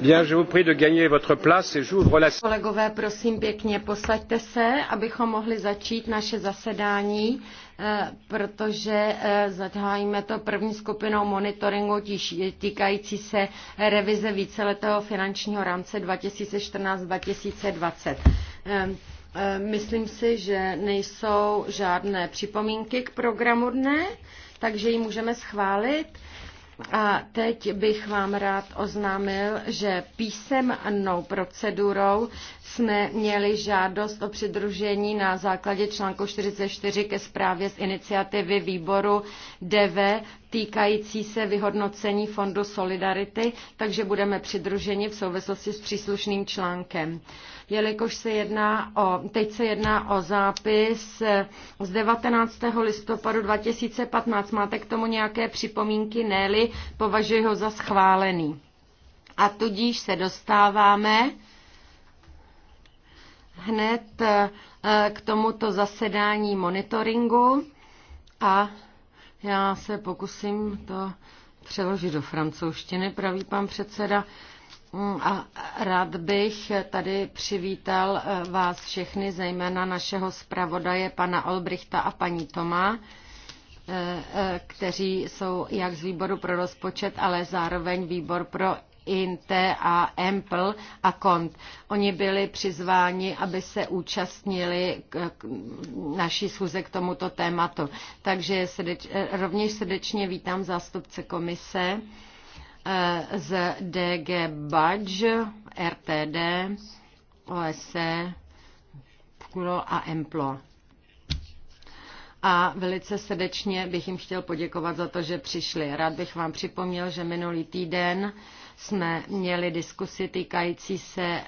Bien, je vous prie de gagner votre place et j'ouvre la... Kolegové, prosím pěkně, posaďte se, abychom mohli začít naše zasedání, eh, protože eh, zahájíme to první skupinou monitoringu týkající se revize víceletého finančního rámce 2014-2020. Ehm, eh, myslím si, že nejsou žádné připomínky k programu dne, takže ji můžeme schválit. A teď bych vám rád oznámil, že písemnou procedurou jsme měli žádost o přidružení na základě článku 44 ke zprávě z iniciativy výboru DV týkající se vyhodnocení Fondu Solidarity, takže budeme přidruženi v souvislosti s příslušným článkem. Jelikož se jedná o, teď se jedná o zápis z 19. listopadu 2015. Máte k tomu nějaké připomínky? Neli, považuji ho za schválený. A tudíž se dostáváme hned eh, eh, k tomuto zasedání monitoringu a já se pokusím to přeložit do francouzštiny, praví pan předseda. Mm, a rád bych tady přivítal eh, vás všechny, zejména našeho zpravodaje pana Olbrichta a paní Toma, kteří jsou jak z výboru pro rozpočet, ale zároveň výbor pro INTE a EMPL a KONT. Oni byli přizváni, aby se účastnili k naší schůze k tomuto tématu. Takže srdeč, rovněž srdečně vítám zástupce komise eh, z DG Budge, RTD, OSE, PKURO a EMPLO a velice srdečně bych jim chtěl poděkovat za to, že přišli. Rád bych vám připomněl, že minulý týden jsme měli diskusi týkající se e,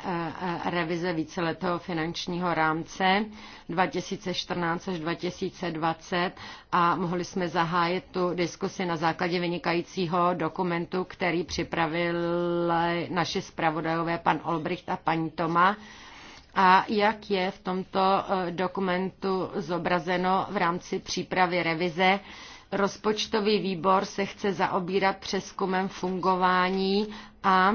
e, revize víceletého finančního rámce 2014 až 2020 a mohli jsme zahájit tu diskusi na základě vynikajícího dokumentu, který připravil naši zpravodajové pan Olbricht a paní Toma a jak je v tomto e, dokumentu zobrazeno v rámci přípravy revize Rozpočtový výbor se chce zaobírat přeskumem fungování a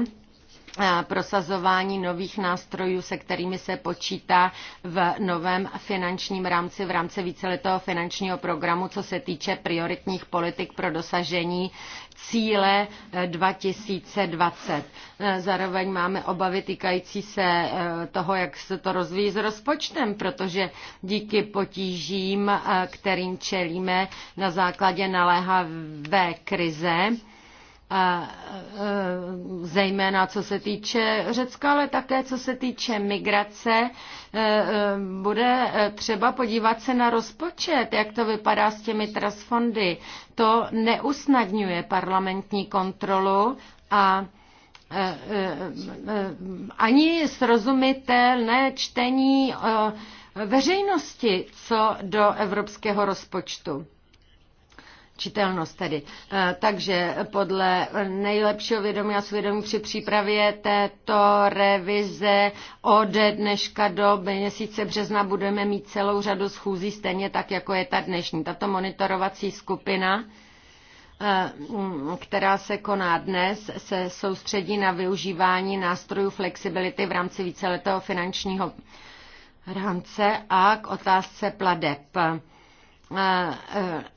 prosazování nových nástrojů, se kterými se počítá v novém finančním rámci v rámci víceletého finančního programu, co se týče prioritních politik pro dosažení cíle 2020. Eh, eh, zároveň máme obavy týkající se eh, toho, jak se to rozvíjí s rozpočtem, protože díky potížím, kterým čelíme na základě naléhavé krize, a e, zejména co se týče Řecka, ale také co se týče migrace, e, e, bude třeba podívat se na rozpočet, jak to vypadá s těmi trasfondy. To neusnadňuje parlamentní kontrolu a ani srozumitelné čtení veřejnosti co do evropského rozpočtu čitelnost tedy. Eh, takže podle nejlepšího vědomí a svědomí při přípravě této revize od dneška do měsíce března budeme mít celou řadu schůzí, stejně tak, jako je ta dnešní. Tato monitorovací skupina eh, která se koná dnes, se soustředí na využívání nástrojů flexibility v rámci víceletého finančního rámce a k otázce pladeb.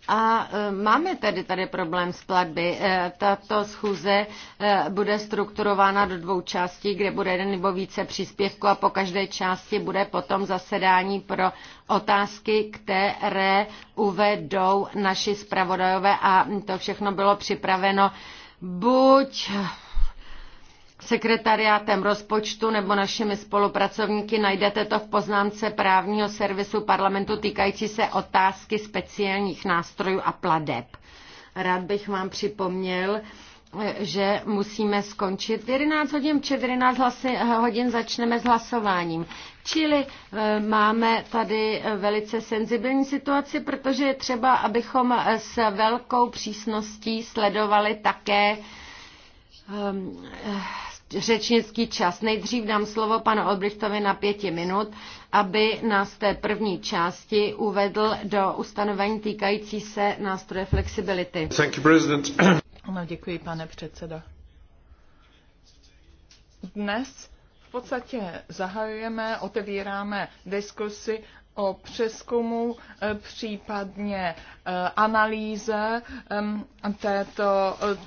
A máme tedy tady problém s platby. E, tato schůze e, bude strukturována do dvou částí, kde bude jeden nebo více příspěvků a po každé části bude potom zasedání pro otázky, které uvedou naši zpravodajové a to všechno bylo připraveno buď sekretariátem rozpočtu nebo našimi spolupracovníky. Najdete to v poznámce právního servisu parlamentu týkající se otázky speciálních nástrojů a pladeb. Rád bych vám připomněl, že musíme skončit v 11 hodin, či v 11 hlasy, hodin začneme s hlasováním. Čili eh, máme tady eh, velice senzibilní situaci, protože je třeba, abychom eh, s velkou přísností sledovali také ehm, řečnický čas. Nejdřív dám slovo panu Olbrichtovi na pěti minut, aby nás té první části uvedl do ustanovení týkající se nástroje flexibility. Thank you, President. No, děkuji, pane předsedo. Dnes v podstatě zahajujeme, otevíráme diskusy o přeskumu, eh, případně eh, analýze této eh,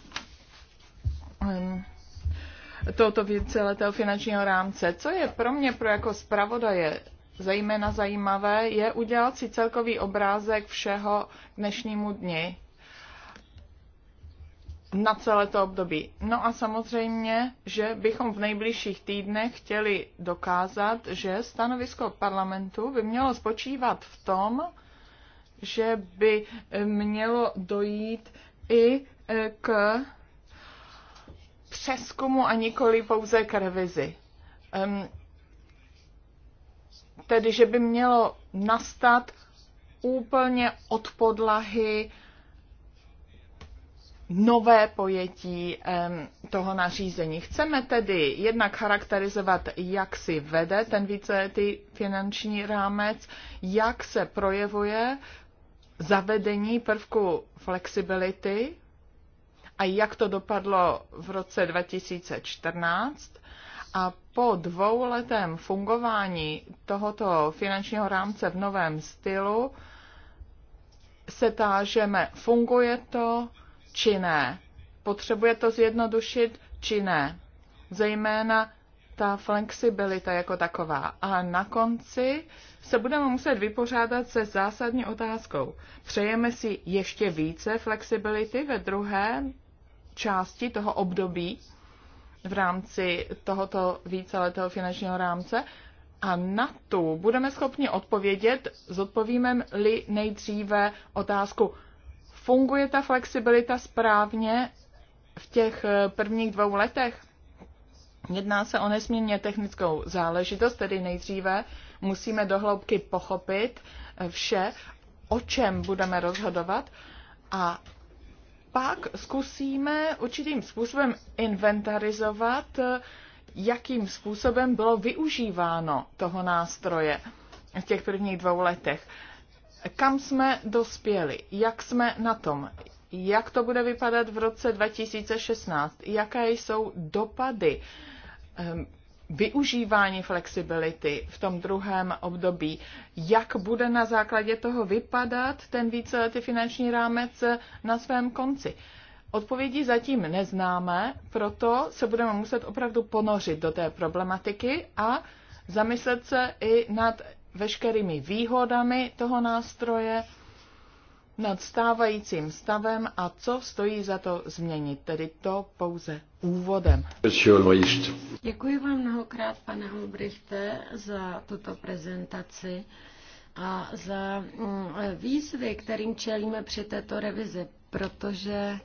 tohoto víceletého finančního rámce. Co je pro mě pro jako zpravodaje zejména zajímavé, je udělat si celkový obrázek všeho k dnešnímu dni na celé to období. No a samozřejmě, že bychom v nejbližších týdnech chtěli dokázat, že stanovisko parlamentu by mělo spočívat v tom, že by mělo dojít i e, k přeskumu a nikoli pouze k revizi. Um, tedy, že by mělo nastat úplně od podlahy nové pojetí um, toho nařízení. Chceme tedy jednak charakterizovat, jak si vede ten více ty finanční rámec, jak se projevuje zavedení prvku flexibility a jak to dopadlo v roce 2014. A po dvouletém fungování tohoto finančního rámce v novém stylu se tážeme, funguje to či ne. Potřebuje to zjednodušit či ne. Zejména ta flexibilita jako taková. A na konci se budeme muset vypořádat se zásadní otázkou. Přejeme si ještě více flexibility ve druhém části toho období v rámci tohoto víceletého finančního rámce a na tu budeme schopni odpovědět, zodpovíme-li nejdříve otázku, funguje ta flexibilita správně v těch eh, prvních dvou letech? Jedná se o nesmírně technickou záležitost, tedy nejdříve musíme dohloubky pochopit eh, vše, o čem budeme rozhodovat a pak zkusíme určitým způsobem inventarizovat, jakým způsobem bylo využíváno toho nástroje v těch prvních dvou letech. Kam jsme dospěli? Jak jsme na tom? Jak to bude vypadat v roce 2016? Jaké jsou dopady? Ehm, využívání flexibility v tom druhém období, jak bude na základě toho vypadat ten víceletý finanční rámec na svém konci. Odpovědi zatím neznáme, proto se budeme muset opravdu ponořit do té problematiky a zamyslet se i nad veškerými výhodami toho nástroje, nad stávajícím stavem a co stojí za to změnit. Tedy to pouze úvodem. Děkuji vám mnohokrát, pane Holbrichte, za tuto prezentaci a za mm, výzvy, kterým čelíme při této revizi, protože e,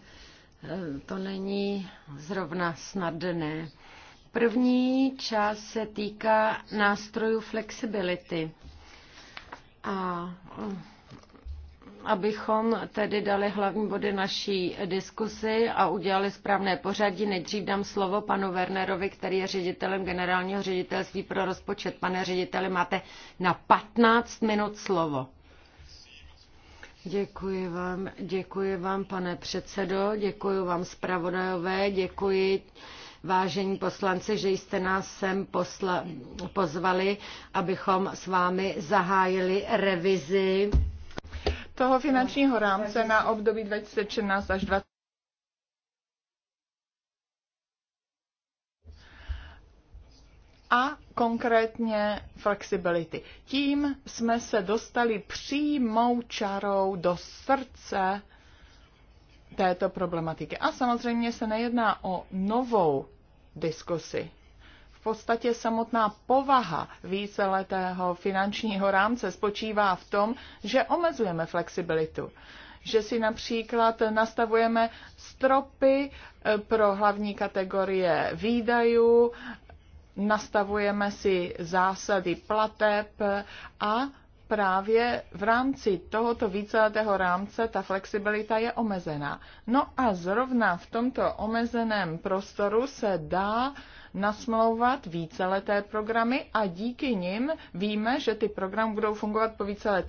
to není zrovna snadné. První část se týká nástrojů flexibility. A mm, abychom tedy dali hlavní body naší diskusy a udělali správné pořadí. Nejdřív dám slovo panu Wernerovi, který je ředitelem generálního ředitelství pro rozpočet. Pane řediteli, máte na 15 minut slovo. Děkuji vám, děkuji vám, pane předsedo, děkuji vám zpravodajové, děkuji vážení poslanci, že jste nás sem posla, pozvali, abychom s vámi zahájili revizi toho finančního rámce na období 2014 až 2020. a konkrétně flexibility. Tím jsme se dostali přímou čarou do srdce této problematiky. A samozřejmě se nejedná o novou diskusi podstatě samotná povaha víceletého finančního rámce spočívá v tom, že omezujeme flexibilitu že si například nastavujeme stropy eh, pro hlavní kategorie výdajů, nastavujeme si zásady plateb a právě v rámci tohoto víceletého rámce ta flexibilita je omezená. No a zrovna v tomto omezeném prostoru se dá nasmlouvat víceleté programy a díky nim víme, že ty programy budou fungovat po více let.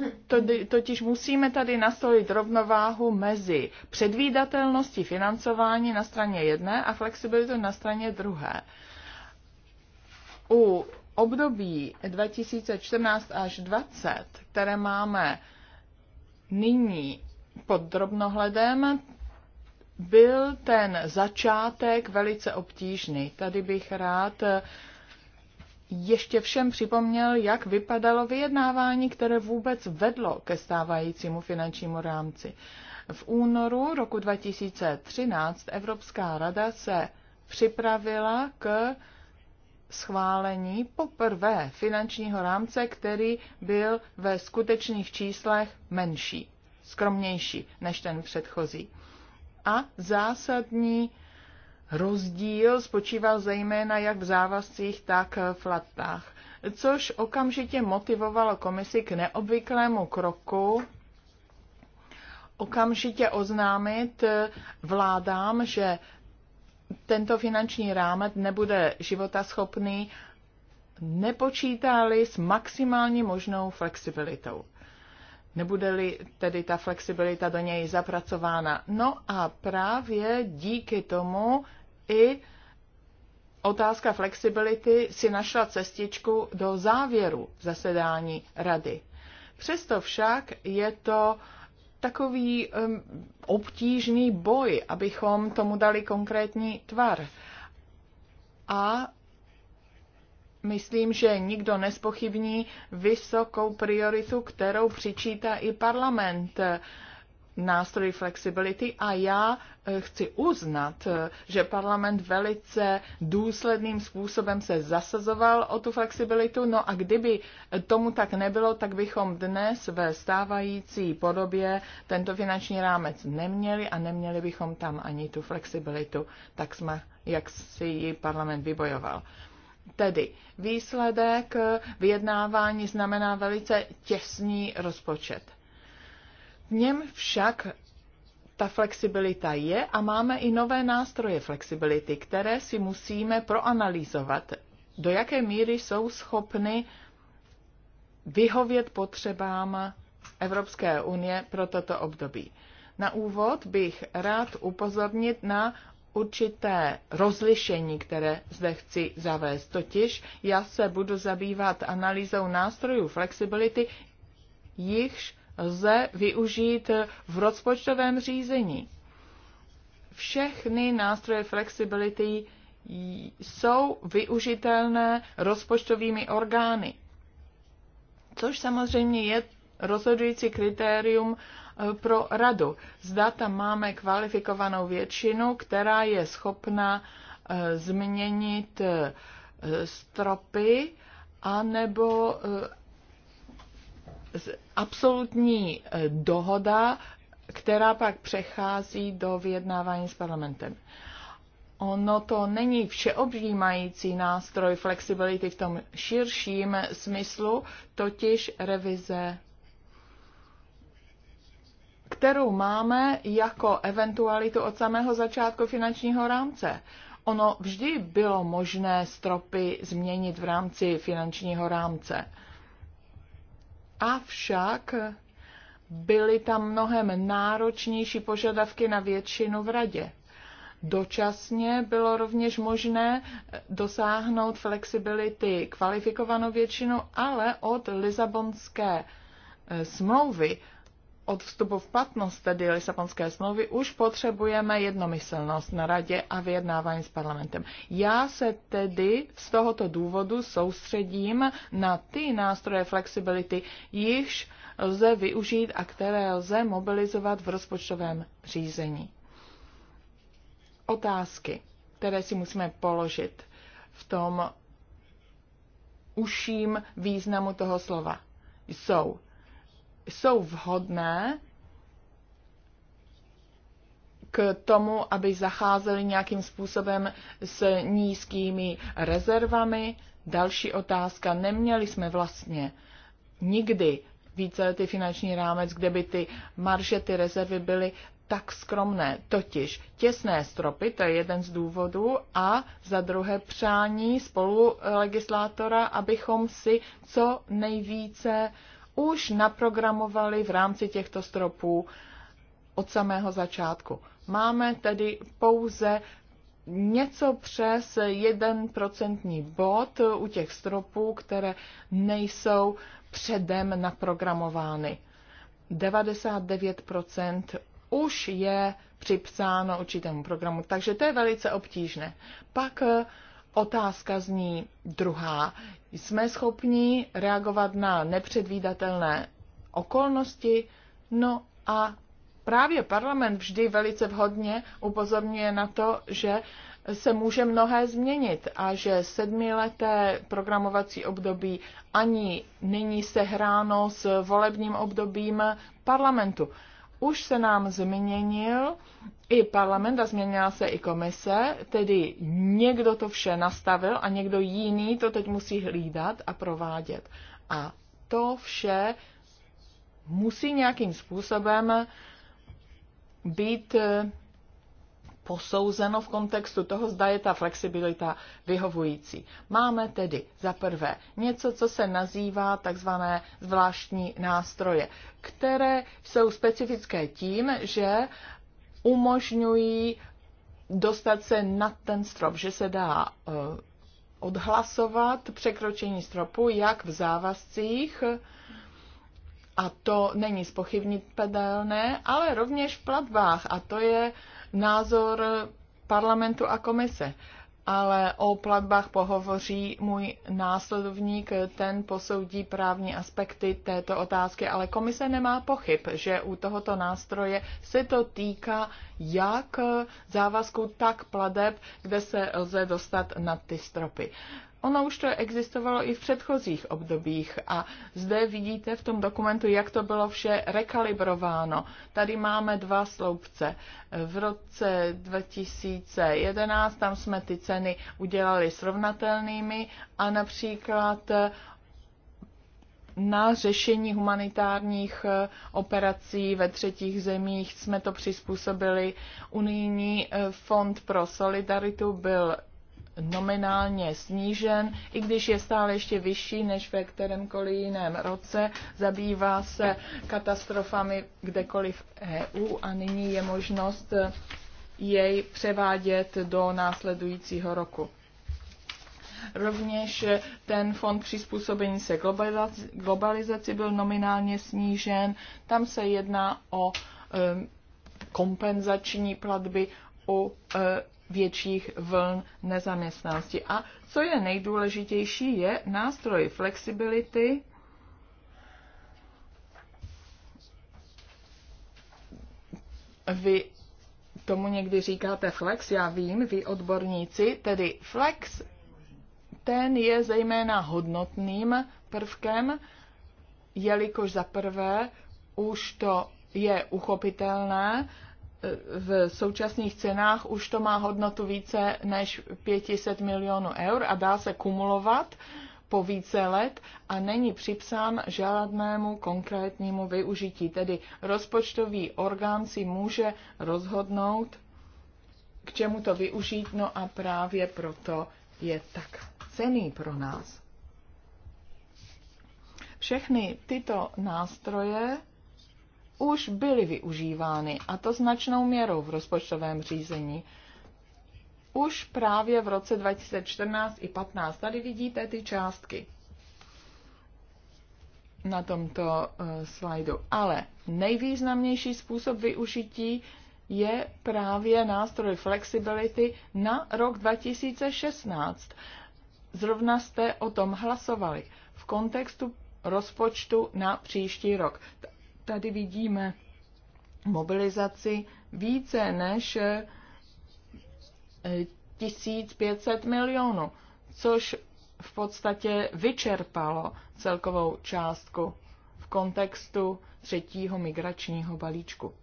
Eh, totiž musíme tady nastolit rovnováhu mezi předvídatelností financování na straně jedné a flexibilitou na straně druhé. U období 2014 až 2020, které máme nyní pod drobnohledem byl ten začátek velice obtížný. Tady bych rád eh, ještě všem připomněl, jak vypadalo vyjednávání, které vůbec vedlo ke stávajícímu finančnímu rámci. V únoru roku 2013 Evropská rada se připravila k schválení poprvé finančního rámce, který byl ve skutečných číslech menší, skromnější než ten předchozí. A zásadní rozdíl spočíval zejména jak v závazcích, tak v latách, což okamžitě motivovalo komisi k neobvyklému kroku okamžitě oznámit vládám, že tento finanční rámec nebude životaschopný, nepočítá-li s maximální možnou flexibilitou. Nebude-li tedy ta flexibilita do něj zapracována. No a právě díky tomu i otázka flexibility si našla cestičku do závěru zasedání rady. Přesto však je to uh, takový um, obtížný boj, abychom tomu dali konkrétní tvar. A myslím, že nikdo nespochybní vysokou prioritu, kterou přičítá i parlament. Uh, nástroj flexibility a já eh, chci uznat, eh, že parlament velice důsledným způsobem se zasazoval o tu flexibilitu, no a kdyby eh, tomu tak nebylo, tak bychom dnes ve stávající podobě tento finanční rámec neměli a neměli bychom tam ani tu flexibilitu, tak jsme, jak si ji parlament vybojoval. Tedy výsledek vyjednávání znamená velice těsný rozpočet v něm však ta flexibilita je a máme i nové nástroje flexibility, které si musíme proanalýzovat, do jaké míry jsou schopny vyhovět potřebám Evropské unie pro toto období. Na úvod bych rád upozornit na určité rozlišení, které zde chci zavést. Totiž já se budu zabývat analýzou nástrojů flexibility, jichž lze využít v rozpočtovém řízení. Všechny nástroje flexibility jsou využitelné rozpočtovými orgány, což samozřejmě je rozhodující kritérium eh, pro radu. Zda tam máme kvalifikovanou většinu, která je schopna eh, změnit eh, stropy, anebo absolutní eh, dohoda, která pak přechází do vyjednávání s parlamentem. Ono to není všeobjímající nástroj flexibility v tom širším smyslu, totiž revize, kterou máme jako eventualitu od samého začátku finančního rámce. Ono vždy bylo možné stropy změnit v rámci finančního rámce Avšak byly tam mnohem náročnější požadavky na většinu v radě. Dočasně bylo rovněž možné dosáhnout flexibility kvalifikovanou většinu, ale od Lisabonské eh, smlouvy od vstupu v platnost tedy Lisabonské smlouvy už potřebujeme jednomyslnost na radě a vyjednávání s parlamentem. Já se tedy z tohoto důvodu soustředím na ty nástroje flexibility, jichž lze využít a které lze mobilizovat v rozpočtovém řízení. Otázky, které si musíme položit v tom uším významu toho slova, jsou jsou vhodné k tomu, aby zacházeli nějakým způsobem s nízkými rezervami. Další otázka. Neměli jsme vlastně nikdy více ty finanční rámec, kde by ty marže, ty rezervy byly tak skromné, totiž těsné stropy, to je jeden z důvodů, a za druhé přání spolu legislátora, abychom si co nejvíce už naprogramovali v rámci těchto stropů od samého začátku. Máme tedy pouze něco přes 1% bod u těch stropů, které nejsou předem naprogramovány. 99% už je připsáno určitému programu, takže to je velice obtížné. Pak otázka zní druhá. Jsme schopni reagovat na nepředvídatelné okolnosti? No a právě parlament vždy velice vhodně upozorňuje na to, že se může mnohé změnit a že sedmileté programovací období ani nyní se hráno s volebním obdobím parlamentu už se nám změnil i parlament a změnila se i komise, tedy někdo to vše nastavil a někdo jiný to teď musí hlídat a provádět. A to vše musí nějakým způsobem být eh, posouzeno v kontextu toho, zda je ta flexibilita vyhovující. Máme tedy za prvé něco, co se nazývá takzvané zvláštní nástroje, které jsou specifické tím, že umožňují dostat se nad ten strop, že se dá eh, odhlasovat překročení stropu jak v závazcích, a to není spochybnitelné, ale rovněž v platbách a to je názor parlamentu a komise. Ale o platbách pohovoří můj následovník, ten posoudí právní aspekty této otázky, ale komise nemá pochyb, že u tohoto nástroje se to týká jak závazku, tak pladeb, kde se lze dostat na ty stropy. Ono už to existovalo i v předchozích obdobích a zde vidíte v tom dokumentu, jak to bylo vše rekalibrováno. Tady máme dva sloupce. V roce 2011 tam jsme ty ceny udělali srovnatelnými a například na řešení humanitárních eh, operací ve třetích zemích jsme to přizpůsobili. Unijní eh, fond pro solidaritu byl nominálně snížen, i když je stále ještě vyšší než ve kterémkoliv jiném roce. Zabývá se katastrofami kdekoliv EU a nyní je možnost jej převádět do následujícího roku. Rovněž ten fond přizpůsobení se globalizaci, globalizaci byl nominálně snížen. Tam se jedná o eh, kompenzační platby u eh, větších vln nezaměstnanosti. A co je nejdůležitější, je nástroj flexibility, vy tomu někdy říkáte flex, já vím, vy odborníci, tedy flex, ten je zejména hodnotným prvkem, jelikož za prvé už to je uchopitelné v současných cenách už to má hodnotu více než 500 milionů eur a dá se kumulovat po více let a není připsán žádnému konkrétnímu využití. Tedy rozpočtový orgán si může rozhodnout, k čemu to využít, no a právě proto je tak cený pro nás. Všechny tyto nástroje už byly využívány, a to značnou měrou v rozpočtovém řízení. Už právě v roce 2014 i 15 tady vidíte ty částky na tomto uh, slajdu. Ale nejvýznamnější způsob využití je právě nástroj flexibility na rok 2016. Zrovna jste o tom hlasovali v kontextu rozpočtu na příští rok tady vidíme mobilizaci více než 1500 eh, milionů, což v podstatě vyčerpalo celkovou částku v kontextu třetího migračního balíčku.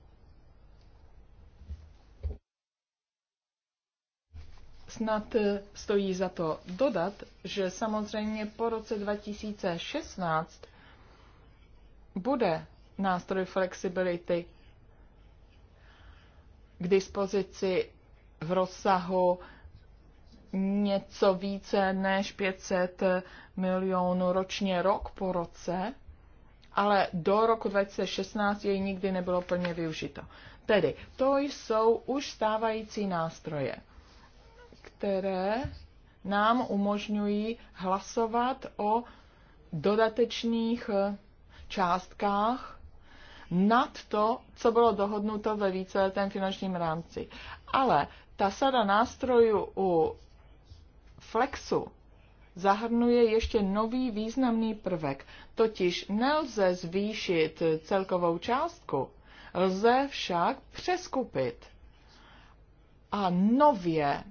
Snad eh, stojí za to dodat, že samozřejmě po roce 2016 bude nástroj flexibility k dispozici v rozsahu něco více než 500 milionů ročně rok po roce, ale do roku 2016 jej nikdy nebylo plně využito. Tedy to jsou už stávající nástroje, které nám umožňují hlasovat o dodatečných částkách nad to, co bylo dohodnuto ve víceletém finančním rámci. Ale ta sada nástrojů u Flexu zahrnuje ještě nový významný prvek, totiž nelze zvýšit celkovou částku, lze však přeskupit a nově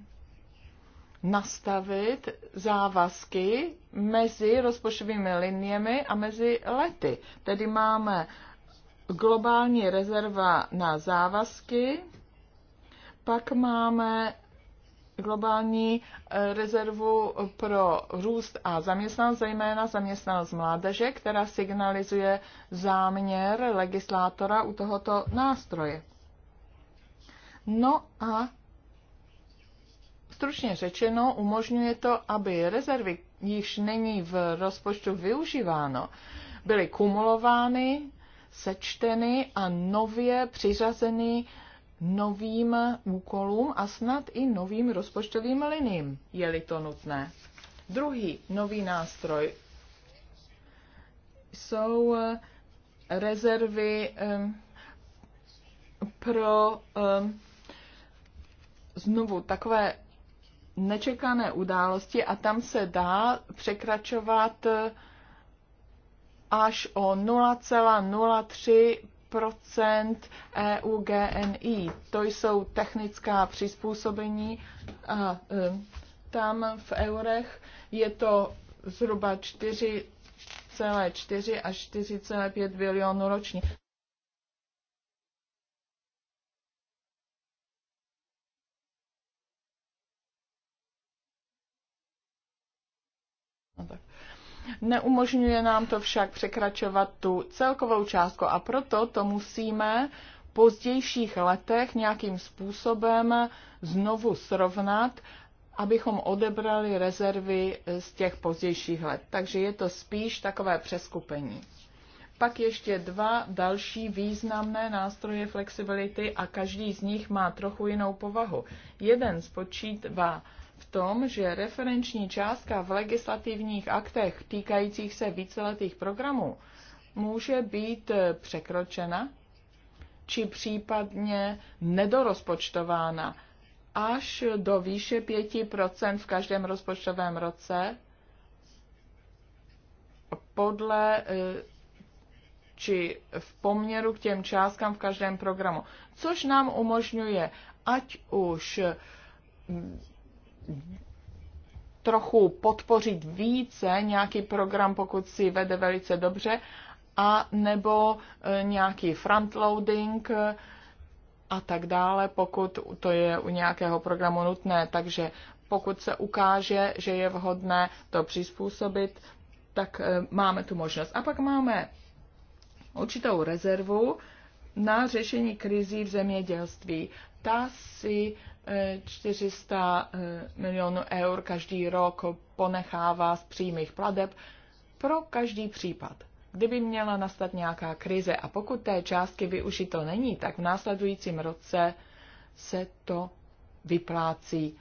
nastavit závazky mezi rozpočtovými liniemi a mezi lety. Tedy máme globální rezerva na závazky, pak máme globální eh, rezervu pro růst a zaměstnanost, zejména zaměstnanost mládeže, která signalizuje záměr legislátora u tohoto nástroje. No a stručně řečeno umožňuje to, aby rezervy, již není v rozpočtu využíváno, byly kumulovány sečteny a nově přiřazeny novým úkolům a snad i novým rozpočtovým liním, je-li to nutné. Druhý nový nástroj jsou eh, rezervy eh, pro eh, znovu takové nečekané události a tam se dá překračovat až o 0,03 EU GNI. To jsou technická přizpůsobení a e, tam v eurech je to zhruba 4,4 až 4,5 bilionů ročně. Neumožňuje nám to však překračovat tu celkovou částku a proto to musíme v pozdějších letech nějakým způsobem znovu srovnat, abychom odebrali rezervy z těch pozdějších let. Takže je to spíš takové přeskupení. Pak ještě dva další významné nástroje flexibility a každý z nich má trochu jinou povahu. Jeden spočítá v tom, že referenční částka v legislativních aktech týkajících se víceletých programů může být překročena či případně nedorozpočtována až do výše 5% v každém rozpočtovém roce podle eh, či v poměru k těm částkám v každém programu, což nám umožňuje ať už trochu podpořit více nějaký program, pokud si vede velice dobře, a nebo e, nějaký frontloading e, a tak dále, pokud to je u nějakého programu nutné. Takže pokud se ukáže, že je vhodné to přizpůsobit, tak e, máme tu možnost. A pak máme určitou rezervu na řešení krizí v zemědělství. Ta si 400 eh, milionů eur každý rok ponechává z přímých pladeb pro každý případ. Kdyby měla nastat nějaká krize a pokud té částky využito není, tak v následujícím roce se to vyplácí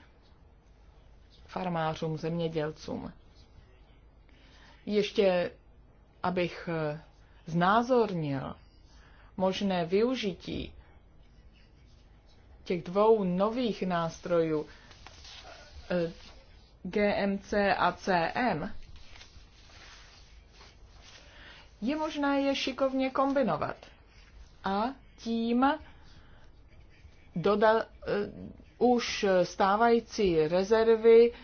farmářům, zemědělcům. Ještě, abych eh, znázornil možné využití těch dvou nových nástrojů eh, GMC a CM, je možné je šikovně kombinovat. A tím doda, uh, eh, už stávající rezervy uh,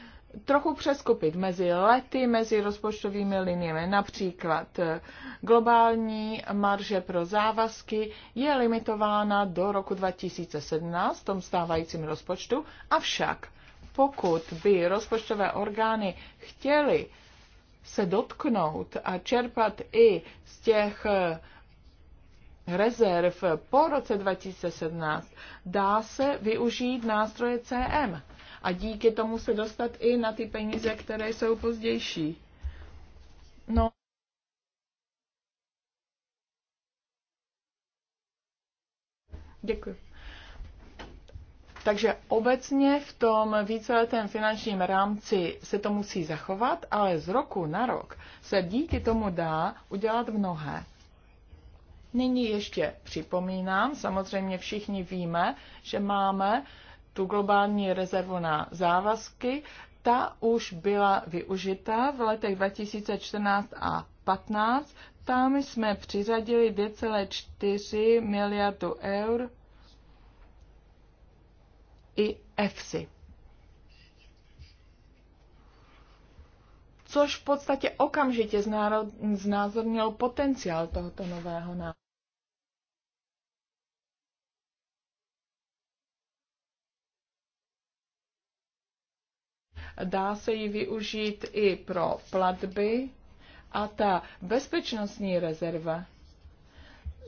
trochu přeskupit mezi lety, mezi rozpočtovými liniemi. Například eh, globální marže pro závazky je limitována do roku 2017 v tom stávajícím rozpočtu, avšak pokud by rozpočtové orgány chtěly se dotknout a čerpat i z těch eh, rezerv po roce 2017, dá se využít nástroje CM a díky tomu se dostat i na ty peníze, které jsou pozdější. No. Děkuji. Takže obecně v tom víceletém finančním rámci se to musí zachovat, ale z roku na rok se díky tomu dá udělat mnohé. Nyní ještě připomínám, samozřejmě všichni víme, že máme tu globální rezervu na závazky, ta už byla využita v letech 2014 a 15. Tam jsme přiřadili 2,4 miliardu eur i EFSI. Což v podstatě okamžitě znázornil potenciál tohoto nového návrhu. Dá se ji využít i pro platby a ta bezpečnostní rezerva,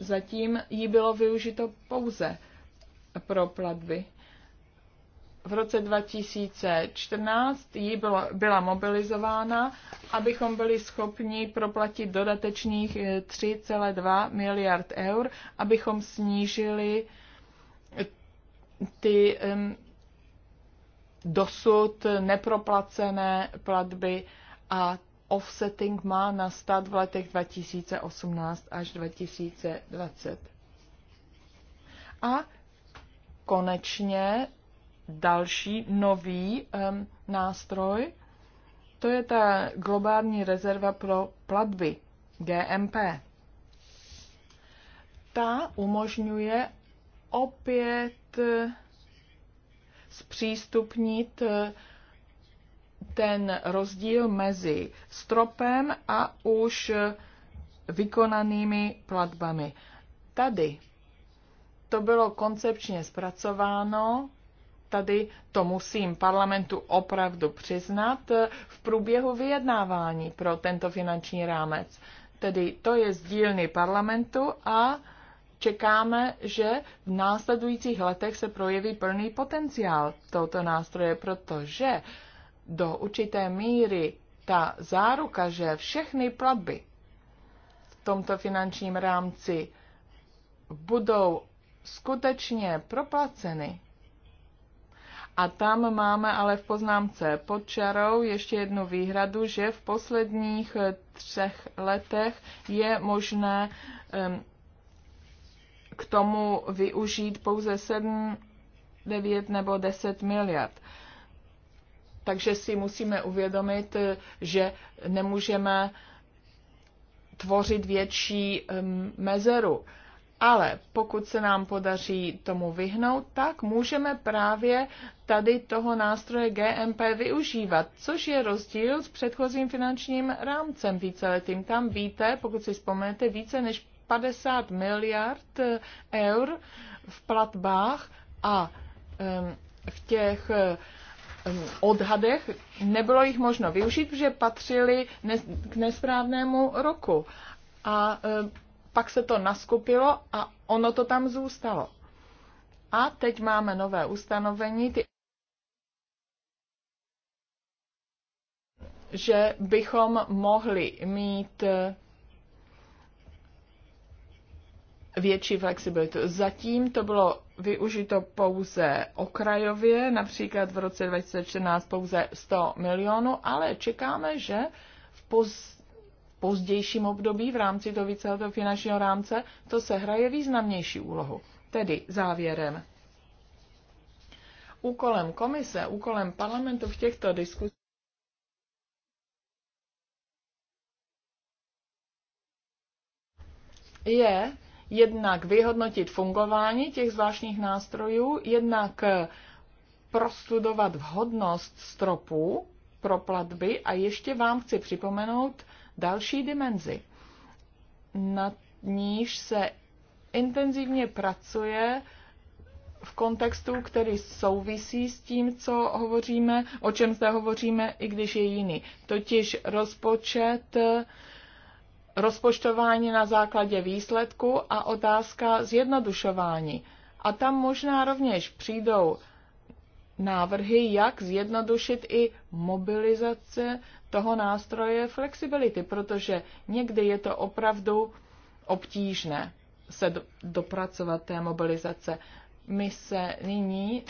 zatím jí bylo využito pouze pro platby. V roce 2014 jí bylo, byla mobilizována, abychom byli schopni proplatit dodatečných 3,2 eh, miliard eur, abychom snížili eh, ty um, dosud neproplacené platby a offsetting má nastat v letech 2018 až 2020. A konečně další nový um, nástroj, to je ta globální rezerva pro platby, GMP. Ta umožňuje opět zpřístupnit eh, ten rozdíl mezi stropem a už eh, vykonanými platbami. Tady to bylo koncepčně zpracováno, tady to musím parlamentu opravdu přiznat, eh, v průběhu vyjednávání pro tento finanční rámec. Tedy to je z dílny parlamentu a čekáme, že v následujících letech se projeví plný potenciál tohoto nástroje, protože do určité míry ta záruka, že všechny platby v tomto finančním rámci budou skutečně proplaceny. A tam máme ale v poznámce pod čarou ještě jednu výhradu, že v posledních třech letech je možné um, k tomu využít pouze 7, 9 nebo 10 miliard. Takže si musíme uvědomit, že nemůžeme tvořit větší mezeru. Ale pokud se nám podaří tomu vyhnout, tak můžeme právě tady toho nástroje GMP využívat, což je rozdíl s předchozím finančním rámcem víceletým. Tam víte, pokud si vzpomenete, více než 50 miliard eur v platbách a v těch odhadech nebylo jich možno využít, protože patřili k nesprávnému roku. A pak se to naskupilo a ono to tam zůstalo. A teď máme nové ustanovení, ty, že bychom mohli mít větší flexibilitu. Zatím to bylo využito pouze okrajově, například v roce 2014 pouze 100 milionů, ale čekáme, že v poz, pozdějším období v rámci toho víceletého finančního rámce to se hraje významnější úlohu. Tedy závěrem. Úkolem komise, úkolem parlamentu v těchto diskusích je jednak vyhodnotit fungování těch zvláštních nástrojů, jednak eh, prostudovat vhodnost stropů pro platby a ještě vám chci připomenout další dimenzi. Na níž se intenzivně pracuje v kontextu, který souvisí s tím, co hovoříme, o čem zde hovoříme, i když je jiný. Totiž rozpočet eh, rozpočtování na základě výsledku a otázka zjednodušování. A tam možná rovněž přijdou návrhy, jak zjednodušit i mobilizace toho nástroje flexibility, protože někdy je to opravdu obtížné se dopracovat té mobilizace. My se nyní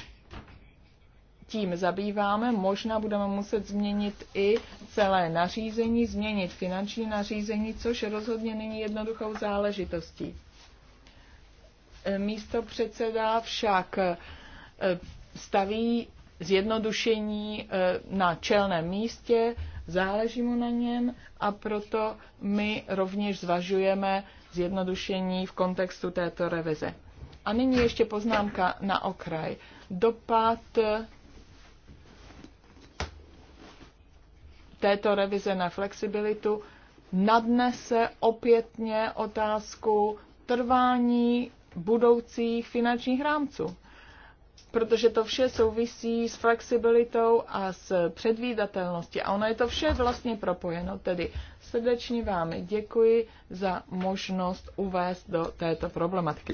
tím zabýváme. Možná budeme muset změnit i celé nařízení, změnit finanční nařízení, což rozhodně není jednoduchou záležitostí. E, místo předseda však e, staví zjednodušení e, na čelném místě, záleží mu na něm a proto my rovněž zvažujeme zjednodušení v kontextu této revize. A nyní ještě poznámka na okraj. Dopad této revize na flexibilitu nadnese opětně otázku trvání budoucích finančních rámců. Protože to vše souvisí s flexibilitou a s předvídatelností. A ono je to vše vlastně propojeno. Tedy srdečně vám děkuji za možnost uvést do této problematiky.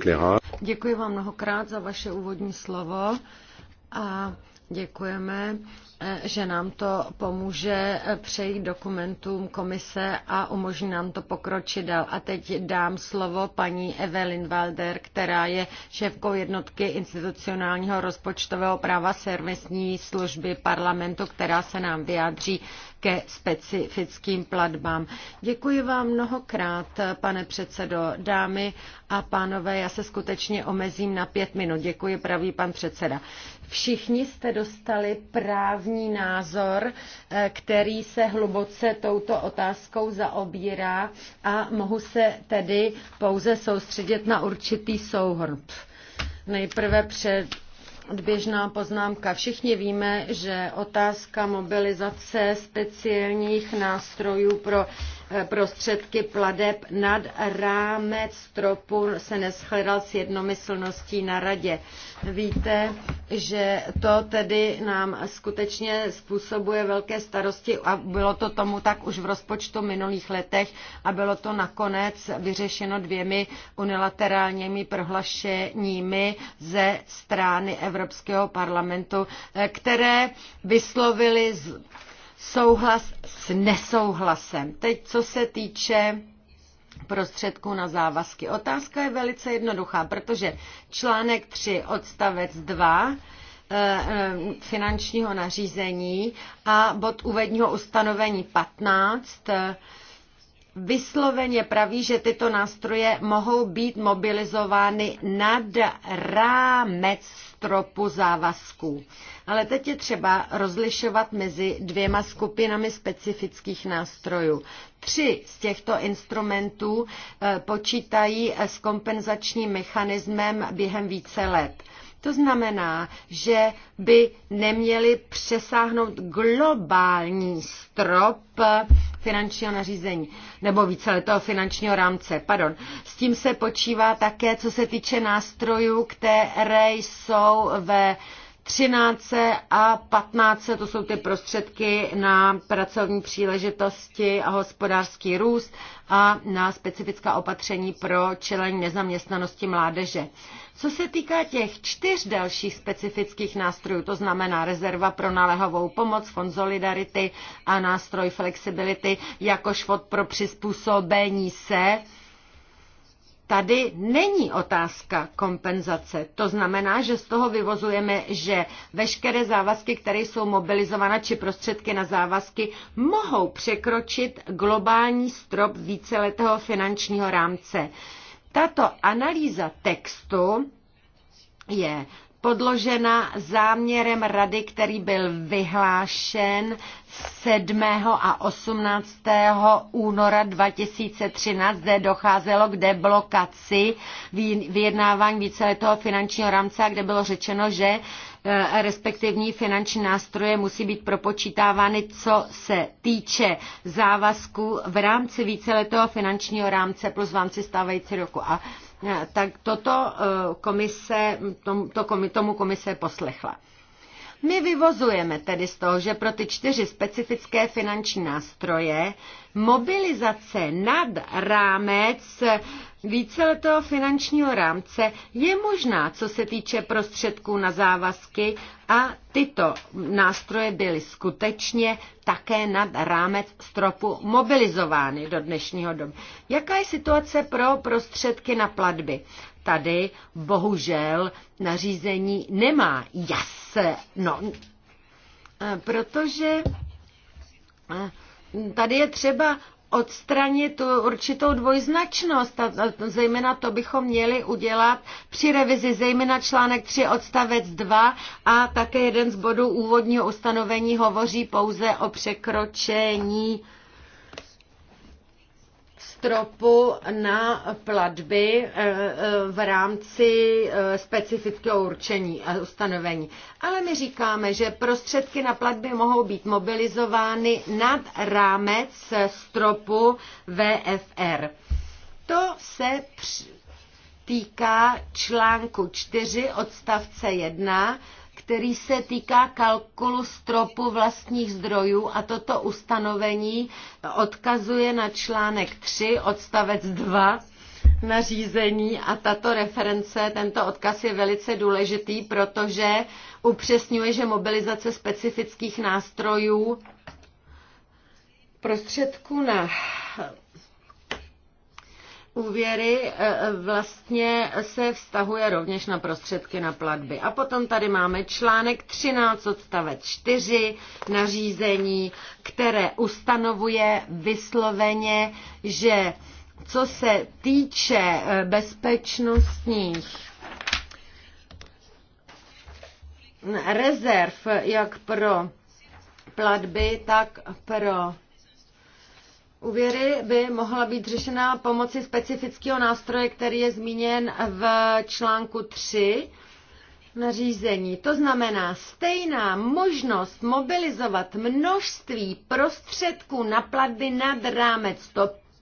Děkuji vám mnohokrát za vaše úvodní slovo. A Děkujeme, eh, že nám to pomůže eh, přejít dokumentům komise a umožní nám to pokročit dál. A teď dám slovo paní Evelyn Walder, která je šéfkou jednotky institucionálního rozpočtového práva servisní služby parlamentu, která se nám vyjádří ke specifickým platbám. Děkuji vám mnohokrát, eh, pane předsedo, dámy a pánové, já se skutečně omezím na pět minut. Děkuji, pravý pan předseda. Všichni jste dostali právní názor, eh, který se hluboce touto otázkou zaobírá a mohu se tedy pouze soustředit na určitý souhrn. Nejprve před Odběžná poznámka. Všichni víme, že otázka mobilizace speciálních nástrojů pro prostředky pladeb nad rámec stropu se neschledal s jednomyslností na radě. Víte, že to tedy nám skutečně způsobuje velké starosti a bylo to tomu tak už v rozpočtu minulých letech a bylo to nakonec vyřešeno dvěmi unilaterálními prohlašeními ze strany Evropského parlamentu, které vyslovili z souhlas s nesouhlasem. Teď, co se týče prostředků na závazky. Otázka je velice jednoduchá, protože článek 3 odstavec 2 eh, eh, finančního nařízení a bod uvedního ustanovení 15 eh, vysloveně praví, že tyto nástroje mohou být mobilizovány nad rámec stropu závazků. Ale teď je třeba rozlišovat mezi dvěma skupinami specifických nástrojů. Tři z těchto instrumentů eh, počítají s kompenzačním mechanismem během více let. To znamená, že by neměli přesáhnout globální strop finančního nařízení nebo více, toho finančního rámce. Pardon. S tím se počívá také, co se týče nástrojů, které jsou ve 13 a 15 to jsou ty prostředky na pracovní příležitosti a hospodářský růst a na specifická opatření pro čelení nezaměstnanosti mládeže. Co se týká těch čtyř dalších specifických nástrojů, to znamená rezerva pro naléhavou pomoc, fond solidarity a nástroj flexibility, jakož fond pro přizpůsobení se, tady není otázka kompenzace. To znamená, že z toho vyvozujeme, že veškeré závazky, které jsou mobilizována či prostředky na závazky, mohou překročit globální strop víceletého finančního rámce. Tato analýza textu je podložena záměrem rady, který byl vyhlášen 7. a 18. února 2013, kde docházelo k deblokaci vyjednávání víceletého finančního rámce, kde bylo řečeno, že eh, respektivní finanční nástroje musí být propočítávány, co se týče závazku v rámci víceletého finančního rámce plus v rámci stávající roku. A Eh, tak toto eh, komise, tomu, to komise poslechla. My vyvozujeme tedy z toho, že pro ty čtyři specifické finanční nástroje mobilizace nad rámec víceletého finančního rámce je možná, co se týče prostředků na závazky a tyto nástroje byly skutečně také nad rámec stropu mobilizovány do dnešního doby. Jaká je situace pro prostředky na platby? tady bohužel nařízení nemá No, e, protože e, tady je třeba odstranit tu určitou dvojznačnost, a zejména to bychom měli udělat při revizi, zejména článek 3 odstavec 2 a také jeden z bodů úvodního ustanovení hovoří pouze o překročení stropu na platby eh, eh, v rámci eh, specifického určení a ustanovení. Ale my říkáme, že prostředky na platby mohou být mobilizovány nad rámec stropu VFR. To se týká článku 4 odstavce 1 který se týká kalkulu stropu vlastních zdrojů a toto ustanovení odkazuje na článek 3 odstavec 2 nařízení a tato reference, tento odkaz je velice důležitý, protože upřesňuje, že mobilizace specifických nástrojů prostředků na úvěry e, e, vlastně se vztahuje rovněž na prostředky na platby. A potom tady máme článek 13 odstavec 4 nařízení, které ustanovuje vysloveně, že co se týče e, bezpečnostních rezerv jak pro platby, tak pro Úvěry by mohla být řešena pomocí specifického nástroje, který je zmíněn v článku 3 nařízení. To znamená stejná možnost mobilizovat množství prostředků na platby nad rámec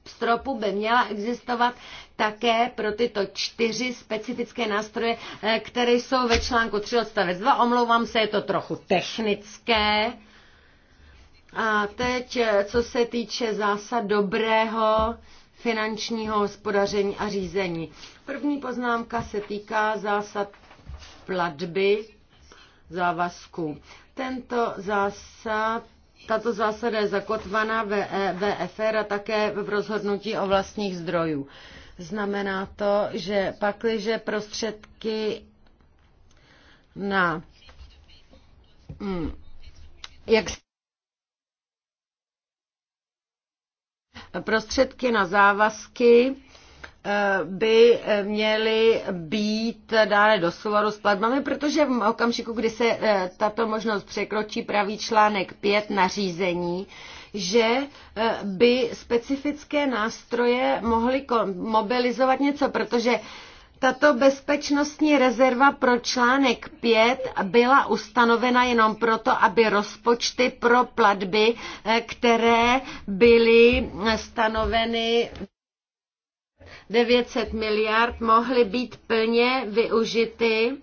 stropu by měla existovat také pro tyto čtyři specifické nástroje, eh, které jsou ve článku 3 odstavec 2. Omlouvám se, je to trochu technické. A teď, co se týče zásad dobrého finančního hospodaření a řízení. První poznámka se týká zásad platby závazků. Tento zásad tato zásada je zakotvaná ve e VFR a také v rozhodnutí o vlastních zdrojů. Znamená to, že pakliže prostředky na hmm, jak Prostředky na závazky eh, by měly být dále do souladu s platbami, protože v okamžiku, kdy se eh, tato možnost překročí pravý článek 5 nařízení, že eh, by specifické nástroje mohly mobilizovat něco, protože tato bezpečnostní rezerva pro článek 5 byla ustanovena jenom proto, aby rozpočty pro platby, eh, které byly stanoveny 900 miliard, mohly být plně využity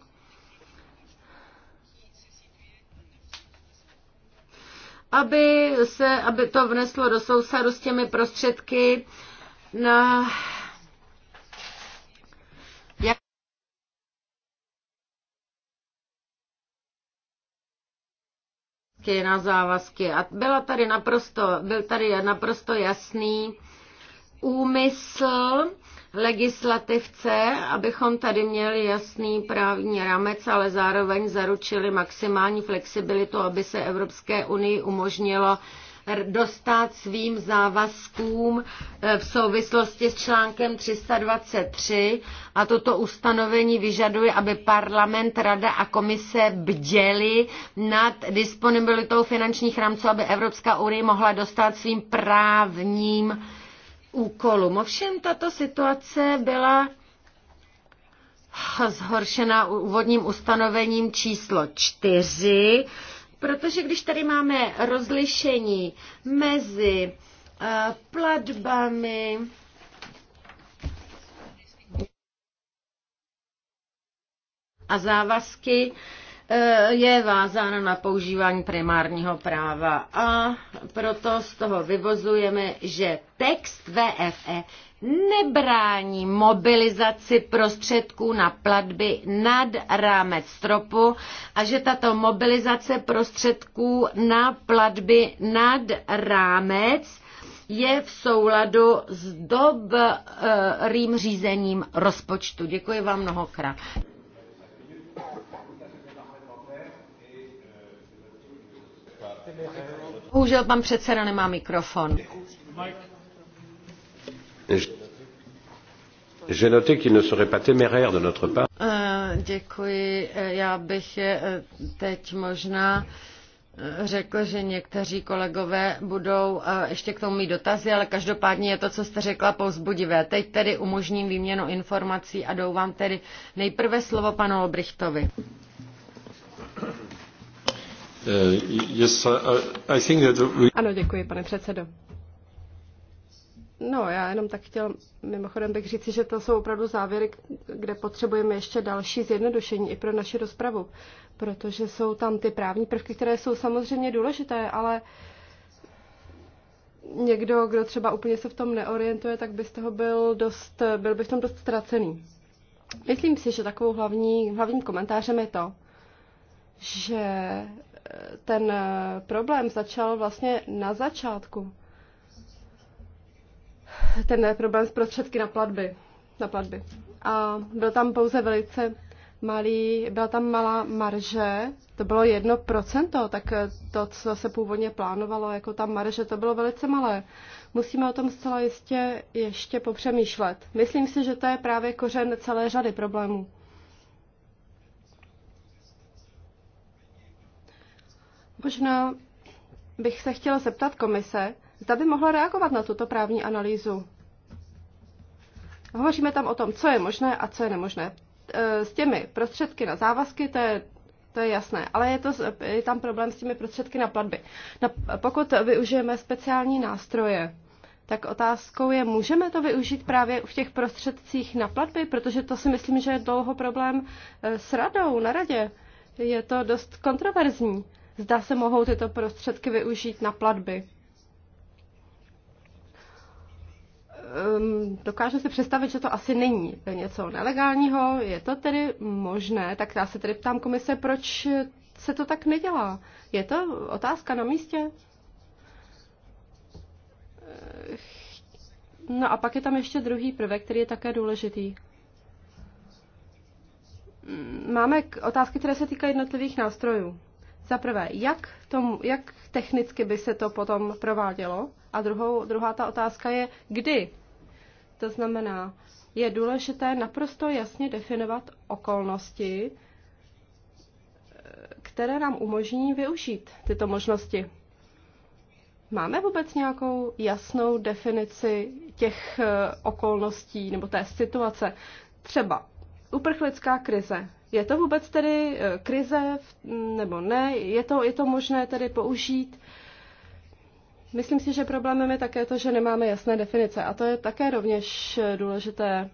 aby, se, aby to vneslo do sousadu s těmi prostředky, na závazky na závazky. A byla tady naprosto, byl tady naprosto jasný úmysl legislativce, abychom tady měli jasný právní rámec, ale zároveň zaručili maximální flexibilitu, aby se Evropské unii umožnilo dostat svým závazkům eh, v souvislosti s článkem 323 a toto ustanovení vyžaduje, aby parlament, rada a komise bděli nad disponibilitou finančních rámců, aby Evropská unie mohla dostat svým právním úkolům. Ovšem tato situace byla zhoršena úvodním ustanovením číslo 4 Protože když tady máme rozlišení mezi eh, platbami, a závazky, Eh, je vázána na používání primárního práva a proto z toho vyvozujeme, že text VFE nebrání mobilizaci prostředků na platby nad rámec stropu a že tato mobilizace prostředků na platby nad rámec je v souladu s dobrým řízením rozpočtu. Děkuji vám mnohokrát. Bohužel pan předseda nemá mikrofon. J'ai noté qu'il ne serait pas téméraire de notre part. Eh, děkuji. Eh, já bych eh, teď možná řekl, že někteří kolegové budou ještě k tomu mít dotazy, ale každopádně je to, co jste řekla, povzbudivé. Teď tedy umožním výměnu informací a dou vám tedy nejprve slovo panu Obrichtovi. Eh, ano, děkuji, pane předsedo. No, já jenom tak chtěl, mimochodem bych říci, že to jsou opravdu závěry, kde potřebujeme ještě další zjednodušení i pro naši rozpravu, protože jsou tam ty právní prvky, které jsou samozřejmě důležité, ale někdo, kdo třeba úplně se v tom neorientuje, tak by z toho byl dost, byl by v tom dost ztracený. Myslím si, že takovou hlavní, hlavním komentářem je to, že ten eh, problém začal vlastně na začátku. Ten eh, problém s prostředky na platby. Na platby. A byl tam pouze velice malý, byla tam malá marže, to bylo jedno procento, tak eh, to, co se původně plánovalo, jako ta marže, to bylo velice malé. Musíme o tom zcela jistě ještě popřemýšlet. Myslím si, že to je právě kořen celé řady problémů. Možná bych se chtěla zeptat komise, zda by mohla reagovat na tuto právní analýzu. Hovoříme tam o tom, co je možné a co je nemožné. E, s těmi prostředky na závazky, to je, to je jasné, ale je, to, je tam problém s těmi prostředky na platby. Na, pokud využijeme speciální nástroje, tak otázkou je, můžeme to využít právě v těch prostředcích na platby, protože to si myslím, že je dlouho problém e, s radou na radě. Je to dost kontroverzní zda se mohou tyto prostředky využít na platby. Ehm, dokážu si představit, že to asi není něco nelegálního, je to tedy možné, tak já se tedy ptám komise, proč se to tak nedělá. Je to otázka na místě? Eh, no a pak je tam ještě druhý prvek, který je také důležitý. Máme otázky, které se týkají jednotlivých nástrojů. Za prvé, jak, tom, jak technicky by se to potom provádělo? A druhou, druhá ta otázka je, kdy? To znamená, je důležité naprosto jasně definovat okolnosti, které nám umožní využít tyto možnosti. Máme vůbec nějakou jasnou definici těch eh, okolností nebo té situace? Třeba uprchlická krize. Je to vůbec tedy eh, krize nebo ne? Je to, je to možné tedy použít? Myslím si, že problémem je také to, že nemáme jasné definice a to je také rovněž eh, důležité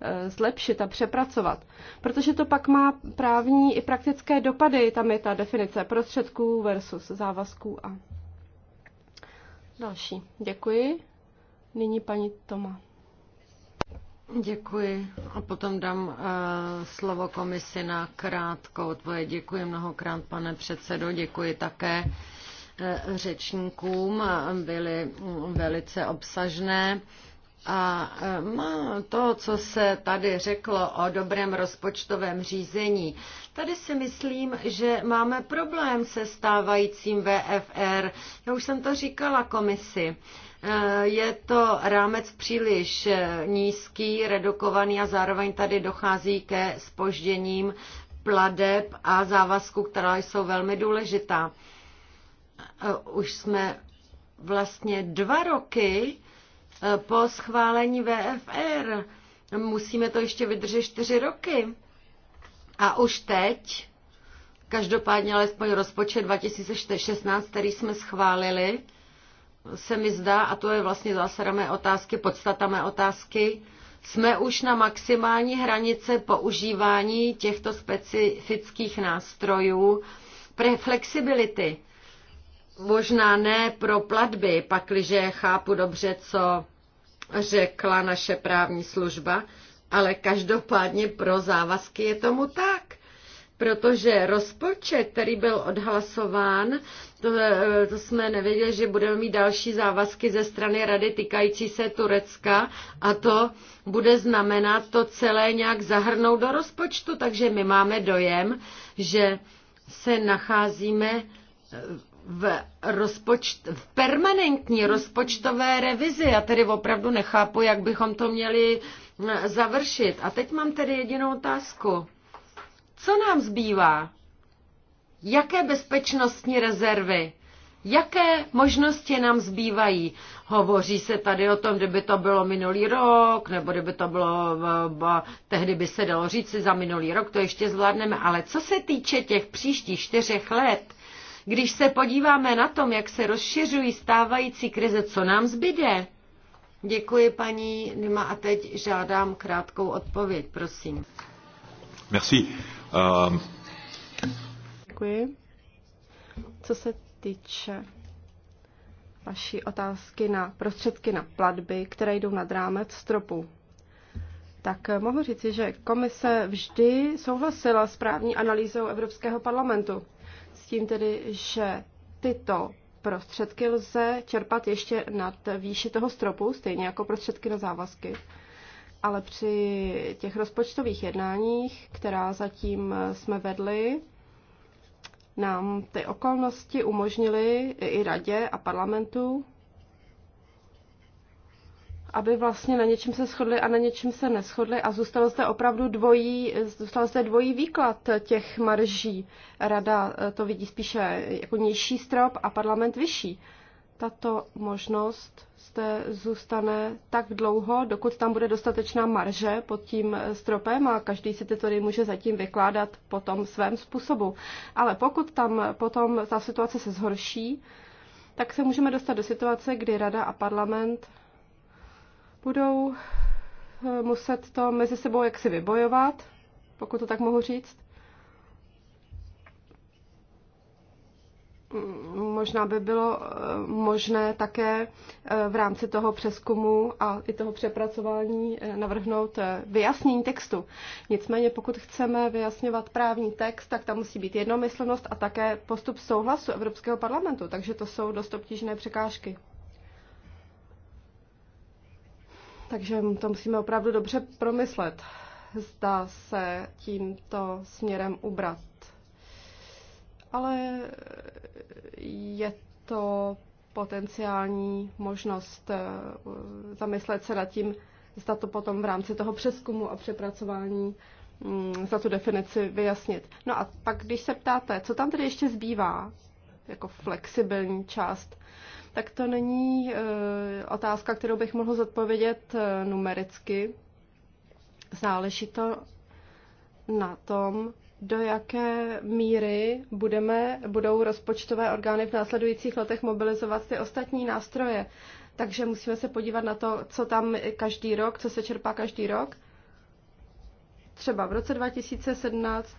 eh, zlepšit a přepracovat. Protože to pak má právní i praktické dopady, tam je ta definice prostředků versus závazků a další. Děkuji. Nyní paní Toma. Děkuji a potom dám uh, slovo komisi na krátkou odpověď. Děkuji mnohokrát, pane předsedo, děkuji také uh, řečníkům, byly velice obsažné. A eh, to, co se tady řeklo o dobrém rozpočtovém řízení, tady si myslím, že máme problém se stávajícím VFR. Já už jsem to říkala komisi. Uh, Eh, je to rámec příliš eh, nízký, redukovaný a zároveň tady dochází ke spožděním pladeb a závazků, která jsou velmi důležitá. Eh, už jsme vlastně dva roky po schválení VFR. Musíme to ještě vydržet čtyři roky. A už teď, každopádně alespoň rozpočet 2016, který jsme schválili, se mi zdá, a to je vlastně zásada mé otázky, podstata mé otázky, jsme už na maximální hranice používání těchto specifických nástrojů pro flexibility. Možná ne pro platby, pakliže chápu dobře, co řekla naše právní služba, ale každopádně pro závazky je tomu tak protože rozpočet, který byl odhlasován, to, eh, to jsme nevěděli, že budeme mít další závazky ze strany rady týkající se Turecka a to bude znamenat to celé nějak zahrnout do rozpočtu, takže my máme dojem, že se nacházíme eh, v, rozpočt, v permanentní rozpočtové revizi. Já tedy opravdu nechápu, jak bychom to měli eh, završit. A teď mám tedy jedinou otázku. Co nám zbývá? Jaké bezpečnostní rezervy? Jaké možnosti nám zbývají? Hovoří se tady o tom, kdyby to bylo minulý rok, nebo kdyby to bylo, eh, tehdy by se dalo říci za minulý rok, to ještě zvládneme. Ale co se týče těch příštích čtyřech let, když se podíváme na tom, jak se rozšiřují stávající krize, co nám zbyde? Děkuji, paní Nima, a teď žádám krátkou odpověď, prosím. Merci. Uh... Děkuji. Co se týče vaší otázky na prostředky na platby, které jdou nad rámec stropu, tak mohu říci, že komise vždy souhlasila s právní analýzou Evropského parlamentu. S tím tedy, že tyto prostředky lze čerpat ještě nad výši toho stropu, stejně jako prostředky na závazky. Ale při těch rozpočtových jednáních, která zatím jsme vedli, nám ty okolnosti umožnily i radě a parlamentu, aby vlastně na něčem se shodli a na něčem se neschodli a zůstalo zde opravdu dvojí, zůstal zde dvojí výklad těch marží. Rada to vidí spíše jako nižší strop a parlament vyšší tato možnost zde zůstane tak dlouho, dokud tam bude dostatečná marže pod tím stropem a každý si ty tady může zatím vykládat po tom svém způsobu. Ale pokud tam potom ta situace se zhorší, tak se můžeme dostat do situace, kdy rada a parlament budou eh, muset to mezi sebou jaksi vybojovat, pokud to tak mohu říct. možná by bylo eh, možné také eh, v rámci toho přeskumu a i toho přepracování eh, navrhnout vyjasnění textu. Nicméně pokud chceme vyjasňovat právní text, tak tam musí být jednomyslnost a také postup souhlasu Evropského parlamentu, takže to jsou dost obtížné překážky. Takže to musíme opravdu dobře promyslet, zda se tímto směrem ubrat ale je to potenciální možnost eh, zamyslet se nad tím, zda to potom v rámci toho přeskumu a přepracování mm, za tu definici vyjasnit. No a pak, když se ptáte, co tam tedy ještě zbývá, jako flexibilní část, tak to není eh, otázka, kterou bych mohl zodpovědět eh, numericky. Záleží to na tom, do jaké míry budeme, budou rozpočtové orgány v následujících letech mobilizovat ty ostatní nástroje. Takže musíme se podívat na to, co tam každý rok, co se čerpá každý rok. Třeba v roce 2017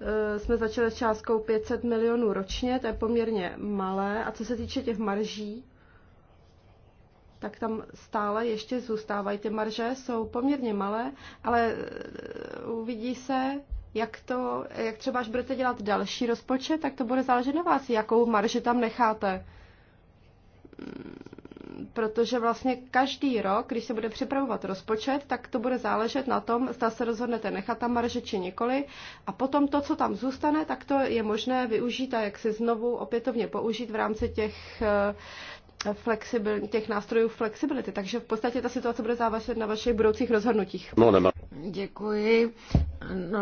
eh, jsme začali s částkou 500 milionů ročně, to je poměrně malé. A co se týče těch marží, tak tam stále ještě zůstávají. Ty marže jsou poměrně malé, ale e, uvidí se, jak to, jak třeba až budete dělat další rozpočet, tak to bude záležet na vás, jakou marži tam necháte. Mm, protože vlastně každý rok, když se bude připravovat rozpočet, tak to bude záležet na tom, zda se rozhodnete nechat tam marže či nikoli. A potom to, co tam zůstane, tak to je možné využít a jak si znovu opětovně použít v rámci těch e, flexibil, těch nástrojů flexibility. Takže v podstatě ta situace bude závažet na vašich budoucích rozhodnutích. No, nemá. Děkuji. No,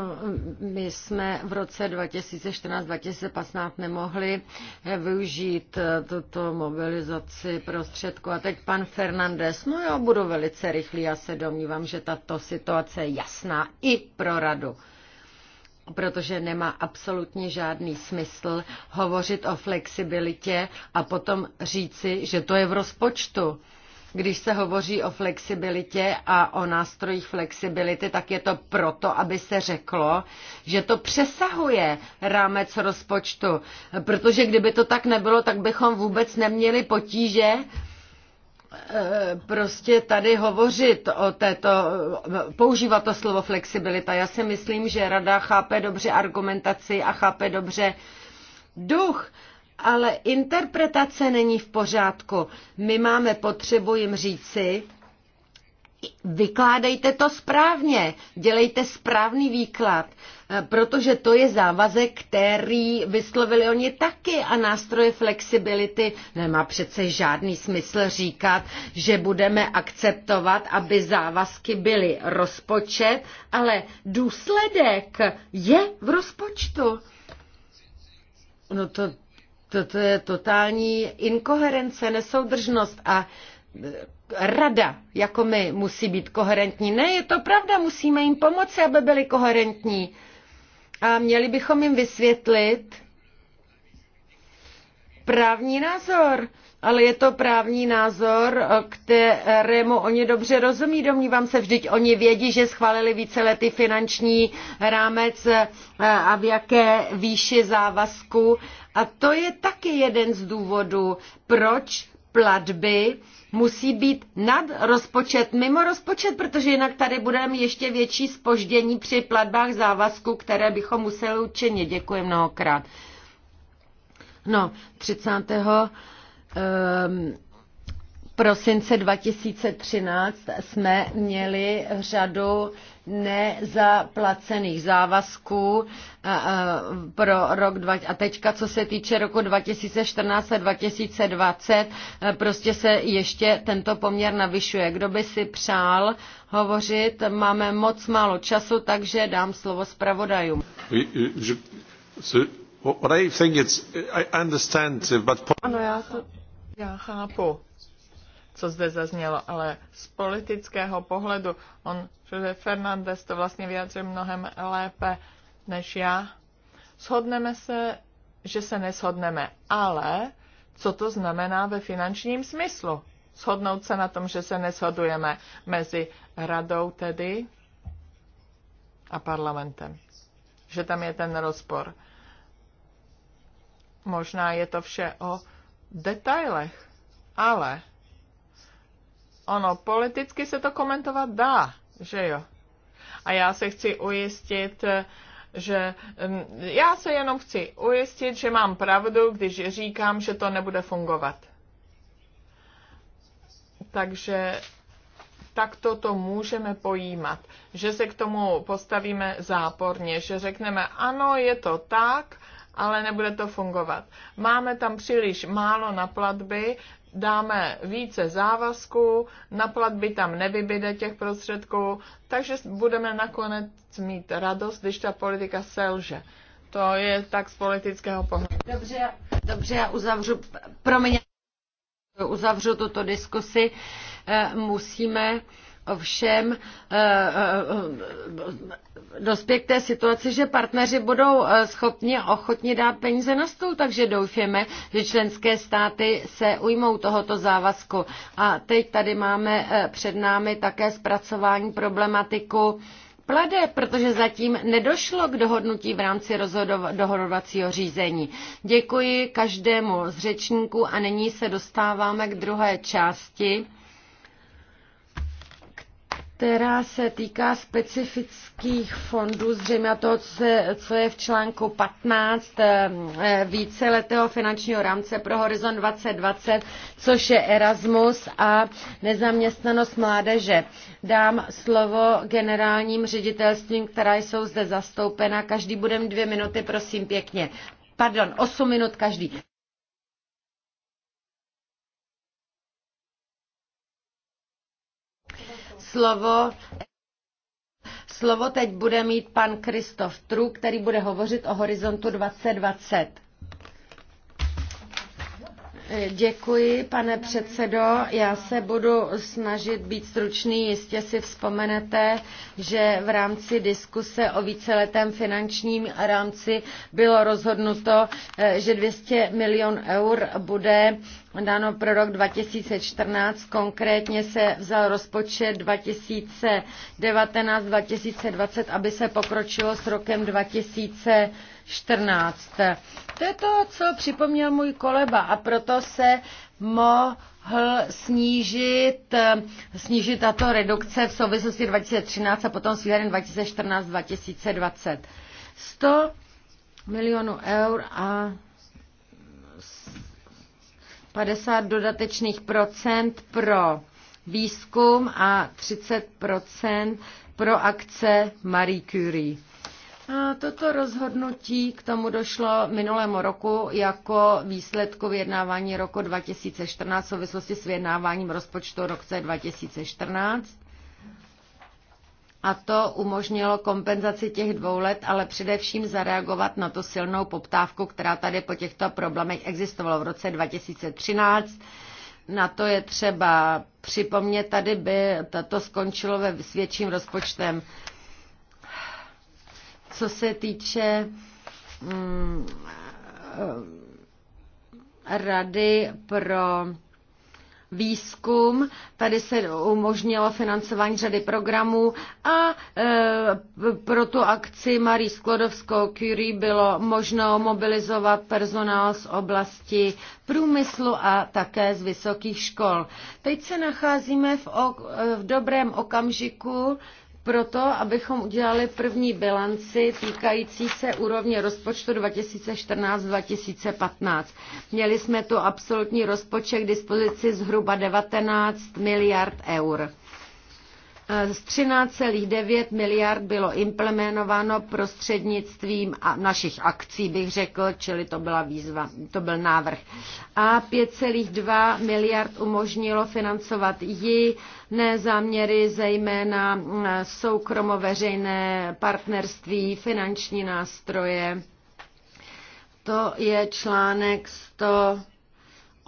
my jsme v roce 2014-2015 nemohli eh, využít eh, tuto mobilizaci prostředku. A teď pan Fernandez, no jo, budu velice rychlý, já se domnívám, že tato situace je jasná i pro radu protože nemá absolutně žádný smysl hovořit o flexibilitě a potom říci, že to je v rozpočtu. Když se hovoří o flexibilitě a o nástrojích flexibility, tak je to proto, aby se řeklo, že to přesahuje rámec rozpočtu. Protože kdyby to tak nebylo, tak bychom vůbec neměli potíže Eh, prostě tady hovořit o této, používat to slovo flexibilita. Já si myslím, že rada chápe dobře argumentaci a chápe dobře duch, ale interpretace není v pořádku. My máme potřebu jim říci, vykládejte to správně, dělejte správný výklad, eh, protože to je závazek, který vyslovili oni taky a nástroje flexibility nemá přece žádný smysl říkat, že budeme akceptovat, aby závazky byly rozpočet, ale důsledek je v rozpočtu. No to, to, to je totální inkoherence, nesoudržnost a eh, rada, jako my, musí být koherentní. Ne, je to pravda, musíme jim pomoci, aby byli koherentní. A měli bychom jim vysvětlit právní názor. Ale je to právní názor, kterému oni dobře rozumí. Domnívám se, vždyť oni vědí, že schválili lety finanční rámec eh, a v jaké výši závazku. A to je taky jeden z důvodů, proč platby musí být nad rozpočet, mimo rozpočet, protože jinak tady budeme ještě větší spoždění při platbách závazku, které bychom museli učinit. Děkuji mnohokrát. No, 30. Um, ehm, prosince 2013 jsme měli řadu nezaplacených závazků pro rok 20, a teďka, co se týče roku 2014 a 2020, prostě se ještě tento poměr navyšuje. Kdo by si přál hovořit, máme moc málo času, takže dám slovo zpravodajům. Uh, ano, já, to, já chápu co zde zaznělo, ale z politického pohledu, on, že Fernandez to vlastně vyjadřuje mnohem lépe než já. Shodneme se, že se neshodneme, ale co to znamená ve finančním smyslu? Shodnout se na tom, že se neshodujeme mezi radou tedy a parlamentem. Že tam je ten rozpor. Možná je to vše o detailech, ale Ono, politicky se to komentovat dá, že jo? A já se chci ujistit, že mm, já se jenom chci ujistit, že mám pravdu, když říkám, že to nebude fungovat. Takže takto to můžeme pojímat, že se k tomu postavíme záporně, že řekneme ano, je to tak, ale nebude to fungovat. Máme tam příliš málo na platby, dáme více závazků, na platby tam nevybíde těch prostředků, takže budeme nakonec mít radost, když ta politika selže. To je tak z politického pohledu. Dobře, dobře, já uzavřu, promiň, uzavřu tuto diskusi. Eh, musíme ovšem eh, eh, dospět k té situaci, že partneři budou eh, schopni a ochotni dát peníze na stůl, takže doufáme, že členské státy se ujmou tohoto závazku. A teď tady máme před námi také zpracování problematiku plade, protože zatím nedošlo k dohodnutí v rámci dohodovacího řízení. Děkuji každému z řečníků a nyní se dostáváme k druhé části která se týká specifických fondů, zřejmě toho, co, je v článku 15 eh, eh, víceletého finančního rámce pro Horizon 2020, což je Erasmus a nezaměstnanost mládeže. Dám slovo generálním ředitelstvím, která jsou zde zastoupena. Každý budeme dvě minuty, prosím pěkně. Pardon, osm minut každý. slovo. Slovo teď bude mít pan Kristof Tru, který bude hovořit o horizontu 2020. Děkuji, pane předsedo. Já se budu snažit být stručný. Jistě si vzpomenete, že v rámci diskuse o víceletém finančním rámci bylo rozhodnuto, eh, že 200 milion eur bude dáno pro rok 2014. Konkrétně se vzal rozpočet 2019-2020, aby se pokročilo s rokem 2020. 14. To je to, co připomněl můj koleba a proto se mohl snížit, snížit tato redukce v souvislosti 2013 a potom s výhledem 2014-2020. 100 milionů eur a 50 dodatečných procent pro výzkum a 30 procent pro akce Marie Curie. Toto rozhodnutí k tomu došlo minulému roku jako výsledku vyjednávání roku 2014 v souvislosti s vyjednáváním rozpočtu roce 2014. A to umožnilo kompenzaci těch dvou let, ale především zareagovat na to silnou poptávku, která tady po těchto problémech existovala v roce 2013 na to je třeba připomnět, tady by to skončilo ve větším rozpočtem. Co se týče mm, eh, rady pro výzkum, tady se umožnilo financování řady programů a e, pro tu akci Marie Sklodovskou Curie bylo možno mobilizovat personál z oblasti průmyslu a také z vysokých škol. Teď se nacházíme v, ok, eh, v dobrém okamžiku, proto, abychom udělali první bilanci týkající se úrovně rozpočtu 2014-2015. Měli jsme tu absolutní rozpočet k dispozici zhruba 19 miliard eur z 13,9 miliard bylo implementováno prostřednictvím našich akcí, bych řekl, čili to byla výzva, to byl návrh. A 5,2 miliard umožnilo financovat jiné záměry, zejména eh, soukromoveřejné partnerství, finanční nástroje. To je článek 100.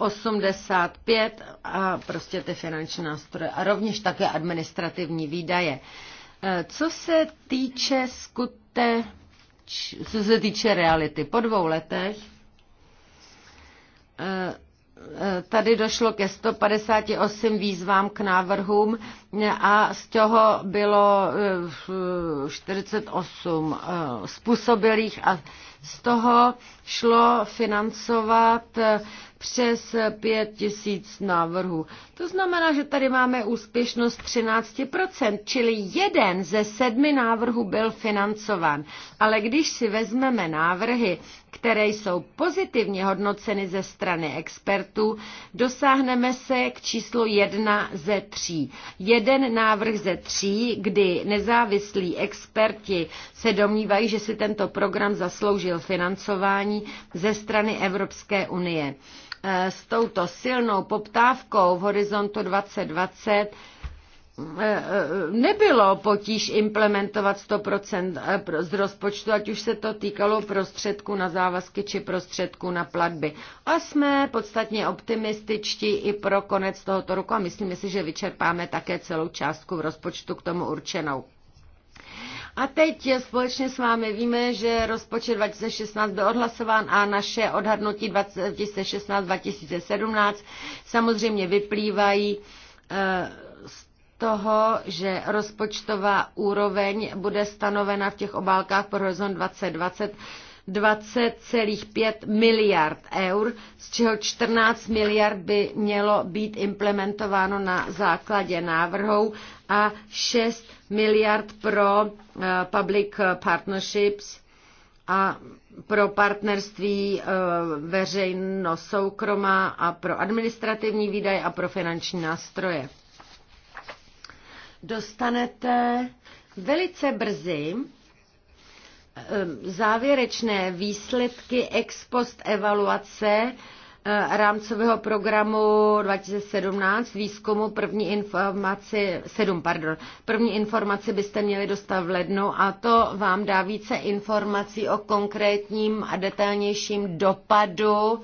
85 a prostě ty finanční nástroje a rovněž také administrativní výdaje. Eh, co se týče skute, co se týče reality, po dvou letech eh, eh, tady došlo ke 158 výzvám k návrhům a z toho bylo 48 způsobilých a z toho šlo financovat přes 5 tisíc návrhů. To znamená, že tady máme úspěšnost 13%, čili jeden ze sedmi návrhů byl financován. Ale když si vezmeme návrhy, které jsou pozitivně hodnoceny ze strany expertů, dosáhneme se k číslu jedna ze tří. Jeden návrh ze tří, kdy nezávislí experti se domnívají, že si tento program zasloužil financování ze strany Evropské unie. Eh, s touto silnou poptávkou v horizontu 2020 eh, eh, nebylo potíž implementovat 100% z rozpočtu, ať už se to týkalo prostředků na závazky či prostředků na platby. A jsme podstatně optimističtí i pro konec tohoto roku a myslíme si, že vyčerpáme také celou částku v rozpočtu k tomu určenou. A teď společně s vámi víme, že rozpočet 2016 byl odhlasován a naše odhadnutí 2016-2017 samozřejmě vyplývají eh, z toho, že rozpočtová úroveň bude stanovena v těch obálkách pro horizont 2020 20,5 miliard eur, z čeho 14 miliard by mělo být implementováno na základě návrhů a 6 miliard pro eh, public partnerships a pro partnerství eh, veřejno-soukromá a pro administrativní výdaje a pro finanční nástroje. Dostanete velice brzy Ehm, závěrečné výsledky ex post evaluace eh, rámcového programu 2017 výzkumu první informaci 7, pardon, první informaci byste měli dostat v lednu a to vám dá více informací o konkrétním a detailnějším dopadu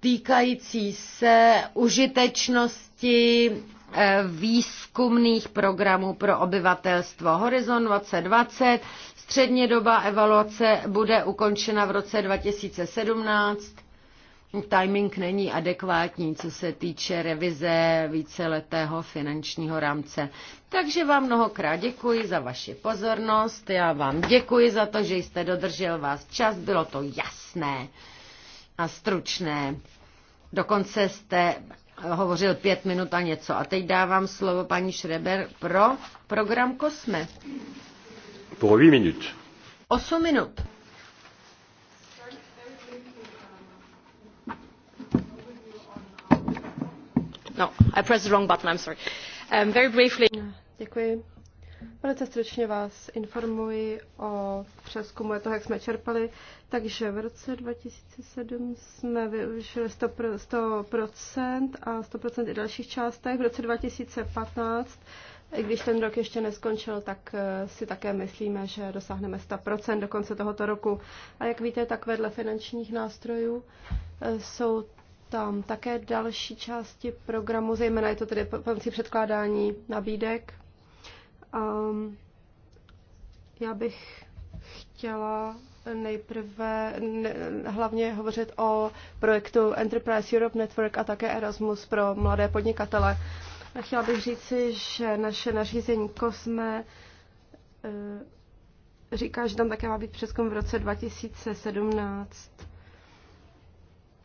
týkající se užitečnosti Eh, výzkumných programů pro obyvatelstvo. Horizon 2020, doba evaluace bude ukončena v roce 2017. Timing není adekvátní, co se týče revize víceletého finančního rámce. Takže vám mnohokrát děkuji za vaši pozornost. Já vám děkuji za to, že jste dodržel vás čas. Bylo to jasné a stručné. Dokonce jste hovořil pět minut a něco. A teď dávám slovo paní Šreber pro program Kosme. Pro 8 minut. 8 minut. No, I pressed the wrong button, I'm sorry. Um, very briefly. Děkuji. Velice stručně vás informuji o přeskumu toho, jak jsme čerpali. Takže v roce 2007 jsme využili 100%, 100 a 100% i dalších částech. V roce 2015, i když ten rok ještě neskončil, tak eh, si také myslíme, že dosáhneme 100% do konce tohoto roku. A jak víte, tak vedle finančních nástrojů eh, jsou tam také další části programu, zejména je to tedy pomocí předkládání nabídek Um, já bych chtěla nejprve ne, hlavně hovořit o projektu Enterprise Europe Network a také Erasmus pro mladé podnikatele. A chtěla bych říci, že naše nařízení COSME eh, říká, že tam také má být přeskum v roce 2017.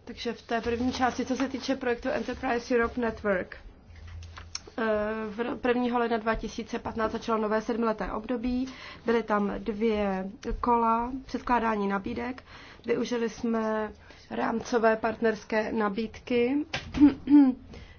Takže v té první části, co se týče projektu Enterprise Europe Network, v 1. ledna 2015 začalo nové sedmileté období. Byly tam dvě kola předkládání nabídek. Využili jsme rámcové partnerské nabídky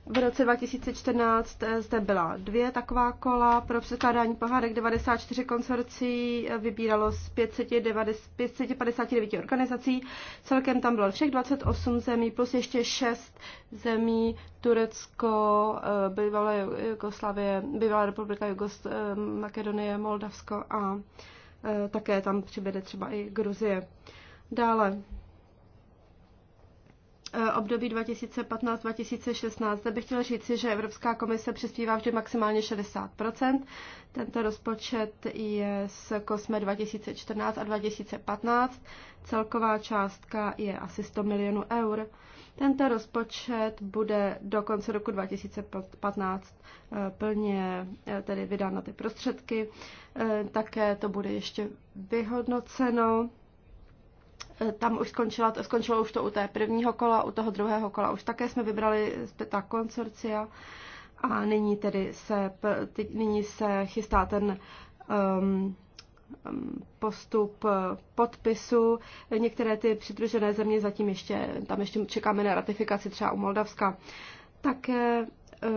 v roce 2014 eh, zde byla dvě taková kola. Pro překládání pohádek 94 konsorcí eh, vybíralo z 559 organizací. Celkem tam bylo všech 28 zemí plus ještě 6 zemí Turecko, eh, bývalé Jugoslavie, bývalá republika Jugos, Makedonie, Moldavsko a také tam přibude třeba i Gruzie. Dále Eh, období 2015-2016. Zde bych chtěl říci, že Evropská komise přispívá vždy maximálně 60 Tento rozpočet je z kosme 2014 a 2015. Celková částka je asi 100 milionů eur. Tento rozpočet bude do konce roku 2015 eh, plně eh, tedy vydán na ty prostředky. Také to bude ještě vyhodnoceno. Eh, tam už skončila, skončilo už to u té prvního kola, u toho druhého kola už také jsme vybrali ta konsorcia a nyní tedy se, teď, nyní se chystá ten um, postup eh, podpisu. Některé ty přidružené země zatím ještě, tam ještě čekáme na ratifikaci třeba u Moldavska. Tak. Eh,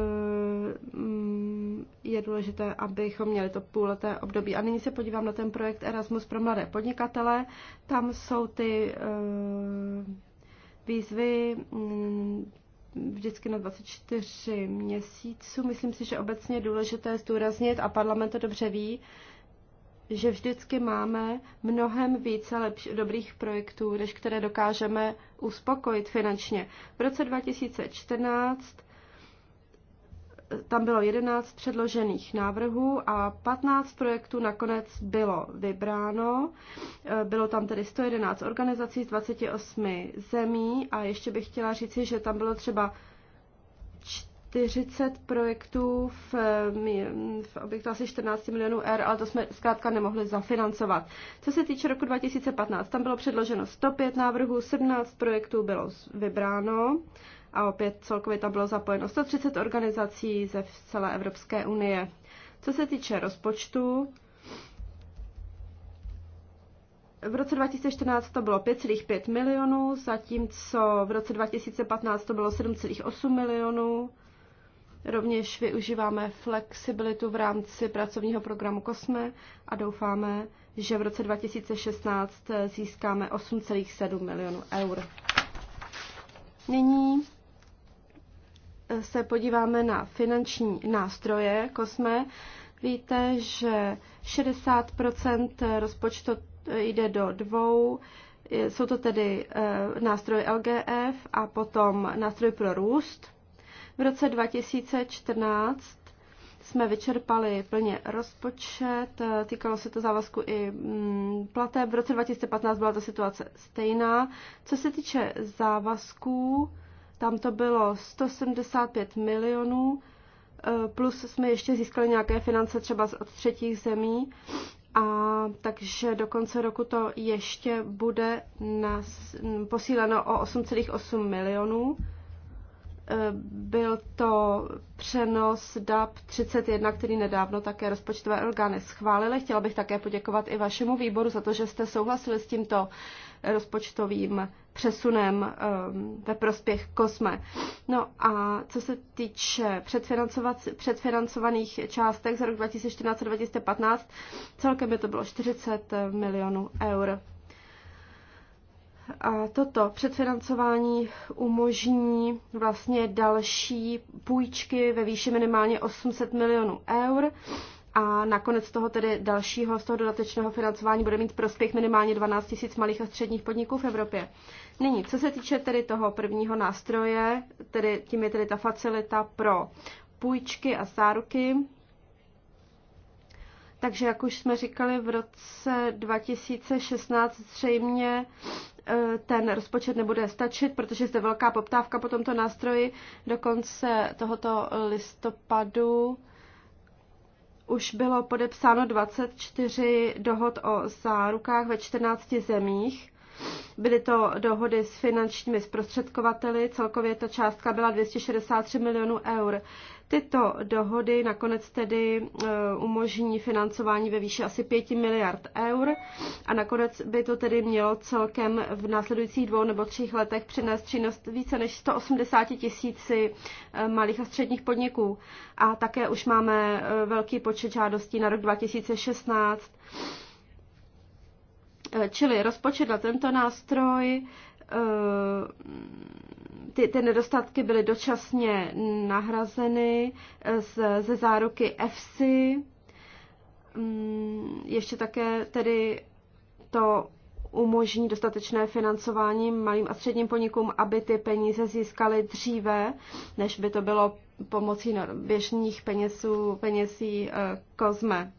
mm, je důležité, abychom měli to půlleté období. A nyní se podívám na ten projekt Erasmus pro mladé podnikatele. Tam jsou ty eh, výzvy mm, vždycky na 24 měsíců. Myslím si, že obecně je důležité zdůraznit, a parlament to dobře ví, že vždycky máme mnohem více lepš- dobrých projektů, než které dokážeme uspokojit finančně. V roce 2014 tam bylo 11 předložených návrhů a 15 projektů nakonec bylo vybráno. E, bylo tam tedy 111 organizací z 28 zemí a ještě bych chtěla říci, že tam bylo třeba 40 projektů v, e, v objektu asi 14 milionů R, ale to jsme zkrátka nemohli zafinancovat. Co se týče roku 2015, tam bylo předloženo 105 návrhů, 17 projektů bylo vybráno a opět celkově tam bylo zapojeno 130 organizací ze celé Evropské unie. Co se týče rozpočtu, v roce 2014 to bylo 5,5 milionů, zatímco v roce 2015 to bylo 7,8 milionů. Rovněž využíváme flexibilitu v rámci pracovního programu COSME a doufáme, že v roce 2016 získáme 8,7 milionů eur. Nyní se podíváme na finanční nástroje Kosme, víte, že 60 rozpočtu jde do dvou. Jsou to tedy eh, nástroje LGF a potom nástroj pro růst. V roce 2014 jsme vyčerpali plně rozpočet, týkalo se to závazku i mm, plateb. V roce 2015 byla ta situace stejná. Co se týče závazků, tam to bylo 175 milionů, eh, plus jsme ještě získali nějaké finance třeba od třetích zemí. A takže do konce roku to ještě bude nas, posíleno o 8,8 milionů. Eh, byl to přenos DAP 31, který nedávno také rozpočtové orgány schválily. Chtěla bych také poděkovat i vašemu výboru za to, že jste souhlasili s tímto rozpočtovým přesunem ehm, ve prospěch kosme. No a co se týče předfinancovaných částek za rok 2014 a 2015, celkem by to bylo 40 milionů eur. A toto předfinancování umožní vlastně další půjčky ve výši minimálně 800 milionů eur a nakonec toho tedy dalšího, z toho dodatečného financování bude mít prospěch minimálně 12 000 malých a středních podniků v Evropě. Nyní, co se týče tedy toho prvního nástroje, tedy tím je tedy ta facilita pro půjčky a záruky, takže, jak už jsme říkali, v roce 2016 zřejmě eh, ten rozpočet nebude stačit, protože zde velká poptávka po tomto nástroji. Do konce tohoto listopadu už bylo podepsáno 24 dohod o zárukách ve 14 zemích Byly to dohody s finančními zprostředkovateli, celkově ta částka byla 263 milionů eur. Tyto dohody nakonec tedy eh, umožní financování ve výši asi 5 miliard eur a nakonec by to tedy mělo celkem v následujících dvou nebo třích letech přinést přínost více než 180 tisíci eh, malých a středních podniků. A také už máme eh, velký počet žádostí na rok 2016. Eh, čili rozpočet na tento nástroj, eh, ty, ty nedostatky byly dočasně nahrazeny eh, z, ze záruky EFSI. Mm, ještě také tedy to umožní dostatečné financování malým a středním podnikům, aby ty peníze získali dříve, než by to bylo pomocí no, běžných penězů, penězí Kozme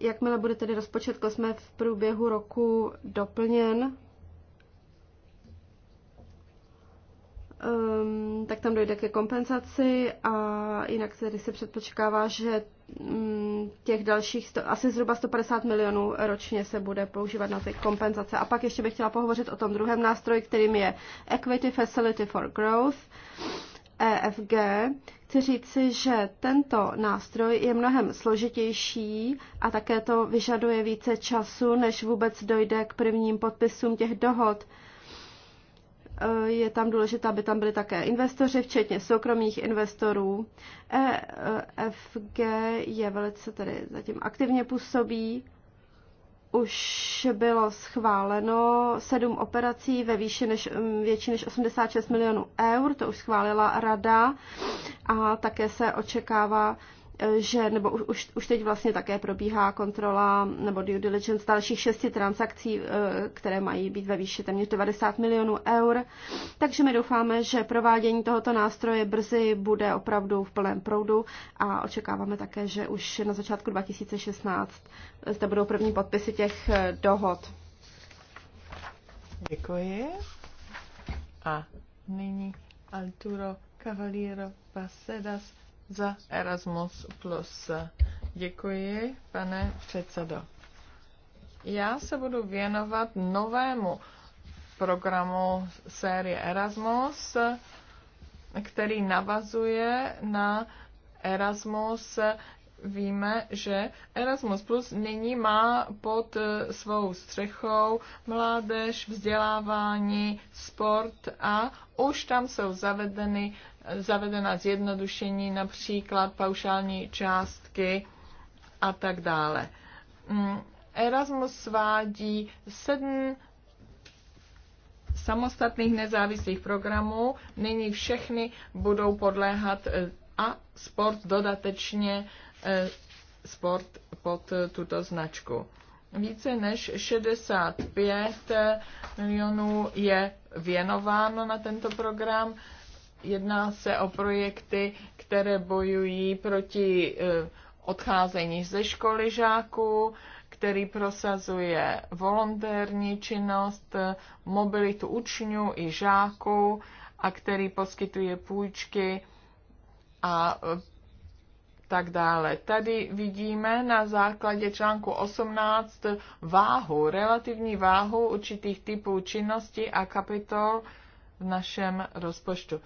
jakmile bude tedy rozpočet kosme v průběhu roku doplněn, um, tak tam dojde ke kompenzaci a jinak tedy se předpočkává, že um, těch dalších sto, asi zhruba 150 milionů ročně se bude používat na ty kompenzace. A pak ještě bych chtěla pohovořit o tom druhém nástroji, kterým je Equity Facility for Growth. Um, EFG, chci říci, že tento nástroj je mnohem složitější a také to vyžaduje více času, než vůbec dojde k prvním podpisům těch dohod. E, je tam důležité, aby tam byly také investoři, včetně soukromých investorů. EFG je velice tedy zatím aktivně působí už bylo schváleno sedm operací ve výši než, mm, větší než 86 milionů eur, to už schválila rada a také se očekává, že, nebo už, už teď vlastně také probíhá kontrola nebo due diligence dalších šesti transakcí, eh, které mají být ve výši téměř 90 milionů eur. Takže my doufáme, že provádění tohoto nástroje brzy bude opravdu v plném proudu a očekáváme také, že už na začátku 2016 eh, zde budou první podpisy těch eh, dohod. Děkuji. A nyní Arturo Cavaliero Pasedas za Erasmus+. plus. Děkuji, pane předsedo. Já se budu věnovat novému programu série Erasmus, který navazuje na Erasmus víme, že Erasmus Plus nyní má pod eh, svou střechou mládež, vzdělávání, sport a už tam jsou zavedeny, zavedena zjednodušení, například paušální částky a tak dále. Mm, Erasmus svádí sedm samostatných nezávislých programů. Nyní všechny budou podléhat eh, a sport dodatečně Eh, sport pod eh, tuto značku. Více než 65 eh, milionů je věnováno na tento program. Jedná se o projekty, které bojují proti odcházení ze školy žáků, který prosazuje volontérní činnost, mobilitu učňů i žáků a který poskytuje půjčky a tak dále. Tady vidíme na základě článku 18 váhu, relativní váhu určitých typů činnosti a kapitol v našem rozpočtu.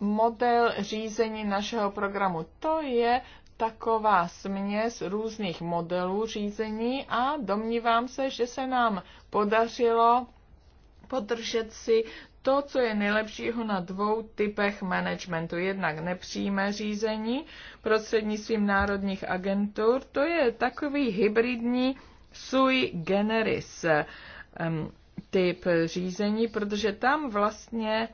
model řízení našeho programu. To je taková směs různých modelů řízení a domnívám se, že se nám podařilo podržet si to, co je nejlepšího na dvou typech managementu. Jednak nepřímé řízení prostřednictvím národních agentur, to je takový hybridní sui generis um, typ řízení, protože tam vlastně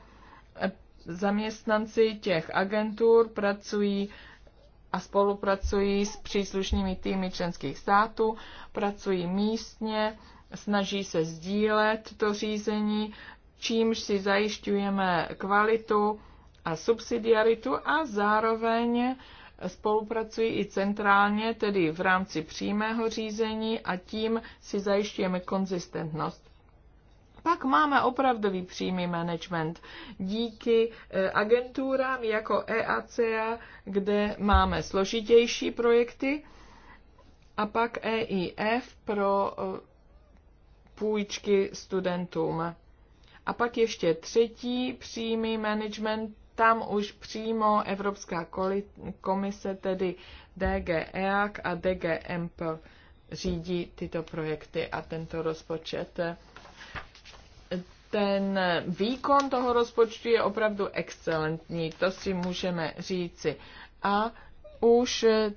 zaměstnanci těch agentur pracují a spolupracují s příslušnými týmy členských států, pracují místně, snaží se sdílet to řízení, čímž si zajišťujeme kvalitu a subsidiaritu a zároveň spolupracují i centrálně, tedy v rámci přímého řízení a tím si zajišťujeme konzistentnost pak máme opravdový přímý management díky eh, agenturám jako EACA, kde máme složitější projekty, a pak EIF pro eh, půjčky studentům. A pak ještě třetí přímý management, tam už přímo Evropská komise, tedy DG EAC a DG EMP řídí tyto projekty a tento rozpočet ten výkon toho rozpočtu je opravdu excelentní, to si můžeme říci. A už eh,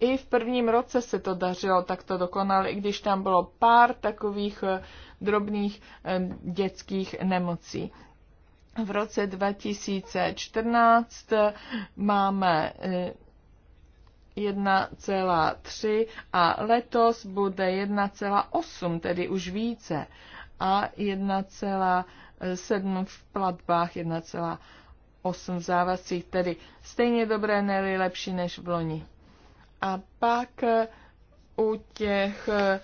i v prvním roce se to dařilo takto dokonale, i když tam bylo pár takových eh, drobných eh, dětských nemocí. V roce 2014 máme 1,3 a letos bude 1,8, tedy už více a 1,7 v platbách, 1,8 v závazcích, tedy stejně dobré, nejlepší lepší než v loni. A pak eh, u těch eh,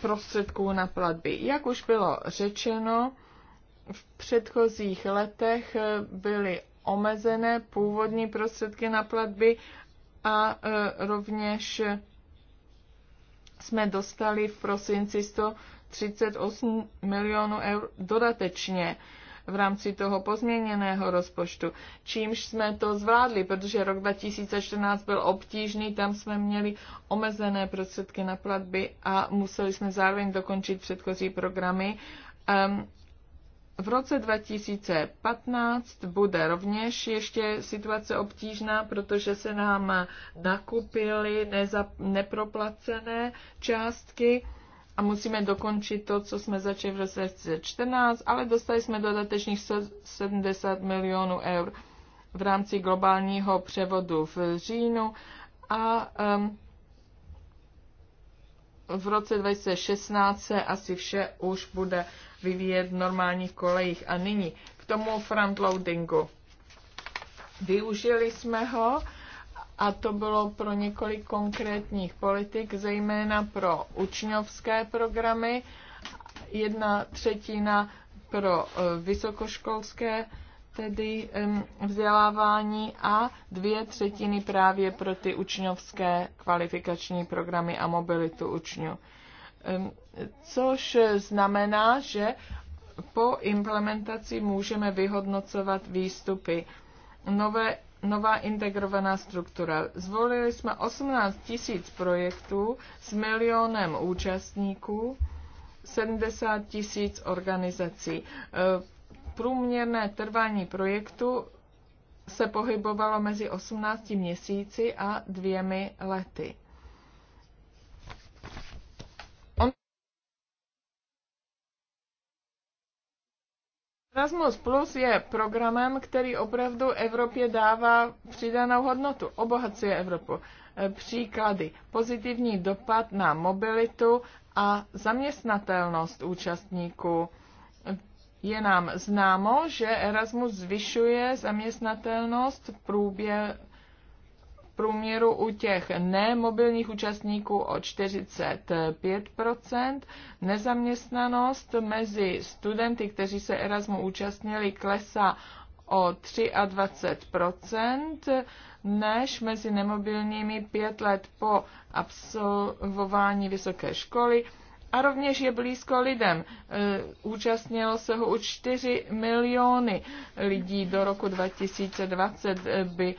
prostředků na platby. Jak už bylo řečeno, v předchozích letech eh, byly omezené původní prostředky na platby a rovněž jsme dostali v prosinci 100 38 milionů eur dodatečně v rámci toho pozměněného rozpočtu, čímž jsme to zvládli, protože rok 2014 byl obtížný, tam jsme měli omezené prostředky na platby a museli jsme zároveň dokončit předchozí programy. Um, v roce 2015 bude rovněž ještě situace obtížná, protože se nám nakupily neproplacené částky a musíme dokončit to, co jsme začali v roce 2014, ale dostali jsme dodatečných 70 milionů eur v rámci globálního převodu v říjnu a um, v roce 2016 se asi vše už bude vyvíjet v normálních kolejích. A nyní k tomu frontloadingu. Využili jsme ho a to bylo pro několik konkrétních politik, zejména pro učňovské programy, jedna třetina pro e, vysokoškolské tedy vzdělávání a dvě třetiny právě pro ty učňovské kvalifikační programy a mobilitu učňů. Což znamená, že po implementaci můžeme vyhodnocovat výstupy. Nové nová integrovaná struktura. Zvolili jsme 18 tisíc projektů s milionem účastníků, 70 tisíc organizací. E, průměrné trvání projektu se pohybovalo mezi 18 měsíci a dvěmi lety. Erasmus Plus je programem, který opravdu Evropě dává přidanou hodnotu, obohacuje Evropu. E, příklady. Pozitivní dopad na mobilitu a zaměstnatelnost účastníků. Je nám známo, že Erasmus zvyšuje zaměstnatelnost v průběhu průměru u těch nemobilních účastníků o 45%. Nezaměstnanost mezi studenty, kteří se Erasmu účastnili, klesá o 23%, než mezi nemobilními pět let po absolvování vysoké školy a rovněž je blízko lidem. E, účastnilo se ho už 4 miliony lidí do roku 2020 e, by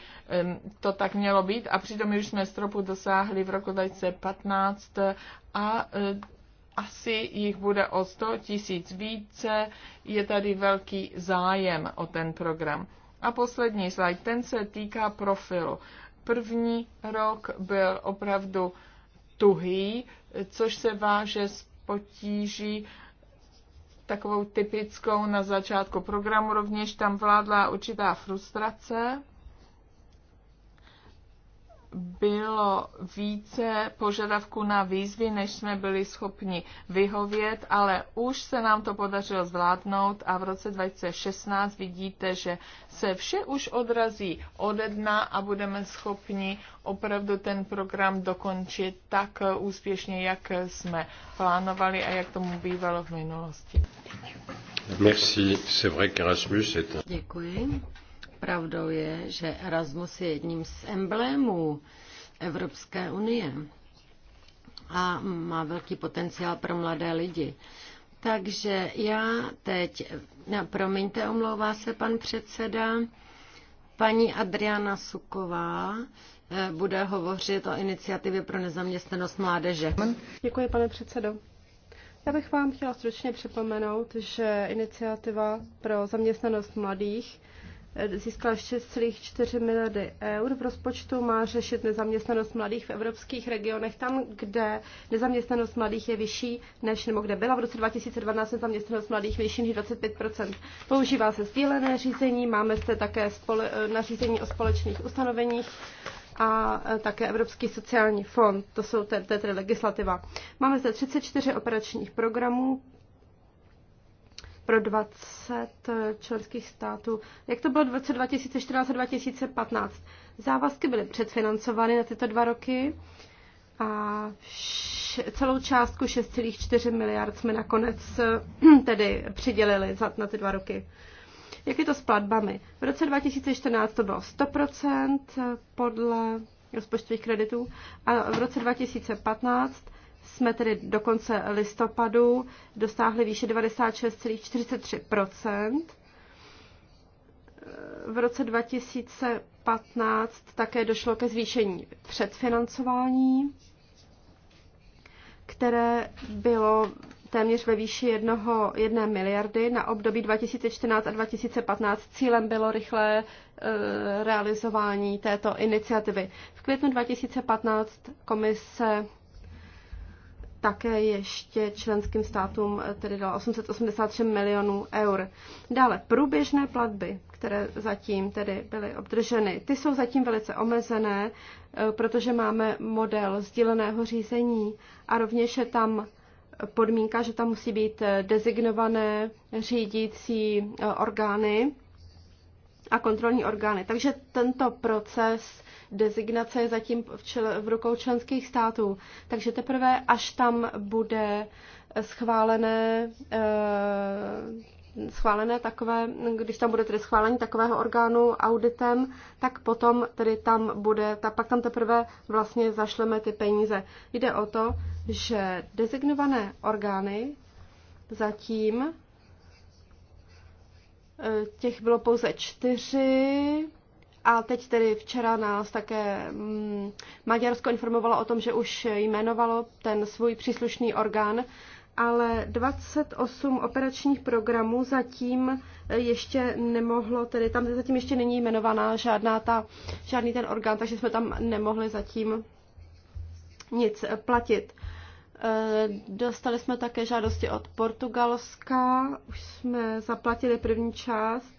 to tak mělo být a přitom už jsme stropu dosáhli v roku 2015 a e, asi jich bude o 100 tisíc více. Je tady velký zájem o ten program. A poslední slide, ten se týká profilu. První rok byl opravdu tuhý, což se váže s potíží takovou typickou na začátku programu. Rovněž tam vládla určitá frustrace bylo více požadavků na výzvy, než jsme byli schopni vyhovět, ale už se nám to podařilo zvládnout a v roce 2016 vidíte, že se vše už odrazí ode dna a budeme schopni opravdu ten program dokončit tak úspěšně, jak jsme plánovali a jak tomu bývalo v minulosti. Merci, c'est vrai qu'Erasmus est un... Děkuji. Pravdou je, že Erasmus je jedním z emblémů Evropské unie a má velký potenciál pro mladé lidi. Takže já teď, no, promiňte, omlouvá se pan předseda, paní Adriana Suková eh, bude hovořit o iniciativě pro nezaměstnanost mládeže. Děkuji, pane předsedo. Já bych vám chtěla stručně připomenout, že iniciativa pro zaměstnanost mladých získala 6,4 miliardy eur. V rozpočtu má řešit nezaměstnanost mladých v evropských regionech, tam, kde nezaměstnanost mladých je vyšší než, nebo kde byla v roce 2012 nezaměstnanost mladých vyšší než 25 Používá se sdílené řízení, máme zde také spole, nařízení o společných ustanoveních a e, také Evropský sociální fond, to jsou tedy legislativa. Máme zde 34 operačních programů pro 20 eh, členských států. Jak to bylo v roce 2014 a 2015? Závazky byly předfinancovány na tyto dva roky a celou částku 6,4 miliard jsme nakonec eh, tedy přidělili na ty dva roky. Jak je to s platbami? V roce 2014 to bylo 100% eh, podle rozpočtových kreditů a v roce 2015 jsme tedy do konce listopadu dosáhli výše 96,43 V roce 2015 také došlo ke zvýšení předfinancování, které bylo téměř ve výši jednoho jedné miliardy na období 2014 a 2015. Cílem bylo rychlé eh, realizování této iniciativy. V květnu 2015 komise také ještě členským státům eh, tedy dala 883 milionů eur. Dále průběžné platby, které zatím tedy byly obdrženy, ty jsou zatím velice omezené, eh, protože máme model sdíleného řízení a rovněž je tam podmínka, že tam musí být eh, dezignované řídící orgány a kontrolní orgány. Takže tento proces designace je zatím v, čel, v rukou členských států. Takže teprve, až tam bude eh, schválené, eh, schválené takové, když tam bude tedy schválení takového orgánu auditem, tak potom tedy tam bude, ta, pak tam teprve vlastně zašleme ty peníze. Jde o to, že designované orgány zatím eh, těch bylo pouze čtyři a teď tedy včera nás také mm, Maďarsko informovalo o tom, že už jmenovalo ten svůj příslušný orgán, ale 28 operačních programů zatím eh, ještě nemohlo, tedy tam zatím ještě není jmenovaná žádná ta, žádný ten orgán, takže jsme tam nemohli zatím nic eh, platit. Eh, dostali jsme také žádosti od Portugalska, už jsme zaplatili první část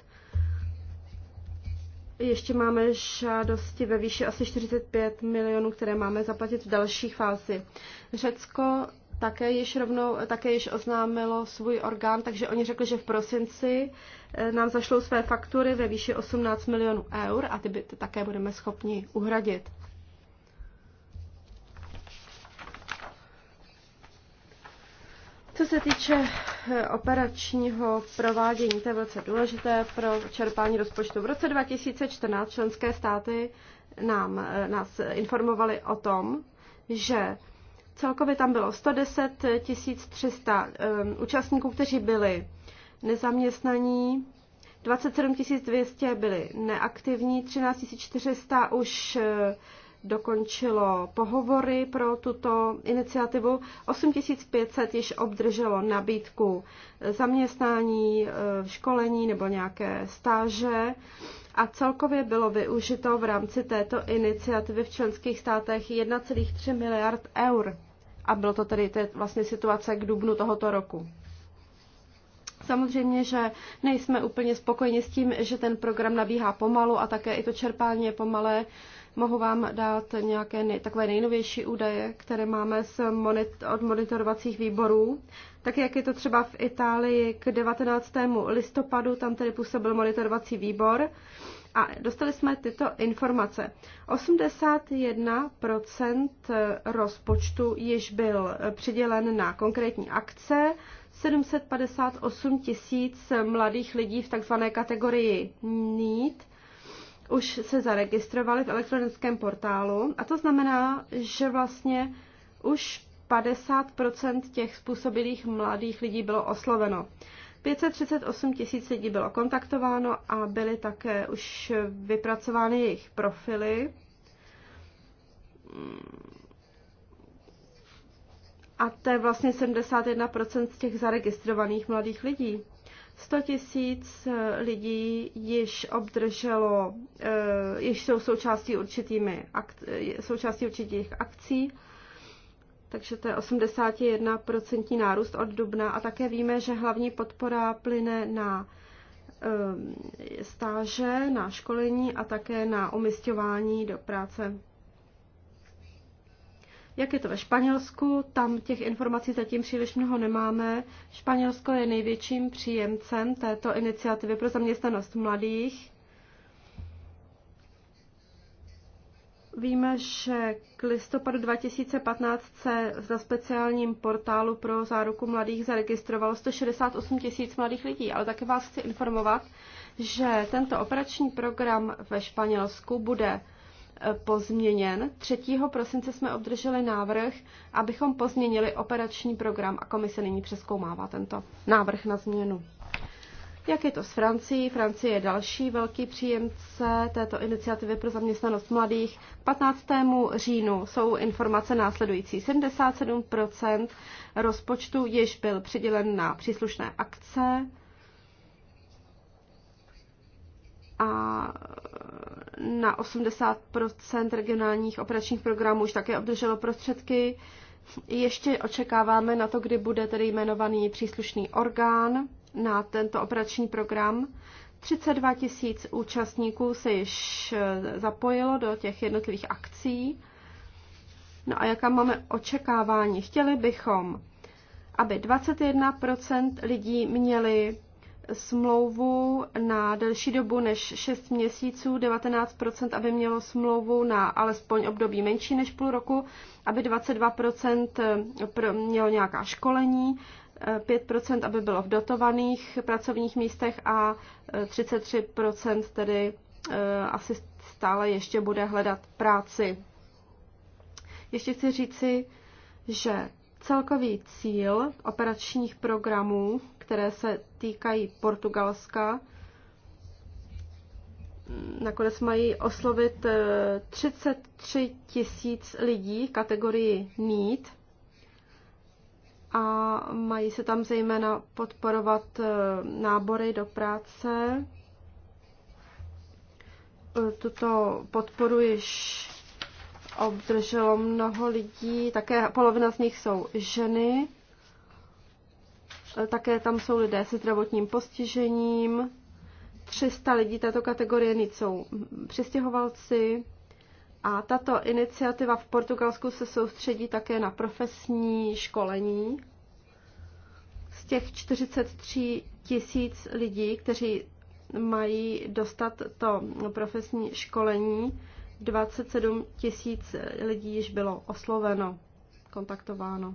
ještě máme žádosti ve výši asi 45 milionů, které máme zaplatit v další fázi. Řecko také již, rovnou, také již oznámilo svůj orgán, takže oni řekli, že v prosinci eh, nám zašlou své faktury ve výši 18 milionů eur a ty by také budeme schopni uhradit. Co se týče eh, operačního provádění, to je velice důležité pro čerpání rozpočtu. V roce 2014 členské státy nám, eh, nás informovali o tom, že celkově tam bylo 110 300 eh, účastníků, kteří byli nezaměstnaní, 27 200 byli neaktivní, 13 400 už dokončilo pohovory pro tuto iniciativu. 8500 již obdrželo nabídku zaměstnání, eh, školení nebo nějaké stáže a celkově bylo využito v rámci této iniciativy v členských státech 1,3 miliard eur. A bylo to tedy to vlastně situace k dubnu tohoto roku. Samozřejmě, že nejsme úplně spokojeni s tím, že ten program nabíhá pomalu a také i to čerpání je pomalé. Uh, Mohu vám dát nějaké nej, takové nejnovější údaje, které máme z monit, od monitorovacích výborů. Tak jak je to třeba v Itálii k 19. listopadu, tam tedy působil monitorovací výbor a dostali jsme tyto informace. 81% rozpočtu již byl přidělen na konkrétní akce, 758 tisíc mladých lidí v takzvané kategorii NEED už se zaregistrovali v elektronickém portálu a to znamená, že vlastně už 50% těch způsobilých mladých lidí bylo osloveno. 538 tisíc lidí bylo kontaktováno a byly také už vypracovány jejich profily. A to je vlastně 71% z těch zaregistrovaných mladých lidí. 100 tisíc eh, lidí již obdrželo, eh, již jsou součástí, určitými, eh, součástí určitých akcí, takže to je 81% nárůst od dubna. A také víme, že hlavní podpora plyne na stáže, na školení a také na umistování do práce. Jak je to ve Španělsku? Tam těch informací zatím příliš mnoho nemáme. Španělsko je největším příjemcem této iniciativy pro zaměstnanost mladých. Víme, že k listopadu 2015 se za speciálním portálu pro záruku mladých zaregistrovalo 168 tisíc mladých lidí, ale také vás chci informovat, že tento operační program ve Španělsku bude pozměněn. 3. prosince jsme obdrželi návrh, abychom pozměnili operační program a komise nyní přeskoumává tento návrh na změnu. Jak je to s Francií? Francie je další velký příjemce této iniciativy pro zaměstnanost mladých. 15. říjnu jsou informace následující. 77% rozpočtu již byl přidělen na příslušné akce a na 80 regionálních operačních programů už také obdrželo prostředky. Ještě očekáváme na to, kdy bude tedy jmenovaný příslušný orgán na tento operační program. 32 tisíc účastníků se již eh, zapojilo do těch jednotlivých akcí. No a jaká máme očekávání? Chtěli bychom, aby 21 lidí měli smlouvu na delší dobu než 6 měsíců, 19% aby mělo smlouvu na alespoň období menší než půl roku, aby 22% eh, mělo nějaká školení, 5% eh, aby bylo v dotovaných pracovních místech a 33% eh, tedy asi stále ještě bude hledat práci. Ještě chci říci, že celkový cíl operačních programů které se týkají Portugalska, nakonec mají oslovit 33 eh, tisíc lidí v kategorii need a mají se tam zejména podporovat eh, nábory do práce. Eh, tuto podporu již obdrželo mnoho lidí, také polovina z nich jsou ženy. Eh, také tam jsou lidé se zdravotním postižením. 300 lidí této kategorie nic jsou přistěhovalci. A tato iniciativa v Portugalsku se soustředí také na profesní školení. Z těch 43 tisíc lidí, kteří mají dostat to profesní školení, 27 tisíc lidí již bylo osloveno, kontaktováno.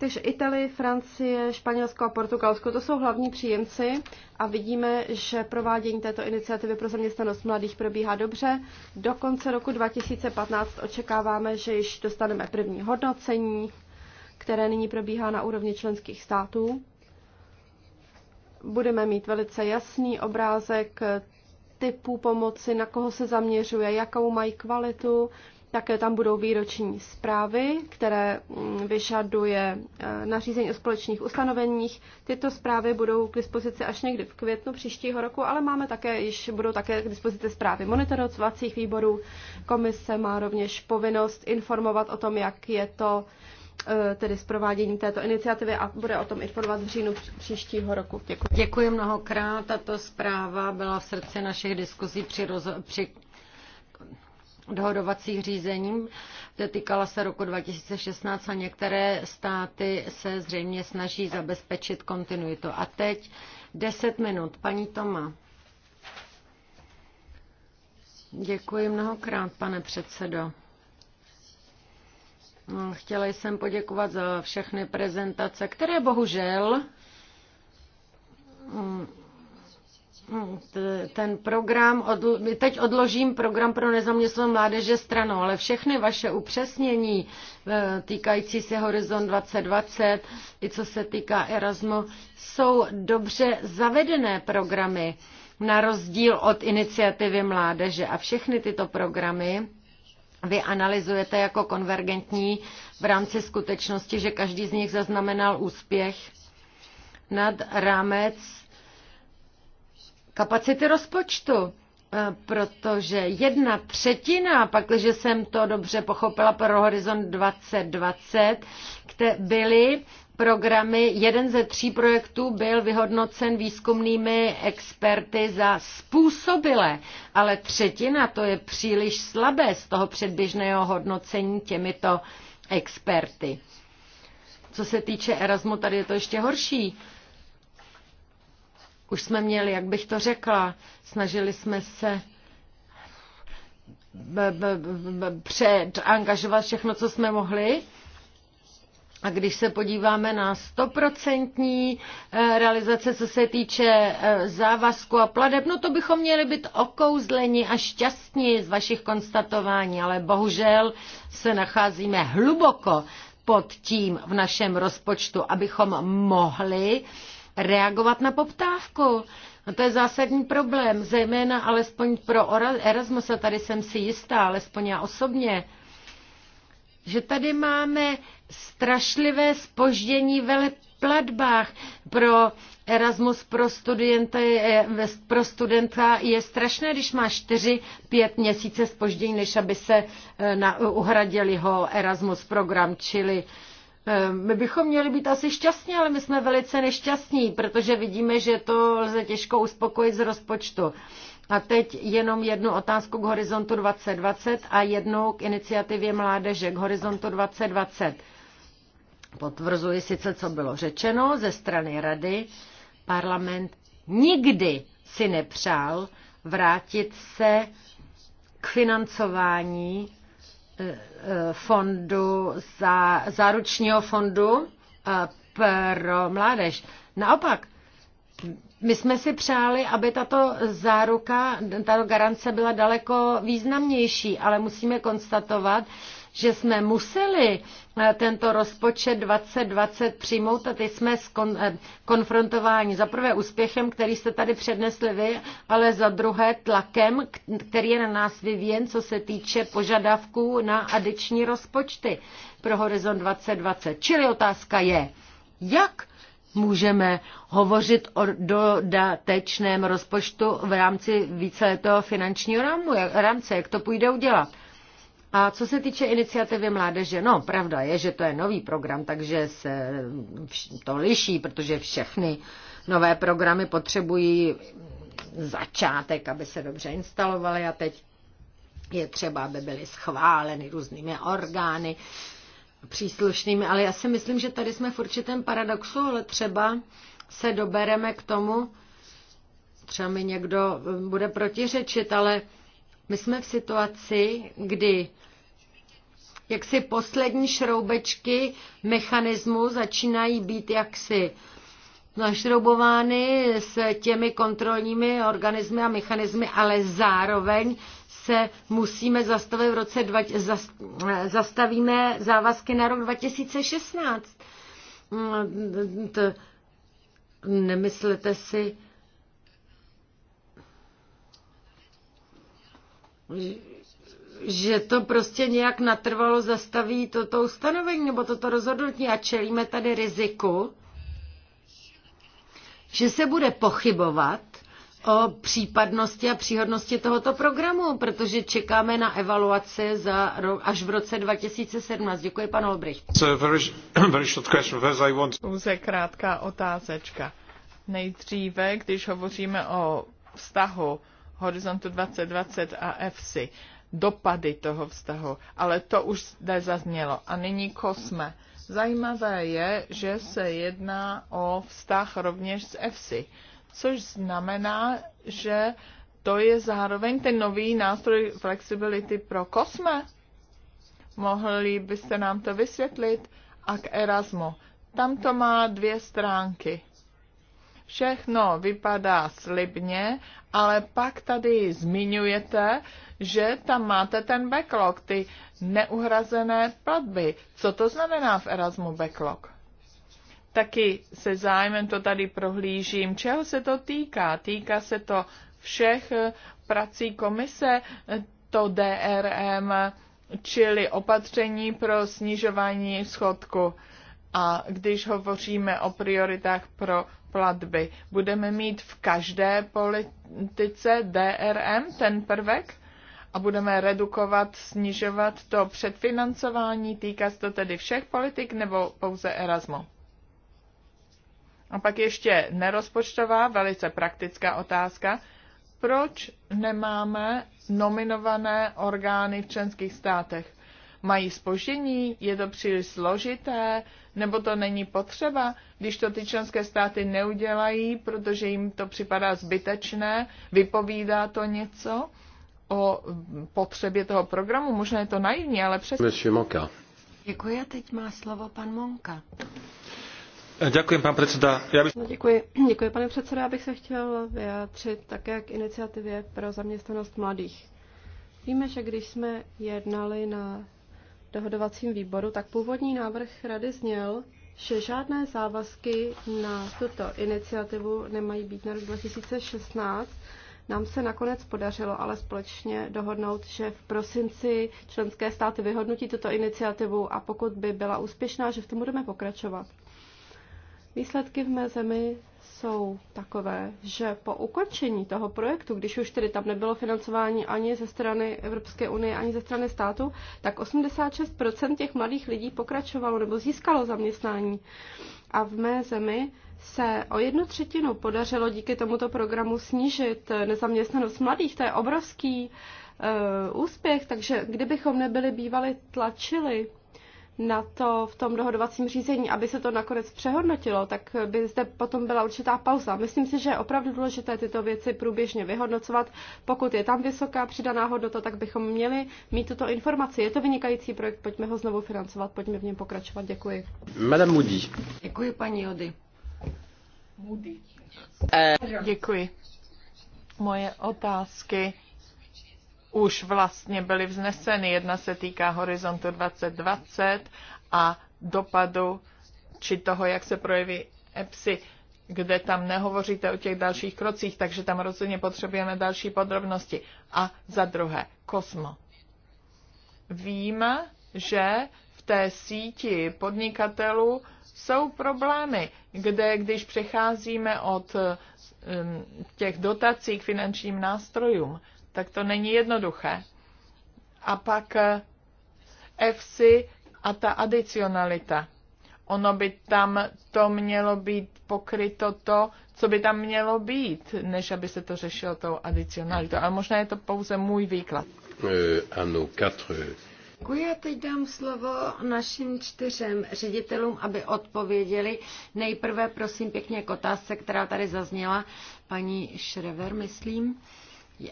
Takže Itálie, Francie, Španělsko a Portugalsko, to jsou hlavní příjemci a vidíme, že provádění této iniciativy pro zaměstnanost mladých probíhá dobře. Do konce roku 2015 očekáváme, že již dostaneme první hodnocení, které nyní probíhá na úrovni členských států. Budeme mít velice jasný obrázek typu pomoci, na koho se zaměřuje, jakou mají kvalitu, také tam budou výroční zprávy, které mm, vyžaduje eh, nařízení o společných ustanoveních. Tyto zprávy budou k dispozici až někdy v květnu příštího roku, ale máme také, již budou také k dispozici zprávy monitorovacích výborů. Komise má rovněž povinnost informovat o tom, jak je to eh, tedy s prováděním této iniciativy a bude o tom informovat v říjnu příštího roku. Děkuji. Děkuji mnohokrát. Tato zpráva byla v srdci našich diskuzí při, roz- při dohodovacích řízení. Týkala se roku 2016 a některé státy se zřejmě snaží zabezpečit kontinuitu. A teď 10 minut. Paní Toma. Děkuji mnohokrát, pane předsedo. No, chtěla jsem poděkovat za všechny prezentace, které bohužel mm, ten program, teď odložím program pro nezaměstnanou mládeže stranou, ale všechny vaše upřesnění e, týkající se Horizon 2020 i co se týká Erasmu, jsou dobře zavedené programy na rozdíl od iniciativy mládeže. A všechny tyto programy vy analyzujete jako konvergentní v rámci skutečnosti, že každý z nich zaznamenal úspěch nad rámec kapacity rozpočtu. Eh, protože jedna třetina, pakliže jsem to dobře pochopila, pro Horizont 2020, které byly programy, jeden ze tří projektů byl vyhodnocen výzkumnými experty za způsobilé, ale třetina to je příliš slabé z toho předběžného hodnocení těmito experty. Co se týče Erasmu, tady je to ještě horší už jsme měli, jak bych to řekla, snažili jsme se předangažovat všechno, co jsme mohli. A když se podíváme na stoprocentní eh, realizace, co se týče eh, závazku a pladeb, no to bychom měli být okouzleni a šťastní z vašich konstatování, ale bohužel se nacházíme hluboko pod tím v našem rozpočtu, abychom mohli uh, reagovat na poptávku. A to je zásadní problém, zejména alespoň pro Erasmus, a tady jsem si jistá, alespoň já osobně, že tady máme strašlivé spoždění ve platbách pro Erasmus pro, studenta, eh, pro studenta je strašné, když má 4-5 měsíce spoždění, než aby se eh, na, uhradil jeho Erasmus program, čili uh, Ehm, my bychom měli být asi šťastní, ale my jsme velice nešťastní, protože vidíme, že to lze těžko uspokojit z rozpočtu. A teď jenom jednu otázku k Horizontu 2020 a jednu k iniciativě mládeže k Horizontu 2020. Potvrzuji sice, co bylo řečeno ze strany Rady, parlament nikdy si nepřál vrátit se k financování fondu za záručního fondu eh, pro mládež. Naopak, my jsme si přáli, aby tato záruka, tato garance byla daleko významnější, ale musíme konstatovat, že jsme museli eh, tento rozpočet 2020 přijmout a teď jsme eh, konfrontováni za prvé úspěchem, který jste tady přednesli vy, ale za druhé tlakem, který je na nás vyvíjen, co se týče požadavků na adiční rozpočty pro Horizon 2020. Čili otázka je, jak můžeme hovořit o dodatečném rozpočtu v rámci víceletého finančního rámu, rámce, jak to půjde udělat. A co se týče iniciativy mládeže, no pravda je, že to je nový program, takže se to liší, protože všechny nové programy potřebují začátek, aby se dobře instalovaly a teď je třeba, aby byly schváleny různými orgány příslušnými, ale já si myslím, že tady jsme v určitém paradoxu, ale třeba se dobereme k tomu, třeba mi někdo bude protiřečit, ale my jsme v situaci, kdy jaksi poslední šroubečky mechanismu začínají být jaksi našroubovány s těmi kontrolními organismy a mechanismy, ale zároveň se musíme zastavit v roce 20, zastavíme závazky na rok 2016. Mm, nemyslete si, že to prostě nějak natrvalo zastaví toto ustanovení nebo toto rozhodnutí a čelíme tady riziku, že se bude pochybovat o případnosti a příhodnosti tohoto programu, protože čekáme na evaluace za ro- až v roce 2017. Děkuji, pan Olbricht. Pouze krátká otázečka. Nejdříve, když hovoříme o vztahu Horizontu 2020 a EFSI, dopady toho vztahu, ale to už zde zaznělo. A nyní kosme. Zajímavé je, že se jedná o vztah rovněž s EFSI, což znamená, že to je zároveň ten nový nástroj flexibility pro kosme. Mohli byste nám to vysvětlit? A k Erasmu. Tam to má dvě stránky. Všechno vypadá slibně, ale pak tady zmiňujete, že tam máte ten backlog, ty neuhrazené platby. Co to znamená v Erasmu backlog? Taky se zájmem to tady prohlížím. Čeho se to týká? Týká se to všech eh, prací komise, eh, to DRM, čili opatření pro snižování schodku. A když hovoříme o prioritách pro platby. Budeme mít v každé politice DRM ten prvek a budeme redukovat, snižovat to předfinancování. Týká se to tedy všech politik nebo pouze Erasmu? A pak ještě nerozpočtová, velice praktická otázka. Proč nemáme nominované orgány v členských státech? Mají spožení, Je to příliš složité? Nebo to není potřeba, když to ty členské státy neudělají, protože jim to připadá zbytečné? Vypovídá to něco o potřebě toho programu? Možná je to naivní, ale přesně. Monsieur Monka. Děkuji a teď má slovo pan Monka. Děkuji, pan předseda. Já bych... No, děkuji. děkuji, pane předseda. Já bych se chtěl vyjádřit také k iniciativě pro zaměstnanost mladých. Víme, že když jsme jednali na dohodovacím výboru, tak původní návrh rady zněl, že žádné závazky na tuto iniciativu nemají být na rok 2016. Nám se nakonec podařilo ale společně dohodnout, že v prosinci členské státy vyhodnotí tuto iniciativu a pokud by byla úspěšná, že v tom budeme pokračovat. Výsledky v mé zemi jsou takové, že po ukončení toho projektu, když už tedy tam nebylo financování ani ze strany Evropské unie, ani ze strany státu, tak 86% těch mladých lidí pokračovalo nebo získalo zaměstnání. A v mé zemi se o jednu třetinu podařilo díky tomuto programu snížit nezaměstnanost mladých. To je obrovský uh, úspěch, takže kdybychom nebyli bývali tlačili na to v tom dohodovacím řízení, aby se to nakonec přehodnotilo, tak by zde potom byla určitá pauza. Myslím si, že je opravdu důležité tyto věci průběžně vyhodnocovat. Pokud je tam vysoká přidaná hodnota, tak bychom měli mít tuto informaci. Je to vynikající projekt, pojďme ho znovu financovat, pojďme v něm pokračovat. Děkuji. Madame Moody. Děkuji, paní Jody. Moody. Eh, děkuji. Moje otázky už vlastně byly vzneseny. Jedna se týká horizontu 2020 a dopadu či toho, jak se projeví EPSI, kde tam nehovoříte o těch dalších krocích, takže tam rozhodně potřebujeme další podrobnosti. A za druhé, Kosmo. Víme, že v té síti podnikatelů jsou problémy, kde když přecházíme od eh, těch dotací k finančním nástrojům, tak to není jednoduché. A pak eh, FC a ta adicionalita. Ono by tam to mělo být pokryto to, co by tam mělo být, než aby se to řešilo tou adicionalitou. Ale možná je to pouze můj výklad. Eh, ano, quatre. Děkuji a teď dám slovo našim čtyřem ředitelům, aby odpověděli. Nejprve prosím pěkně k otázce, která tady zazněla, paní Šrever, myslím.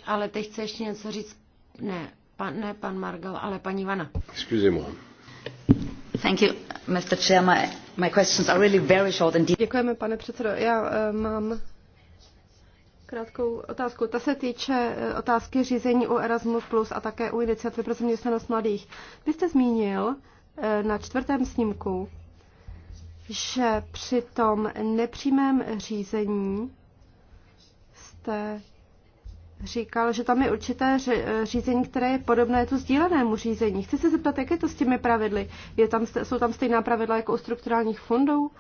Ale teď chce ještě něco říct. Ne, pan, ne pan Margal, ale paní Vana. Excusez-moi. Thank you, Mr. Chair. My, my questions are really very short and deep. Děkujeme, pane předsedo. Já uh, mám krátkou otázku. Ta se týče eh, otázky řízení u Erasmus Plus a také u iniciativy pro zaměstnanost mladých. Vy jste zmínil eh, na čtvrtém snímku, že při tom nepřímém řízení jste říkal, že tam je určité řízení, které je podobné tu sdílenému řízení. Chci se zeptat, jak je to s těmi pravidly? Je tam, jsou tam stejná pravidla jako u strukturálních fondů?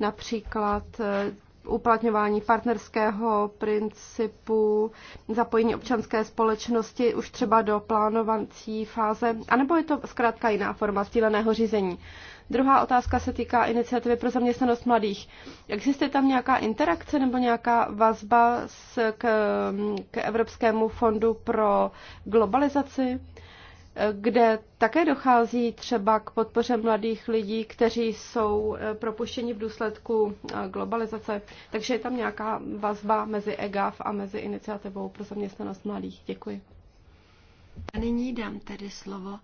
Například eh, uplatňování partnerského principu, zapojení občanské společnosti už třeba do plánovací fáze, anebo je to zkrátka jiná forma sdíleného řízení. Druhá otázka se týká iniciativy pro zaměstnanost mladých. Existuje tam nějaká interakce nebo nějaká vazba s, k, k Evropskému fondu pro globalizaci? kde také dochází třeba k podpoře mladých lidí, kteří jsou eh, propuštěni v důsledku eh, globalizace. Takže je tam nějaká vazba mezi EGAF a mezi iniciativou pro zaměstnanost mladých. Děkuji. A nyní dám tedy slovo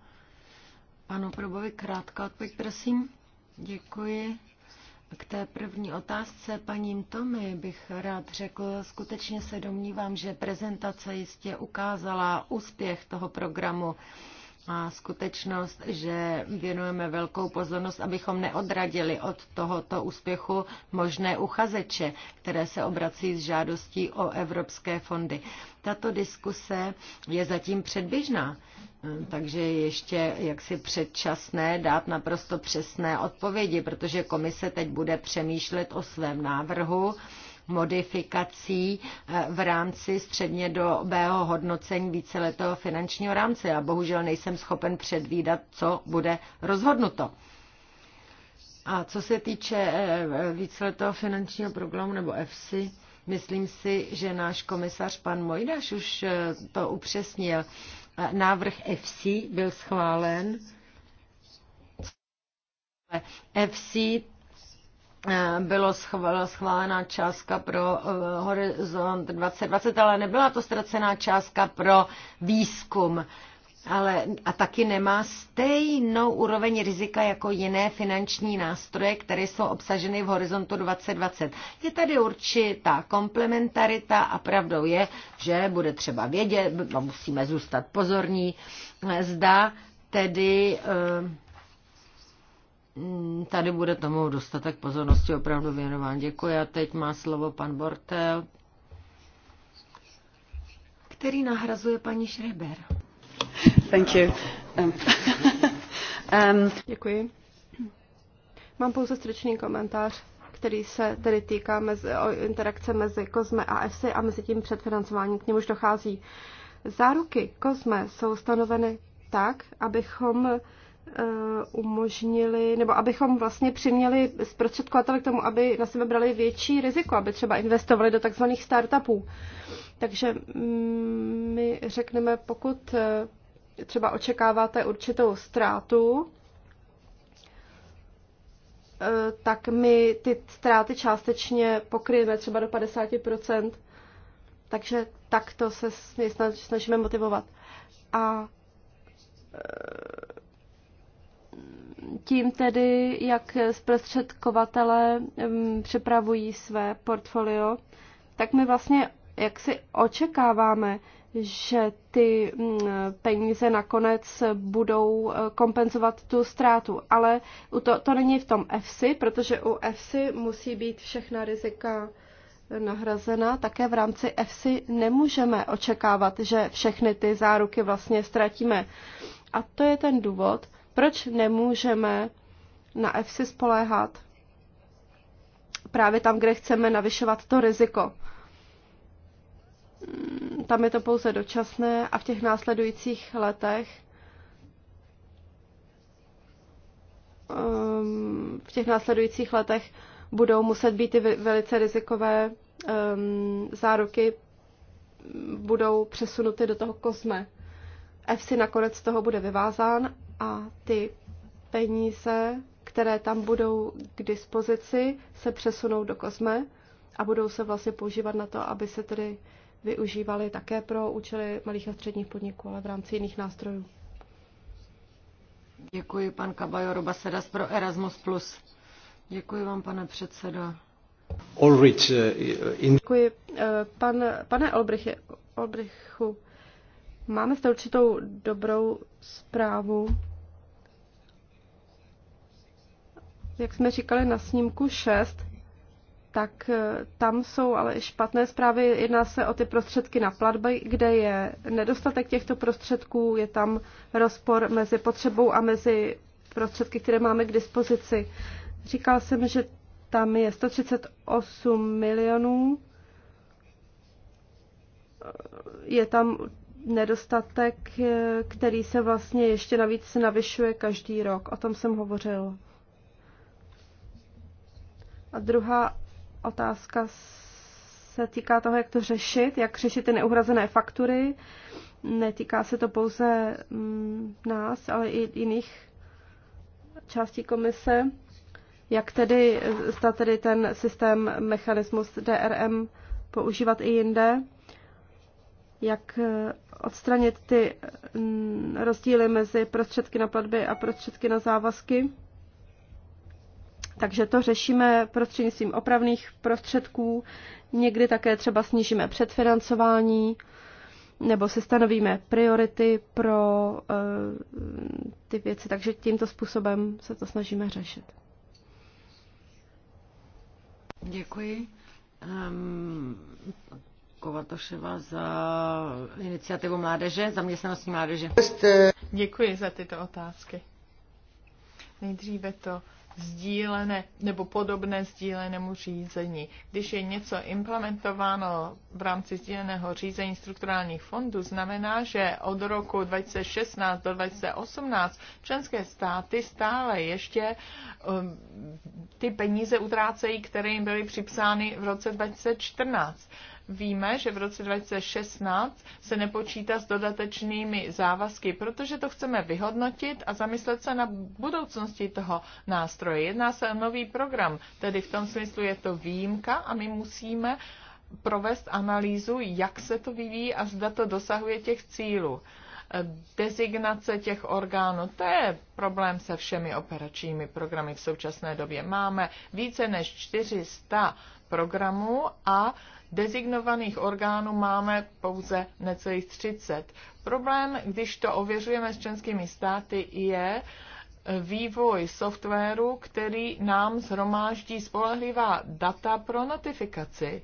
ano, Probovi krátká odpověď, prosím. Děkuji. K té první otázce paní Tomy bych rád řekl, skutečně se domnívám, že prezentace jistě ukázala úspěch toho programu a skutečnost, že věnujeme velkou pozornost, abychom neodradili od tohoto úspěchu možné uchazeče, které se obrací s žádostí o evropské fondy. Tato diskuse je zatím předběžná, takže ještě jaksi předčasné dát naprosto přesné odpovědi, protože komise teď bude přemýšlet o svém návrhu modifikací eh, v rámci středně do střednědobého hodnocení víceletého finančního rámce. Já bohužel nejsem schopen předvídat, co bude rozhodnuto. A co se týče eh, víceletého finančního programu nebo EFSI, myslím si, že náš komisař pan Mojdaš už eh, to upřesnil. Návrh EFSI byl schválen EFSI Eh, bylo schválena částka pro eh, Horizont 2020, ale nebyla to ztracená částka pro výzkum. Ale a taky nemá stejnou úroveň rizika jako jiné finanční nástroje, které jsou obsaženy v horizontu 2020. Je tady určitá komplementarita a pravdou je, že bude třeba vědět, no, musíme zůstat pozorní, eh, zda tedy. Uh, Mm, tady bude tomu dostatek pozornosti opravdu věnován. Děkuji. A teď má slovo pan Bortel, který nahrazuje paní Schreber. Thank you. Um, um, Děkuji. Mám pouze stručný komentář, který se tedy týká mezi, o interakce mezi COSME a ESI a mezi tím předfinancováním, k němuž dochází. Záruky COSME jsou stanoveny tak, abychom Eh, umožnili, nebo abychom vlastně přiměli zprostředkovatele k tomu, aby na sebe brali větší riziko, aby třeba investovali do takzvaných startupů. Takže mm, my řekneme, pokud eh, třeba očekáváte určitou ztrátu, eh, tak my ty ztráty částečně pokryjeme třeba do 50%, takže takto se snažíme motivovat. A tím tedy, jak zprostředkovatele připravují své portfolio, tak my vlastně jak si očekáváme, že ty mm, peníze nakonec budou eh, kompenzovat tu ztrátu. Ale to, to není v tom EFSI, protože u EFSI musí být všechna rizika eh, nahrazena. Také v rámci EFSI nemůžeme očekávat, že všechny ty záruky vlastně ztratíme. A to je ten důvod, proč nemůžeme na EFSI spoléhat právě tam, kde chceme navyšovat to riziko? Mm, tam je to pouze dočasné a v těch následujících letech ehm, v těch následujících letech budou muset být i velice rizikové um, záruky budou přesunuty do toho kozme. FC nakonec z toho bude vyvázán a ty peníze, které tam budou k dispozici, se přesunou do kosme a budou se vlastně používat na to, aby se tedy využívaly také pro účely malých a středních podniků, ale v rámci jiných nástrojů. Děkuji, pan Kabajo Basedas pro Erasmus+. Plus. Děkuji vám, pane předsedo. Ulrich, uh, in... Děkuji. Eh, pan, pane Olbrichu, máme zde určitou dobrou zprávu. jak jsme říkali na snímku 6, tak eh, tam jsou ale i špatné zprávy. Jedná se o ty prostředky na platby, kde je nedostatek těchto prostředků, je tam rozpor mezi potřebou a mezi prostředky, které máme k dispozici. Říkal jsem, že tam je 138 milionů. Eh, je tam nedostatek, eh, který se vlastně ještě navíc navyšuje každý rok. O tom jsem hovořil. A druhá otázka se týká toho, jak to řešit, jak řešit ty neuhrazené faktury. Netýká se to pouze mm, nás, ale i jiných částí komise. Jak tedy, zda tedy ten systém, mechanismus DRM používat i jinde? Jak eh, odstranit ty mm, rozdíly mezi prostředky na platby a prostředky na závazky? Takže to řešíme prostřednictvím opravných prostředků, někdy také třeba snížíme předfinancování nebo si stanovíme priority pro e, ty věci, takže tímto způsobem se to snažíme řešit. Děkuji. Um, Kovatoševa za iniciativu mládeže, zaměstnanosti mládeže. Děkuji za tyto otázky. Nejdříve to sdílené nebo podobné sdílenému řízení. Když je něco implementováno v rámci sdíleného řízení strukturálních fondů, znamená, že od roku 2016 do 2018 členské státy stále ještě um, ty peníze utrácejí, které jim byly připsány v roce 2014. Víme, že v roce 2016 se nepočítá s dodatečnými závazky, protože to chceme vyhodnotit a zamyslet se na budoucnosti toho nástroje. Jedná se o nový program, tedy v tom smyslu je to výjimka a my musíme provést analýzu, jak se to vyvíjí a zda to dosahuje těch cílů designace těch orgánů, to je problém se všemi operačními programy v současné době. Máme více než 400 programů a Dezignovaných orgánů máme pouze necelých 30. Problém, když to ověřujeme s členskými státy, je, vývoj softwaru, který nám zhromáždí spolehlivá data pro notifikaci.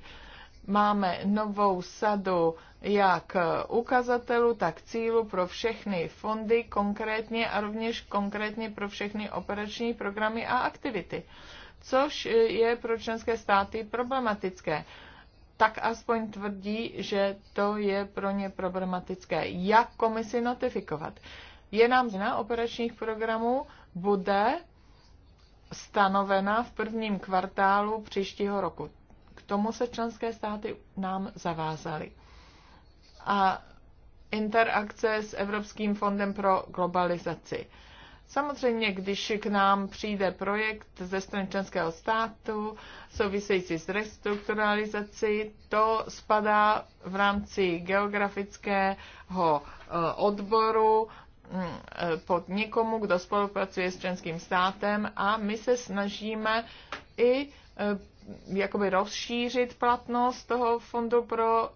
Máme novou sadu jak ukazatelů, tak cílu pro všechny fondy konkrétně a rovněž konkrétně pro všechny operační programy a aktivity, což je pro členské státy problematické tak aspoň tvrdí, že to je pro ně problematické. Jak komisi notifikovat? Je nám zna operačních programů bude stanovena v prvním kvartálu příštího roku. K tomu se členské státy nám zavázaly. A interakce s Evropským fondem pro globalizaci. Samozřejmě, když k nám přijde projekt ze strany členského státu související s restrukturalizací, to spadá v rámci geografického eh, odboru mm, eh, pod někomu, kdo spolupracuje s členským státem a my se snažíme i eh, jakoby rozšířit platnost toho fondu pro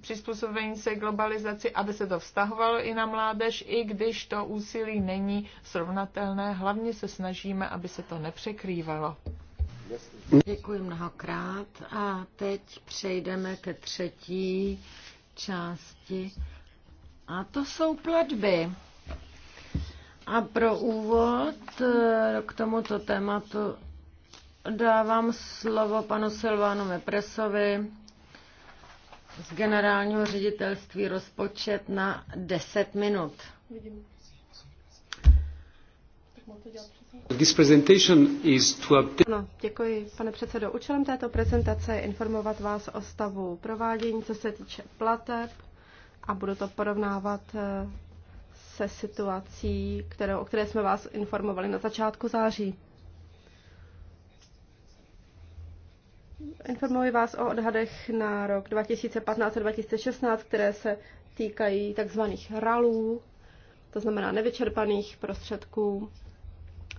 přizpůsobení se globalizaci, aby se to vztahovalo i na mládež, i když to úsilí není srovnatelné. Hlavně se snažíme, aby se to nepřekrývalo. Děkuji mnohokrát a teď přejdeme ke třetí části. A to jsou platby. A pro úvod eh, k tomuto tématu dávám slovo panu Silvánu Mepresovi, z generálního ředitelství rozpočet na 10 minut. This presentation is to no, děkuji, pane předsedo. Účelem této prezentace je informovat vás o stavu provádění, co se týče plateb a budu to porovnávat eh, se situací, kterou, o které jsme vás informovali na začátku září. Informuji vás o odhadech na rok 2015 a 2016, které se týkají tzv. ralů, to znamená nevyčerpaných prostředků.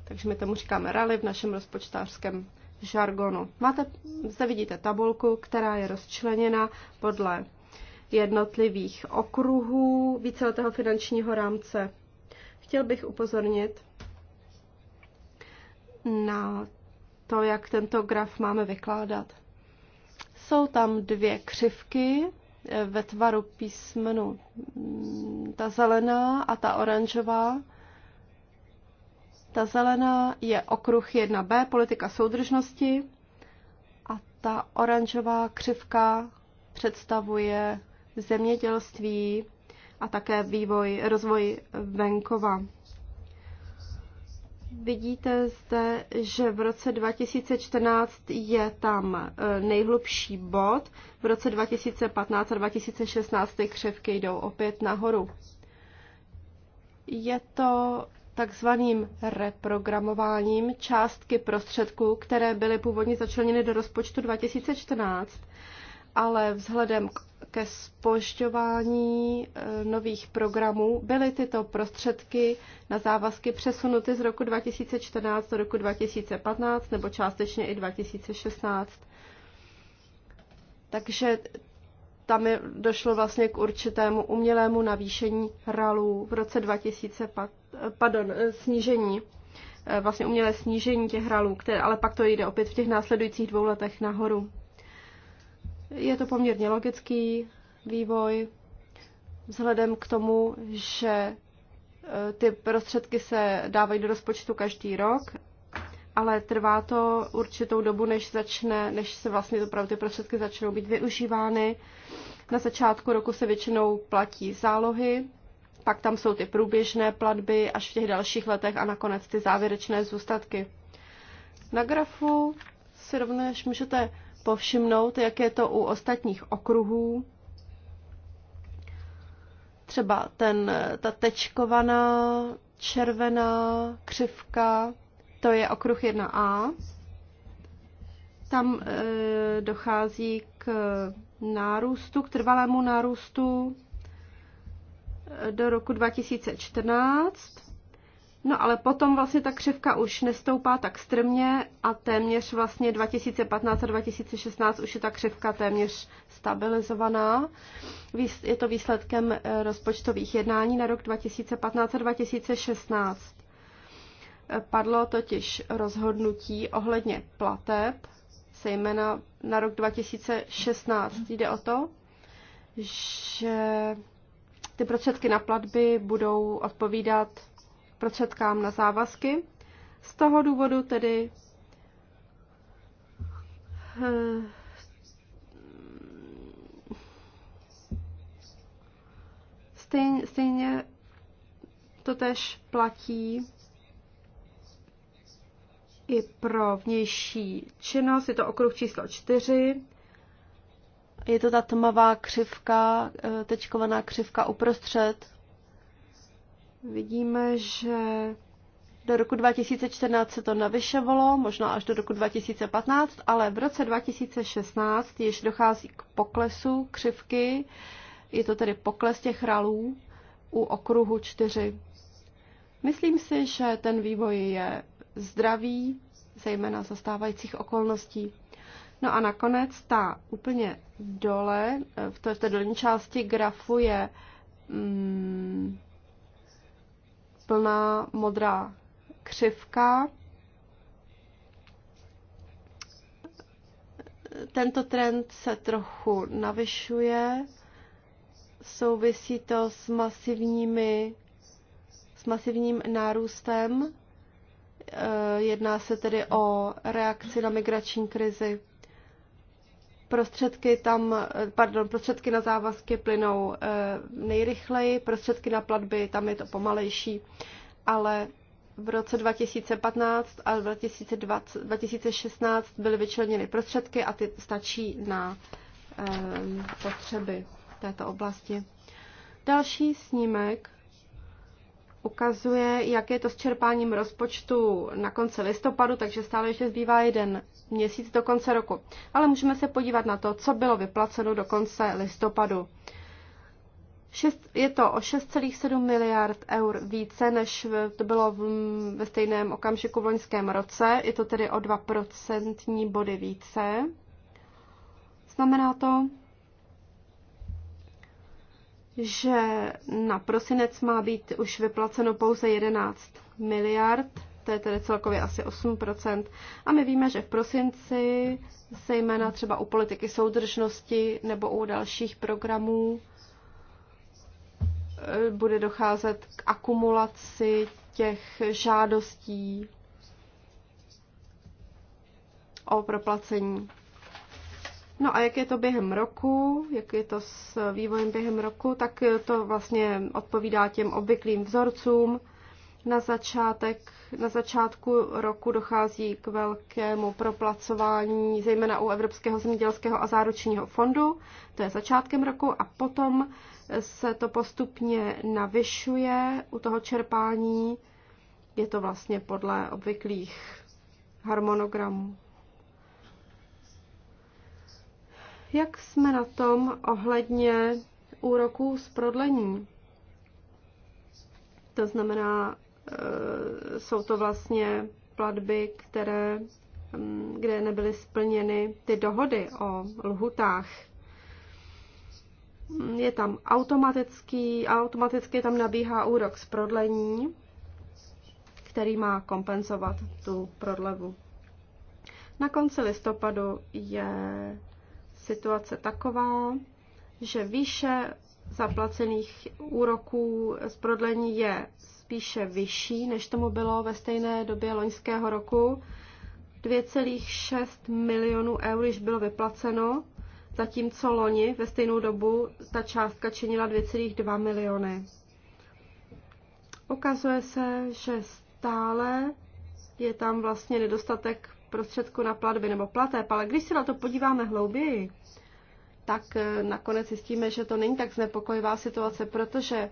Takže my tomu říkáme rally v našem rozpočtářském žargonu. Máte, zde vidíte tabulku, která je rozčleněna podle jednotlivých okruhů víceletého finančního rámce. Chtěl bych upozornit na to, jak tento graf máme vykládat. Jsou tam dvě křivky eh, ve tvaru písmenu. Mm, ta zelená a ta oranžová. Ta zelená je okruh 1b, politika soudržnosti, a ta oranžová křivka představuje zemědělství a také vývoj, rozvoj venkova. Vidíte zde, že v roce 2014 je tam e, nejhlubší bod, v roce 2015 a 2016 ty křivky jdou opět nahoru. Je to takzvaným reprogramováním částky prostředků, které byly původně začleněny do rozpočtu 2014, ale vzhledem k ke spožďování eh, nových programů byly tyto prostředky na závazky přesunuty z roku 2014 do roku 2015 nebo částečně i 2016. Takže tam je, došlo vlastně k určitému umělému navýšení ralů v roce 2015, eh, pardon, eh, snížení, vlastně umělé snížení těch ralů, které, ale pak to jde opět v těch následujících dvou letech nahoru. Je to poměrně logický vývoj, vzhledem k tomu, že eh, ty prostředky se dávají do rozpočtu každý rok, ale trvá to určitou dobu, než začne, než se vlastně opravdu ty prostředky začnou být využívány. Na začátku roku se většinou platí zálohy, pak tam jsou ty průběžné platby až v těch dalších letech a nakonec ty závěrečné zůstatky. Na grafu si rovněž můžete povšimnout, jak je to u ostatních okruhů. Třeba ten, ta tečkovaná červená křivka, to je okruh 1a. Tam e, dochází k nárůstu, k trvalému nárůstu e, do roku 2014. No ale potom vlastně ta křivka už nestoupá tak strmě a téměř vlastně 2015 a 2016 už je ta křivka téměř stabilizovaná. Je to výsledkem eh, rozpočtových jednání na rok 2015 a 2016. Eh, padlo totiž rozhodnutí ohledně plateb, zejména na rok 2016. Jde o to, že ty prostředky na platby budou odpovídat prostředkám na závazky. Z toho důvodu tedy eh, stejně, stejně to tež platí i pro vnější činnost. Je to okruh číslo čtyři. Je to ta tmavá křivka, eh, tečkovaná křivka uprostřed. Vidíme, že do roku 2014 se to navyšovalo, možná až do roku 2015, ale v roce 2016 již dochází k poklesu křivky, je to tedy pokles těch ralů u okruhu 4. Myslím si, že ten vývoj je zdravý, zejména za stávajících okolností. No a nakonec ta úplně dole, v té, dolní části grafu je mm, plná modrá křivka. Tento trend se trochu navyšuje. Souvisí to s, masivními, s masivním nárůstem. Eh, jedná se tedy o reakci na migrační krizi prostředky tam, pardon, prostředky na závazky plynou eh, nejrychleji, prostředky na platby, tam je to pomalejší, ale v roce 2015 a roce 2016 byly vyčleněny prostředky a ty stačí na eh, potřeby této oblasti. Další snímek ukazuje, jak je to s čerpáním rozpočtu na konci listopadu, takže stále ještě zbývá jeden měsíc do konce roku. Ale můžeme se podívat na to, co bylo vyplaceno do konce listopadu. Je to o 6,7 miliard eur více, než to bylo v, ve stejném okamžiku v loňském roce. Je to tedy o 2 procentní body více. Znamená to, že na prosinec má být už vyplaceno pouze 11 miliard, to je tedy celkově asi 8%. A my víme, že v prosinci, zejména třeba u politiky soudržnosti nebo u dalších programů, eh, bude docházet k akumulaci těch žádostí o proplacení. No a jak je to během roku, jak je to s vývojem během roku, tak to vlastně odpovídá těm obvyklým vzorcům. Na, začátek, na začátku roku dochází k velkému proplacování, zejména u Evropského zemědělského a záručního fondu, to je začátkem roku, a potom se to postupně navyšuje u toho čerpání. Je to vlastně podle obvyklých harmonogramů. Jak jsme na tom ohledně úroků z prodlení? To znamená, eh, jsou to vlastně platby, které, mm, kde nebyly splněny ty dohody o lhutách. Je tam automatický, automaticky tam nabíhá úrok z prodlení, který má kompenzovat tu prodlevu. Na konci listopadu je situace taková, že výše zaplacených úroků z prodlení je spíše vyšší, než tomu bylo ve stejné době loňského roku. 2,6 milionů eur již bylo vyplaceno, zatímco loni ve stejnou dobu ta částka činila 2,2 miliony. Ukazuje se, že stále je tam vlastně nedostatek prostředku na platby nebo plateb, ale když se na to podíváme hlouběji, tak eh, nakonec zjistíme, že to není tak znepokojivá situace, protože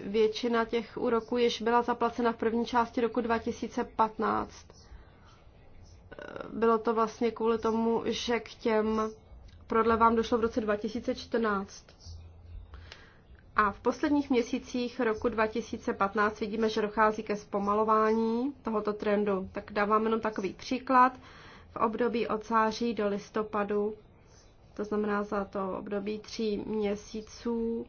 většina těch úroků již byla zaplacena v první části roku 2015. Eh, bylo to vlastně kvůli tomu, že k těm prodlevám došlo v roce 2014. A v posledních měsících roku 2015 vidíme, že dochází ke zpomalování tohoto trendu. Tak dávám jenom takový příklad. V období od září do listopadu, to znamená za to období tří měsíců,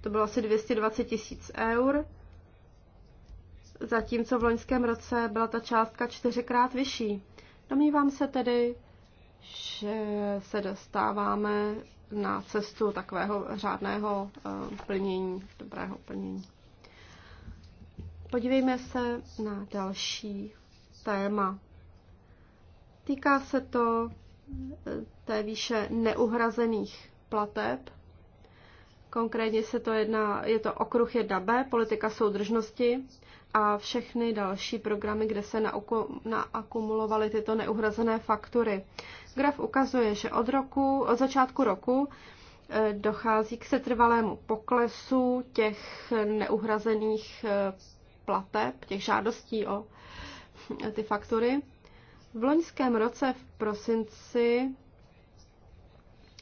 to bylo asi 220 tisíc eur, zatímco v loňském roce byla ta částka čtyřikrát vyšší. Domnívám se tedy, že se dostáváme na cestu takového řádného eh, plnění, dobrého plnění. Podívejme se na další téma. Týká se to eh, té výše neuhrazených plateb. Konkrétně se to jedná, je to okruh 1b, politika soudržnosti a všechny další programy, kde se naakumulovaly tyto neuhrazené faktury. Graf ukazuje, že od, roku, od začátku roku eh, dochází k setrvalému poklesu těch neuhrazených eh, plateb, těch žádostí o eh, ty faktury. V loňském roce v prosinci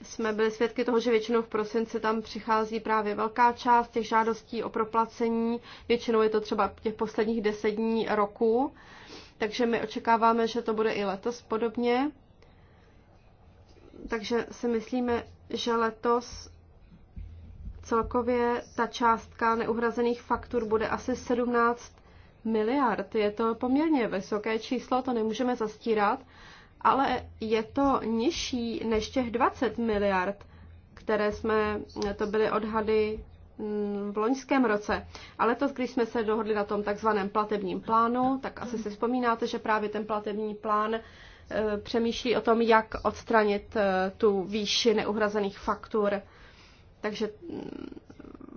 jsme byli svědky toho, že většinou v prosinci tam přichází právě velká část těch žádostí o proplacení. Většinou je to třeba těch posledních deset dní roku, takže my očekáváme, že to bude i letos podobně takže si myslíme, že letos celkově ta částka neuhrazených faktur bude asi 17 miliard. Je to poměrně vysoké číslo, to nemůžeme zastírat, ale je to nižší než těch 20 miliard, které jsme, to byly odhady mm, v loňském roce. Ale to když jsme se dohodli na tom takzvaném platebním plánu, tak asi si vzpomínáte, že právě ten platební plán Eh, přemýšlí o tom, jak odstranit eh, tu výši neuhrazených faktur. Takže mm,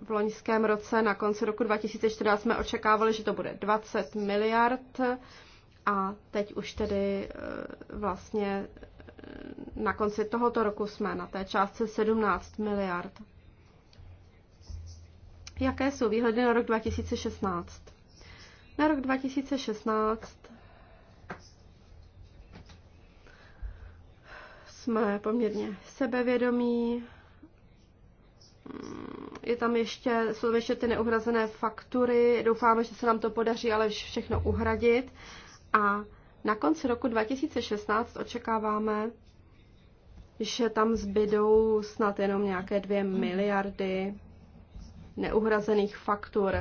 v loňském roce, na konci roku 2014, jsme očekávali, že to bude 20 miliard a teď už tedy eh, vlastně na konci tohoto roku jsme na té částce 17 miliard. Jaké jsou výhledy na rok 2016? Na rok 2016 jsme poměrně sebevědomí. Je tam ještě, jsou tam ještě ty neuhrazené faktury. Doufáme, že se nám to podaří, ale všechno uhradit. A na konci roku 2016 očekáváme, že tam zbydou snad jenom nějaké dvě miliardy neuhrazených faktur.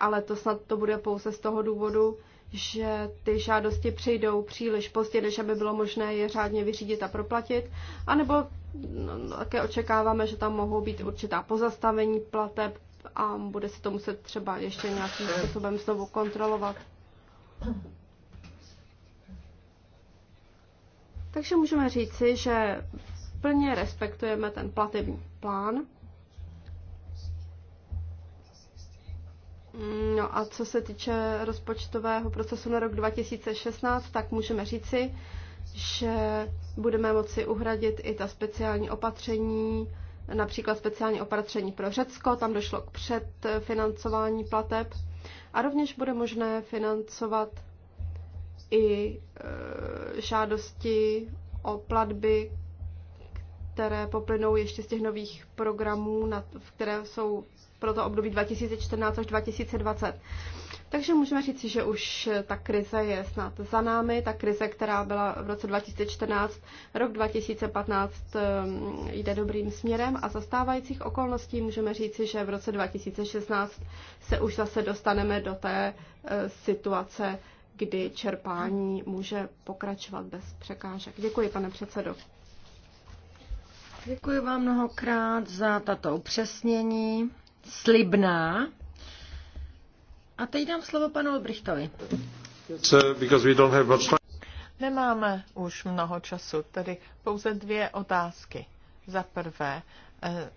Ale to snad to bude pouze z toho důvodu, že ty žádosti přijdou příliš pozdě, než aby bylo možné je řádně vyřídit a proplatit, anebo no, no, také očekáváme, že tam mohou být určitá pozastavení plateb a bude se to muset třeba ještě nějakým způsobem znovu kontrolovat. Takže můžeme říci, že plně respektujeme ten platební plán, No a co se týče rozpočtového procesu na rok 2016, tak můžeme říci, že budeme moci uhradit i ta speciální opatření, například speciální opatření pro Řecko, tam došlo k předfinancování plateb a rovněž bude možné financovat i e, žádosti o platby, které poplynou ještě z těch nových programů, na, které jsou pro to období 2014 až 2020. Takže můžeme říci, že už ta krize je snad za námi. Ta krize, která byla v roce 2014, rok 2015 ehm, jde dobrým směrem a za stávajících okolností můžeme říci, že v roce 2016 se už zase dostaneme do té eh, situace, kdy čerpání může pokračovat bez překážek. Děkuji, pane předsedo. Děkuji vám mnohokrát za tato upřesnění slibná. A teď dám slovo panu Albrechtovi. Nemáme už mnoho času, tedy pouze dvě otázky. Za prvé, eh,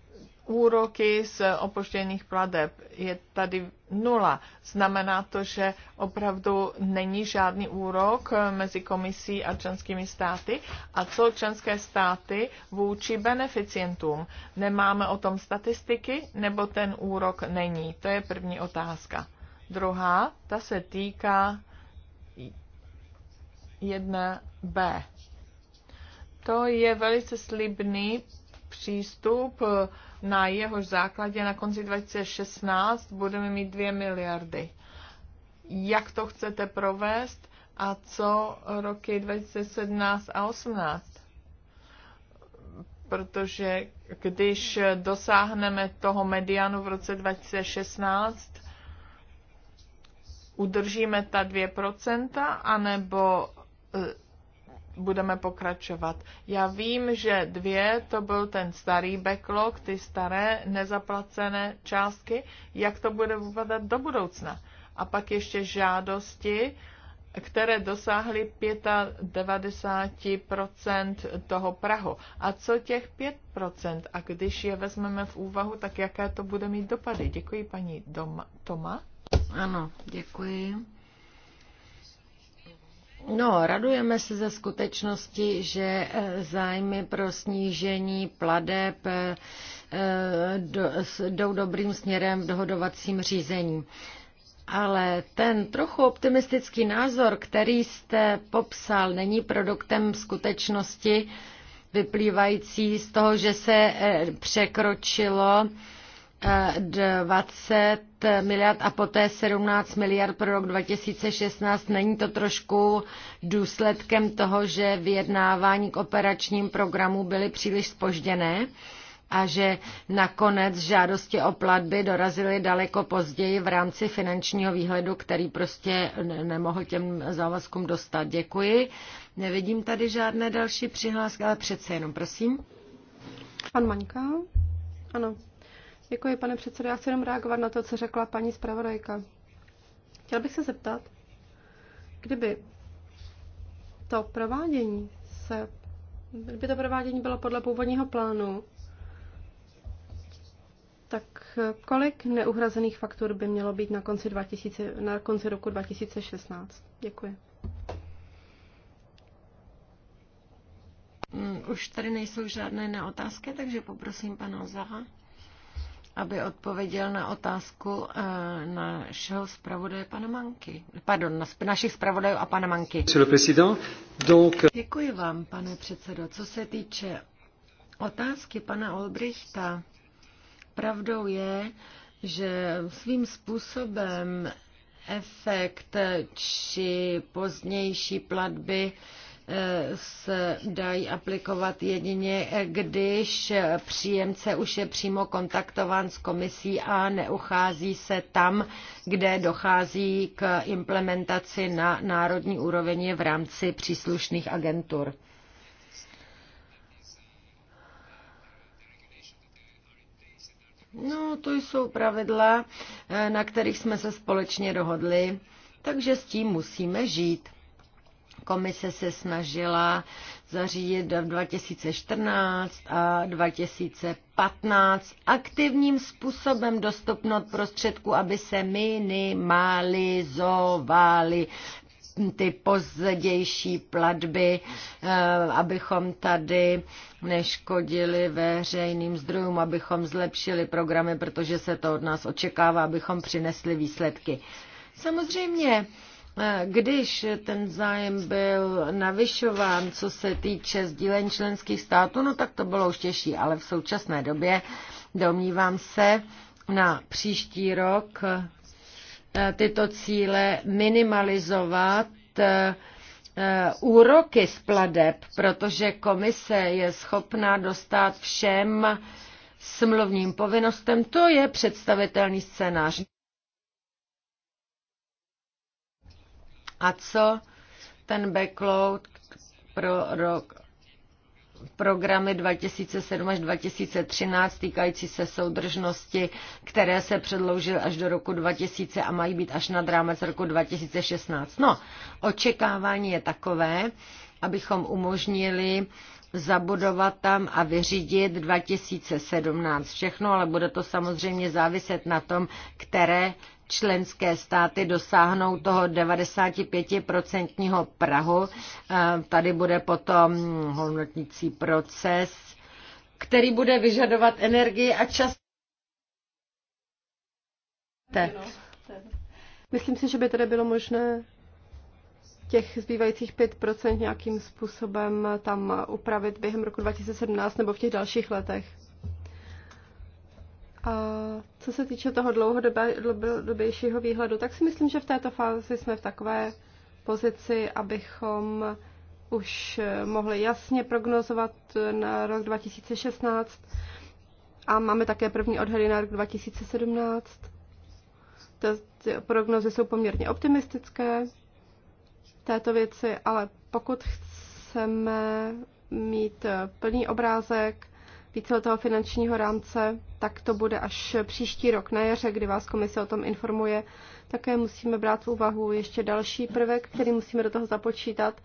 úroky z opožděných pladeb je tady nula. Znamená to, že opravdu není žádný úrok eh, mezi komisí a členskými státy. A co členské státy vůči beneficientům? Nemáme o tom statistiky, nebo ten úrok není? To je první otázka. Druhá, ta se týká 1b. To je velice slibný přístup eh, na jehož základě na konci 2016 budeme mít 2 miliardy. Jak to chcete provést a co roky 2017 a 2018? Protože když dosáhneme toho medianu v roce 2016, udržíme ta 2%, anebo eh, budeme pokračovat. Já vím, že dvě, to byl ten starý backlog, ty staré nezaplacené částky, jak to bude vypadat do budoucna. A pak ještě žádosti, které dosáhly 95% toho Prahu. A co těch 5%? A když je vezmeme v úvahu, tak jaké to bude mít dopady? Děkuji paní Doma, Toma. Ano, děkuji. No, radujeme se ze skutečnosti, že eh, zájmy pro snížení pladeb eh, eh, jdou dobrým směrem v dohodovacím řízení. Ale ten trochu optimistický názor, který jste popsal, není produktem skutečnosti vyplývající z toho, že se překročilo 20 miliard a poté 17 miliard pro rok 2016. Není to trošku důsledkem toho, že vyjednávání k operačním programu byly příliš spožděné? a že nakonec žádosti o platby dorazily daleko později v rámci finančního výhledu, který prostě nemohl těm závazkům dostat. Děkuji. Nevidím tady žádné další přihlášky, ale přece jenom, prosím. Pan Maňka? Ano, Děkuji, pane předsedo. Já chci jenom reagovat na to, co řekla paní zpravodajka. Chtěl bych se zeptat, kdyby to provádění se, kdyby to provádění bylo podle původního plánu, tak kolik neuhrazených faktur by mělo být na konci, 2000, na konci roku 2016? Děkuji. Mm, už tady nejsou žádné na otázky, takže poprosím pana Zaha aby odpověděl na otázku eh, našeho zpravodaje pana Manky. Pardon, na našich zpravodajů a pana Manky. Euh, Děkuji vám, pane předsedo. Co se týče otázky pana Olbrichta, pravdou je, že svým způsobem efekt či pozdější platby se dají aplikovat jedině, když příjemce už je přímo kontaktován s komisí a neuchází se tam, kde dochází k implementaci na národní úrovni v rámci příslušných agentur. No, to jsou pravidla, eh, na kterých jsme se společně dohodli, takže s tím musíme žít. Komise se snažila zařídit v 2014 a 2015 aktivním způsobem dostupnost prostředků, aby se minimalizovaly ty pozdější platby, eh, abychom tady neškodili veřejným zdrojům, abychom zlepšili programy, protože se to od nás očekává, abychom přinesli výsledky. Samozřejmě když ten zájem byl navyšován, co se týče sdílení členských států, no tak to bylo už těžší, ale v současné době domnívám se na příští rok e, tyto cíle minimalizovat e, e, úroky z pladeb, protože komise je schopná dostat všem smluvním povinnostem. To je představitelný scénář. A co ten backload pro rok, programy 2007 až 2013 týkající se soudržnosti, které se předloužily až do roku 2000 a mají být až nad rámec roku 2016. No, očekávání je takové, abychom umožnili zabudovat tam a vyřídit 2017 všechno, ale bude to samozřejmě záviset na tom, které členské státy dosáhnou toho 95% prahu. Eh, tady bude potom hodnotnící proces, který bude vyžadovat energii a čas. Myslím si, že by tady bylo možné těch zbývajících 5% nějakým způsobem tam upravit během roku 2017 nebo v těch dalších letech. A co se týče toho dlouhodobějšího výhledu, tak si myslím, že v této fázi jsme v takové pozici, abychom už mohli jasně prognozovat na rok 2016 a máme také první odhady na rok 2017. Ty prognozy jsou poměrně optimistické této věci, ale pokud chceme mít plný obrázek, toho finančního rámce, tak to bude až příští rok na jaře, kdy vás komise o tom informuje. Také musíme brát v úvahu ještě další prvek, který musíme do toho započítat.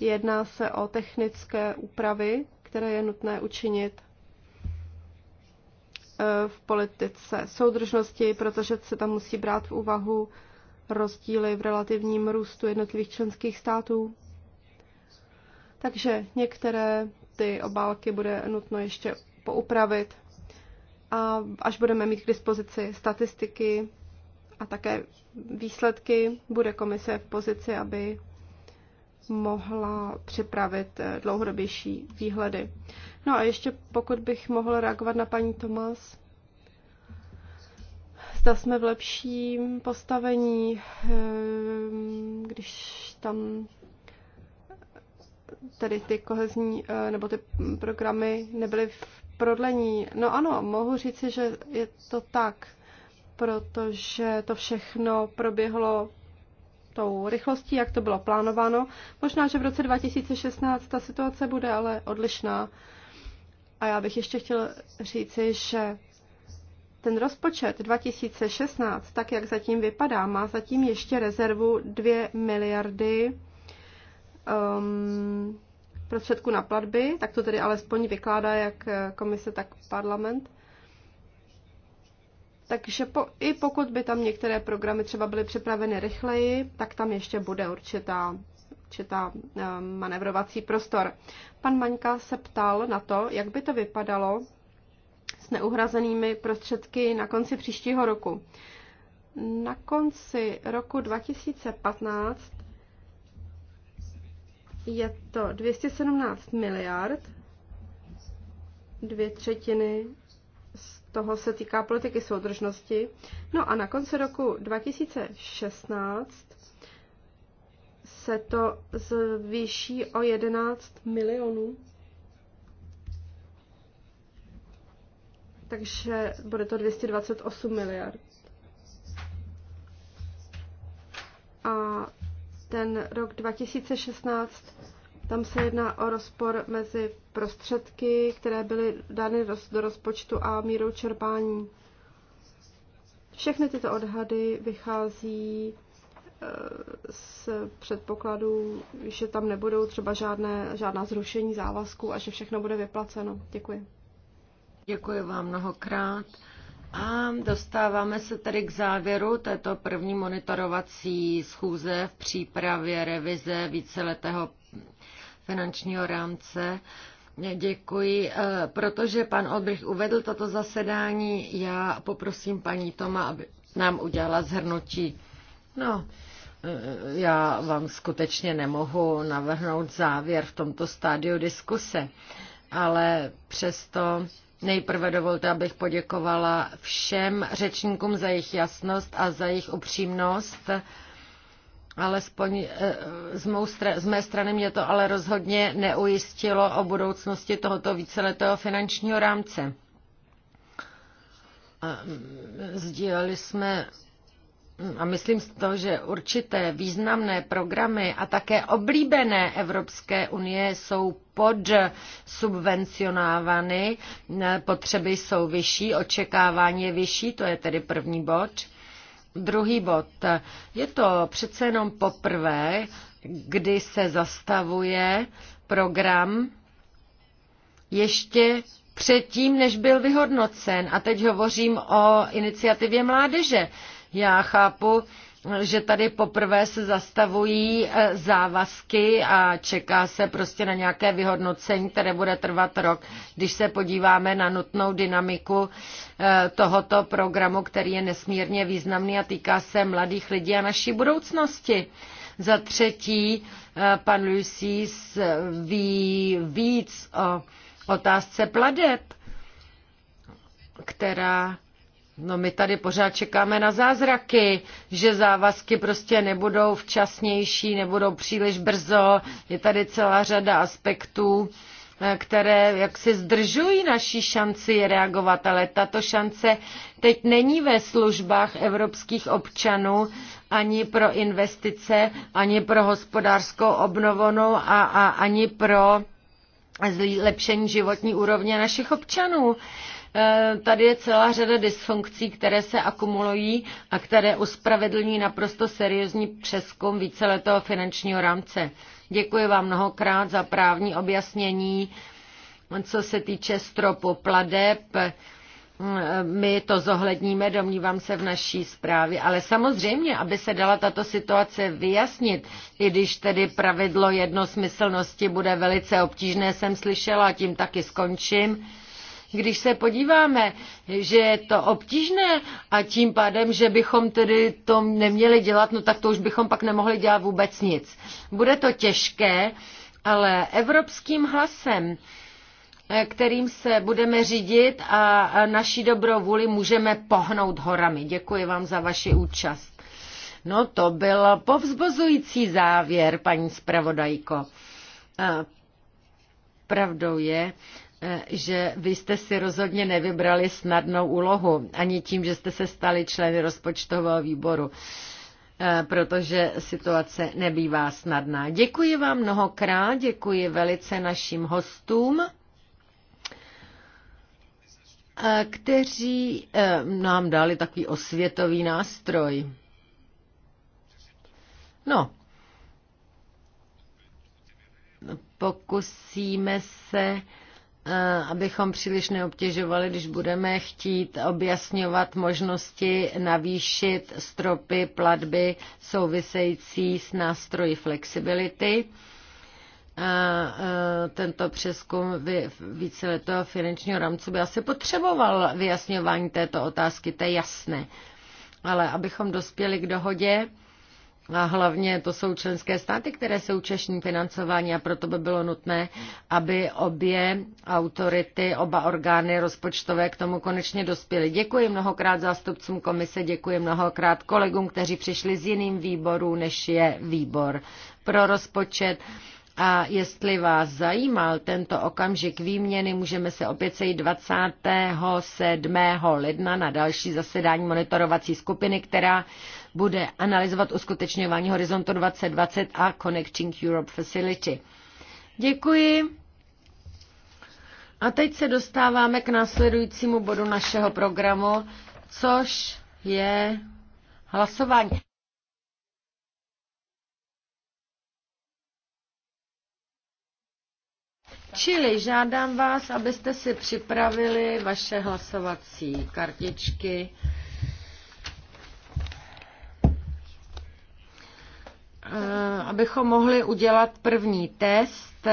Jedná se o technické úpravy, které je nutné učinit eh, v politice soudržnosti, protože se tam musí brát v úvahu rozdíly v relativním růstu jednotlivých členských států. Takže některé ty obálky bude nutno ještě poupravit. A až budeme mít k dispozici statistiky a také výsledky, bude komise v pozici, aby mohla připravit eh, dlouhodobější výhledy. No a ještě pokud bych mohl reagovat na paní Tomas, zda jsme v lepším postavení, ehm, když tam eh, tedy ty kohezní eh, nebo ty programy nebyly v prodlení. No ano, mohu říci, že je to tak, protože to všechno proběhlo tou rychlostí, jak to bylo plánováno. Možná, že v roce 2016 ta situace bude ale odlišná. A já bych ještě chtěl říci, že ten rozpočet 2016, tak jak zatím vypadá, má zatím ještě rezervu 2 miliardy um, prostředku na platby, tak to tedy alespoň vykládá jak eh, komise, tak parlament. Takže po, i pokud by tam některé programy třeba byly připraveny rychleji, tak tam ještě bude určitá, určitá eh, manevrovací prostor. Pan Maňka se ptal na to, jak by to vypadalo s neuhrazenými prostředky na konci příštího roku. Na konci roku 2015 je to 217 miliard, dvě třetiny z toho se týká politiky soudržnosti. No a na konci roku 2016 se to zvýší o 11 milionů. Takže bude to 228 miliard. A ten rok 2016, tam se jedná o rozpor mezi prostředky, které byly dány do rozpočtu a mírou čerpání. Všechny tyto odhady vychází eh, z předpokladů, že tam nebudou třeba žádné, žádná zrušení závazků a že všechno bude vyplaceno. Děkuji. Děkuji vám mnohokrát. A dostáváme se tedy k závěru této první monitorovací schůze v přípravě revize víceletého finančního rámce. Děkuji. Eh, protože pan Olbrich uvedl toto zasedání, já poprosím paní Toma, aby nám udělala zhrnutí. No, eh, já vám skutečně nemohu navrhnout závěr v tomto stádiu diskuse, ale přesto Nejprve dovolte, abych poděkovala všem řečníkům za jejich jasnost a za jejich upřímnost. Alespoň eh, z, mou z mé strany mě to ale rozhodně neujistilo o budoucnosti tohoto víceletého finančního rámce. Mm, sdíleli jsme a myslím z toho, že určité významné programy a také oblíbené Evropské unie jsou podsubvencionávány, potřeby jsou vyšší, očekávání je vyšší, to je tedy první bod. Druhý bod. Je to přece jenom poprvé, kdy se zastavuje program ještě předtím, než byl vyhodnocen. A teď hovořím o iniciativě mládeže. Já chápu, že tady poprvé se zastavují eh, závazky a čeká se prostě na nějaké vyhodnocení, které bude trvat rok. Když se podíváme na nutnou dynamiku eh, tohoto programu, který je nesmírně významný a týká se mladých lidí a naší budoucnosti. Za třetí, eh, pan Lucis ví víc o otázce pladeb, která No my tady pořád čekáme na zázraky, že závazky prostě nebudou včasnější, nebudou příliš brzo. Je tady celá řada aspektů, eh, které jaksi zdržují naší šanci reagovat, ale tato šance teď není ve službách evropských občanů ani pro investice, ani pro hospodářskou obnovu a, a ani pro zlepšení životní úrovně našich občanů. Eh, tady je celá řada dysfunkcí, které se akumulují a které uspravedlní naprosto seriózní přeskum víceletého finančního rámce. Děkuji vám mnohokrát za právní objasnění, co se týče stropu pladeb. Eh, my to zohledníme, domnívám se, v naší zprávě. Ale samozřejmě, aby se dala tato situace vyjasnit, i když tedy pravidlo jednosmyslnosti bude velice obtížné, jsem slyšela, a tím taky skončím když se podíváme, že je to obtížné a tím pádem, že bychom tedy to neměli dělat, no tak to už bychom pak nemohli dělat vůbec nic. Bude to těžké, ale evropským hlasem eh, kterým se budeme řídit a naší dobrou vůli můžeme pohnout horami. Děkuji vám za vaši účast. No to byl povzbuzující závěr, paní zpravodajko. Pravdou je, Eh, že vy jste si rozhodně nevybrali snadnou úlohu, ani tím, že jste se stali členy rozpočtového výboru, eh, protože situace nebývá snadná. Děkuji vám mnohokrát, děkuji velice našim hostům eh, kteří nám dali takový osvětový nástroj. No, pokusíme se Eh, abychom příliš neobtěžovali, když budeme chtít objasňovat možnosti navýšit stropy platby související s nástroji flexibility. A eh, eh, tento přeskum víceletého finančního rámcu by asi potřeboval vyjasňování této otázky, to je jasné. Ale abychom dospěli k dohodě, a hlavně to jsou členské státy, které jsou účastní financování a proto by bylo nutné, aby obě autority, oba orgány rozpočtové k tomu konečně dospěly. Děkuji mnohokrát zástupcům komise, děkuji mnohokrát kolegům, kteří přišli z jiným výborů, než je výbor pro rozpočet. A jestli vás zajímal tento okamžik výměny, můžeme se opět sejít 27. ledna na další zasedání monitorovací skupiny, která bude analyzovat uskutečňování Horizontu 2020 a Connecting Europe Facility. Děkuji. A teď se dostáváme k následujícímu bodu našeho programu, což je hlasování. Čili žádám vás, abyste si připravili vaše hlasovací kartičky. Eh, abychom mohli udělat první test.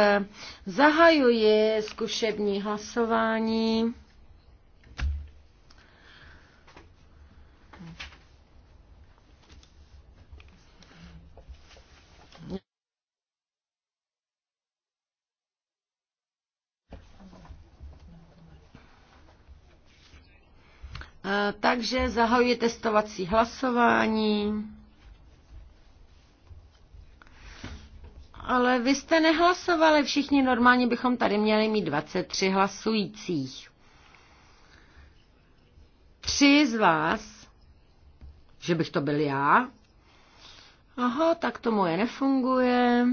Zahajuji zkušební hlasování. Eh, takže zahajuji testovací hlasování. ale vy jste nehlasovali všichni, normálně bychom tady měli mít 23 hlasujících. Tři z vás, že bych to byl já, aha, tak to moje nefunguje.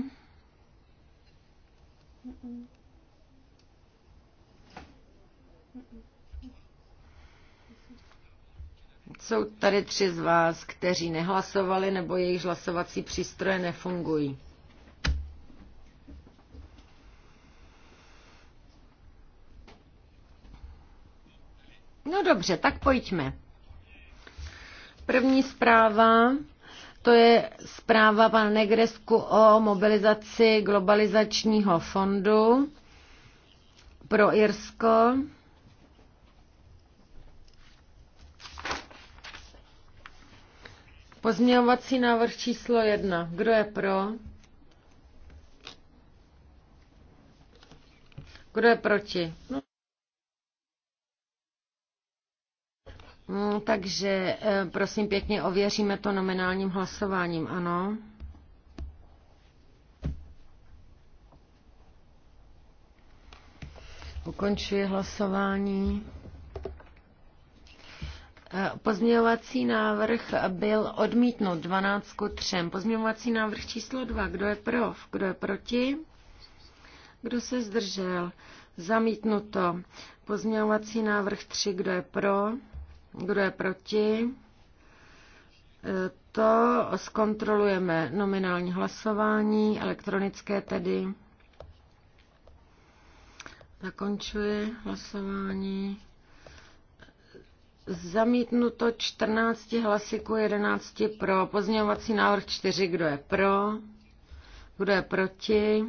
Jsou tady tři z vás, kteří nehlasovali nebo jejich hlasovací přístroje nefungují. No dobře, tak pojďme. První zpráva, to je zpráva pan Negresku o mobilizaci globalizačního fondu pro Irsko. Pozměňovací návrh číslo jedna. Kdo je pro? Kdo je proti? No. Mm, takže eh, prosím pěkně, ověříme to nominálním hlasováním, ano? Ukončuji hlasování. Eh, pozměňovací návrh byl odmítnut 12 k 3. Pozměňovací návrh číslo 2. Kdo je pro? Kdo je proti? Kdo se zdržel? Zamítnuto. Pozměňovací návrh 3. Kdo je pro? Kdo je proti? E, to zkontrolujeme nominální hlasování, elektronické tedy. Zakončuji hlasování. Zamítnuto 14 hlasyků, 11 pro. Pozměňovací návrh 4, kdo je pro? Kdo je proti?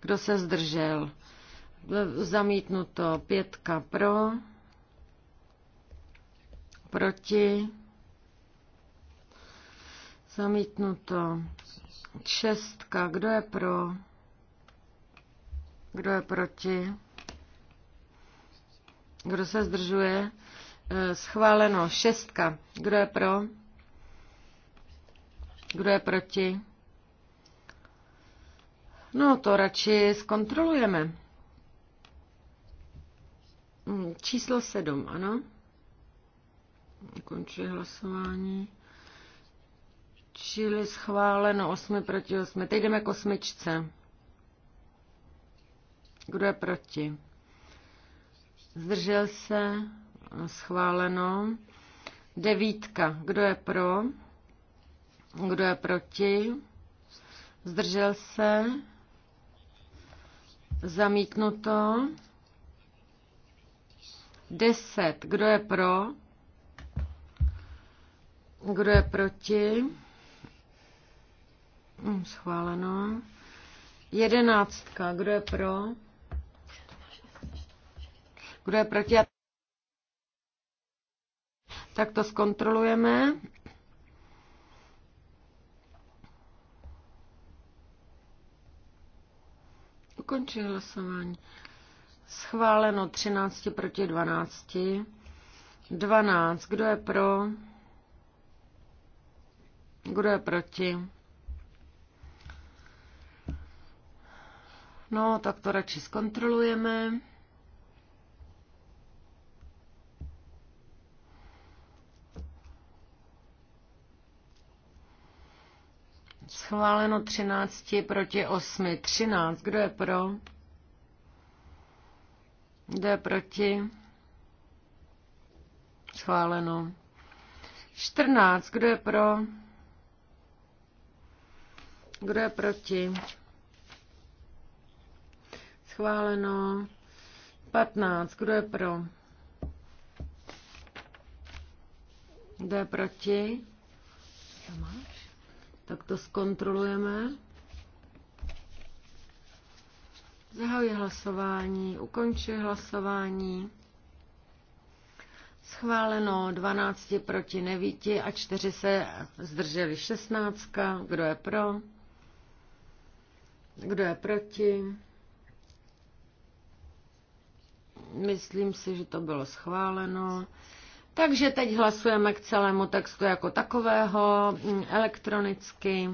Kdo se zdržel? E, zamítnuto pětka pro proti, zamítnuto. Šestka, kdo je pro, kdo je proti, kdo se zdržuje, e, schváleno. Šestka, kdo je pro, kdo je proti. No, to radši zkontrolujeme. Hm, číslo sedm, ano. Končí hlasování. Čili schváleno 8 proti 8. Teď jdeme k osmičce. Kdo je proti? Zdržel se? Schváleno. Devítka. Kdo je pro? Kdo je proti? Zdržel se? Zamítnuto. Deset. Kdo je pro? Kdo je proti? Hm, schváleno. Jedenáctka. Kdo je pro? Kdo je proti? Tak to zkontrolujeme. Ukončí hlasování. Schváleno 13 proti 12. 12. Kdo je pro? Kdo je proti? No, tak to radši zkontrolujeme. Schváleno 13 proti 8. 13. Kdo je pro? Kdo je proti? Schváleno. 14. Kdo je pro? Kdo je proti? Schváleno. 15. Kdo je pro? Kdo je proti? Tak to zkontrolujeme. Zahajuji hlasování, ukončuji hlasování. Schváleno 12 proti nevíti a 4 se zdrželi 16. Kdo je pro? Kdo je proti? Myslím si, že to bylo schváleno. Takže teď hlasujeme k celému textu jako takového mm, elektronicky.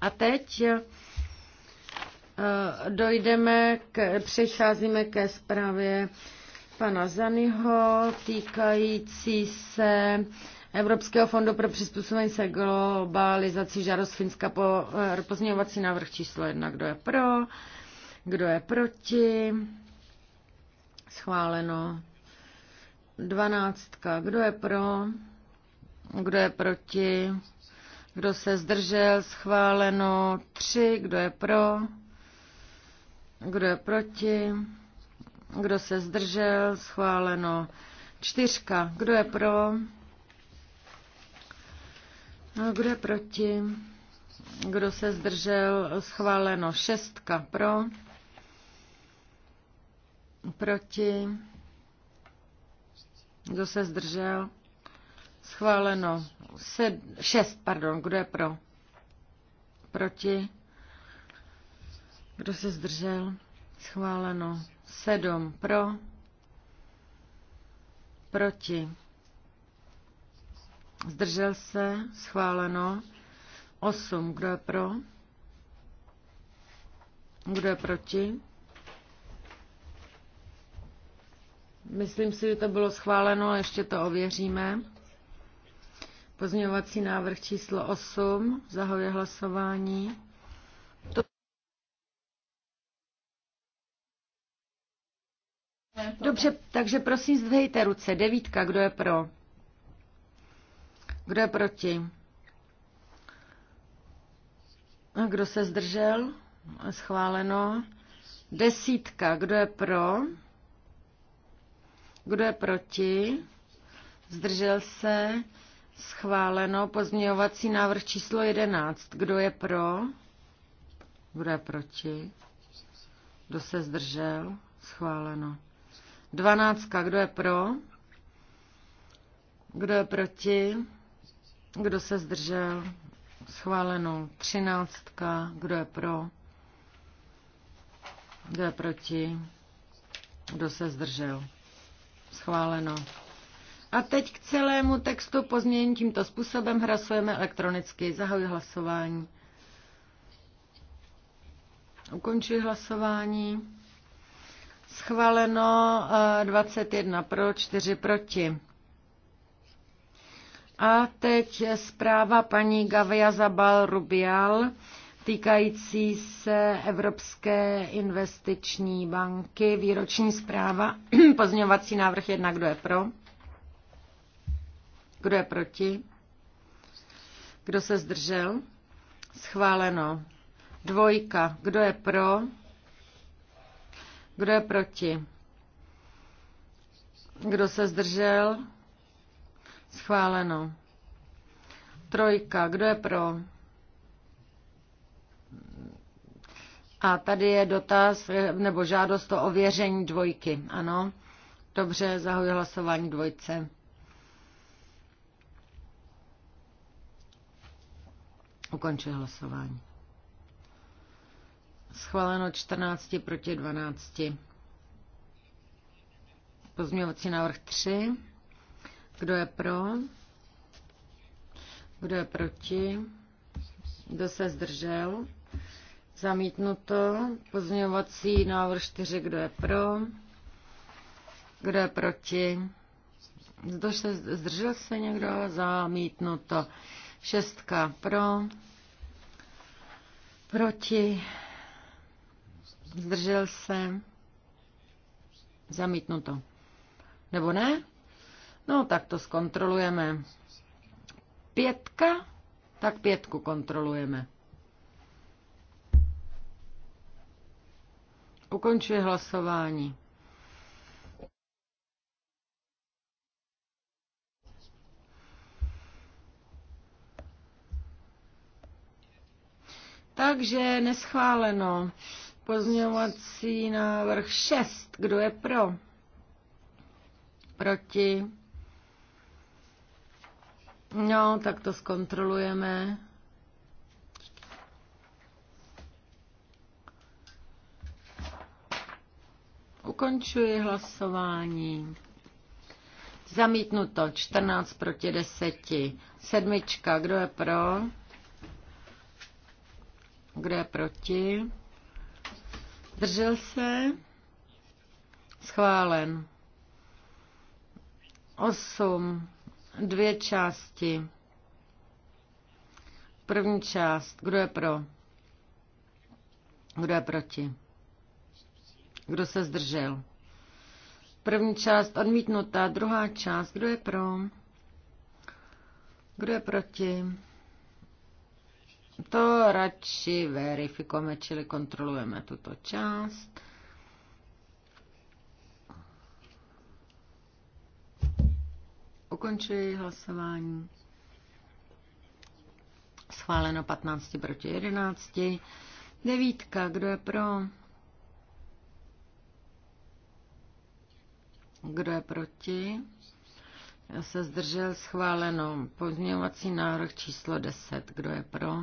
A teď Eh, dojdeme, k, přecházíme ke zprávě pana Zanyho týkající se Evropského fondu pro přizpůsobení se globalizaci žádost Finska po eh, pozměňovací návrh číslo jedna. Kdo je pro? Kdo je proti? Schváleno. Dvanáctka. Kdo je pro? Kdo je proti? Kdo se zdržel? Schváleno. Tři. Kdo je pro? Kdo je proti? Kdo se zdržel? Schváleno. Čtyřka. Kdo je pro? No, kdo je proti? Kdo se zdržel? Schváleno. Šestka. Pro? Proti? Kdo se zdržel? Schváleno. Sed, šest, pardon. Kdo je pro? Proti? Kdo se zdržel? Schváleno. sedm pro. Proti. Zdržel se? Schváleno. osm. Kdo je pro? Kdo je proti? Myslím si, že to bylo schváleno, ale ještě to ověříme. Pozměňovací návrh číslo 8. Zahoje hlasování. To... Dobře, takže prosím zdvejte ruce. Devítka, kdo je pro? Kdo je proti? A kdo se zdržel? Schváleno. Desítka, kdo je pro? Kdo je proti? Zdržel se? Schváleno. Pozměňovací návrh číslo 11. Kdo je pro? Kdo je proti? Kdo se zdržel? Schváleno. Dvanáctka, kdo je pro? Kdo je proti? Kdo se zdržel? Schváleno. Třináctka, kdo je pro? Kdo je proti? Kdo se zdržel? Schváleno. A teď k celému textu pozměněn tímto způsobem hlasujeme elektronicky. Zahajuji hlasování. Ukončuji hlasování. Schváleno 21 eh, pro, 4 proti. A teď zpráva paní Gavia Zabal Rubial týkající se Evropské investiční banky. Výroční zpráva, pozměňovací návrh 1, kdo je pro? Kdo je proti? Kdo se zdržel? Schváleno. Dvojka, kdo je pro? Kdo je proti? Kdo se zdržel? Schváleno. Trojka. Kdo je pro? A tady je dotaz eh, nebo žádost o ověření dvojky. Ano. Dobře, zahoji hlasování dvojce. Ukončuji hlasování. Schváleno 14 proti 12. Pozměňovací návrh 3. Kdo je pro? Kdo je proti? Kdo se zdržel? Zamítnuto. Pozměňovací návrh 4. Kdo je pro? Kdo je proti? Kdo se zdržel se někdo? Zamítnuto. Šestka pro. Proti. Zdržel se? Zamítnuto. Nebo ne? No, tak to zkontrolujeme. Pětka? Tak pětku kontrolujeme. Ukončuji hlasování. Takže neschváleno. Pozměňovací návrh 6. Kdo je pro? Proti? No, tak to zkontrolujeme. Ukončuji hlasování. Zamítnuto 14 proti 10. Sedmička, kdo je pro? Kdo je proti? Zdržel se? Schválen. Osm. Dvě části. První část. Kdo je pro? Kdo je proti? Kdo se zdržel? První část odmítnutá, druhá část. Kdo je pro? Kdo je proti? To radši verifikujeme, čili kontrolujeme tuto část. Ukončuji hlasování. Schváleno 15 proti 11. Devítka, kdo je pro? Kdo je proti? Já se zdržel schváleno. Pozměňovací návrh číslo 10. Kdo je pro?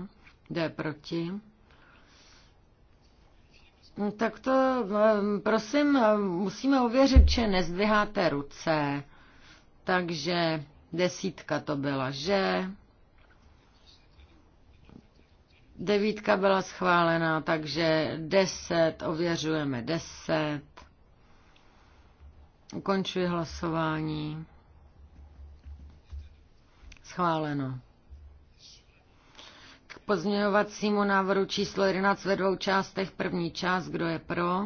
jde proti? No, tak to, eh, prosím, eh, musíme ověřit, že nezdviháte ruce. Takže desítka to byla, že? Devítka byla schválená, takže deset, ověřujeme deset. Ukončuji hlasování. Schváleno pozměňovacímu návrhu číslo 11 ve dvou částech. První část, kdo je pro?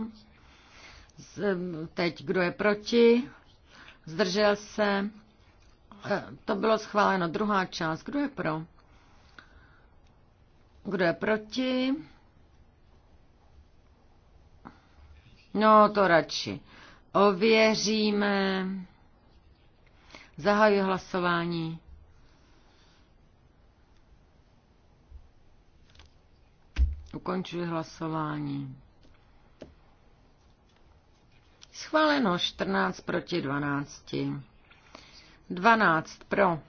Teď, kdo je proti? Zdržel se? Eh, to bylo schváleno. Druhá část, kdo je pro? Kdo je proti? No, to radši. Ověříme. Zahajuji hlasování. Ukončuji hlasování. Schváleno 14 proti 12. 12 pro.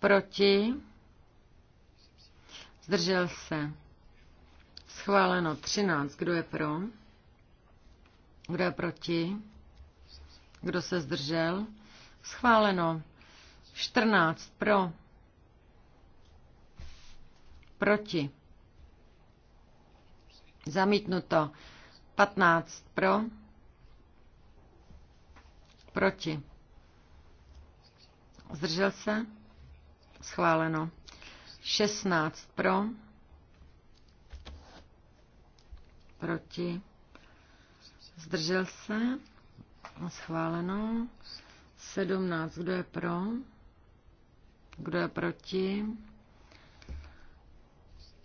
Proti. Zdržel se. Schváleno 13. Kdo je pro? Kdo je proti? Kdo se zdržel? Schváleno 14 pro Proti. Zamítnuto. 15 pro. Proti. Zdržel se? Schváleno. 16 pro. Proti. Zdržel se? Schváleno. 17. Kdo je pro? Kdo je proti?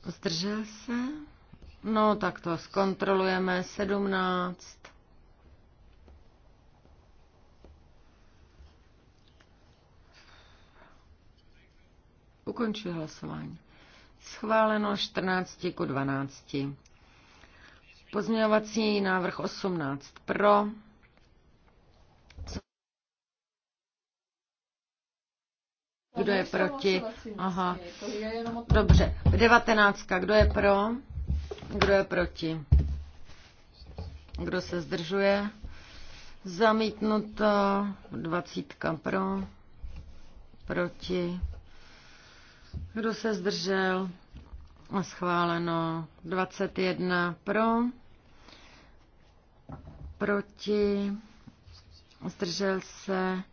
Zdržel se? No, tak to zkontrolujeme. 17. Ukončuji hlasování. Schváleno 14 ku 12. Pozměňovací návrh 18 pro. Kdo je proti? Aha. Dobře. Devatenáctka. Kdo je pro? Kdo je proti? Kdo se zdržuje? Zamítnuto. Dvacítka pro. Proti. Kdo se zdržel? A schváleno. 21 pro. Proti. Zdržel se.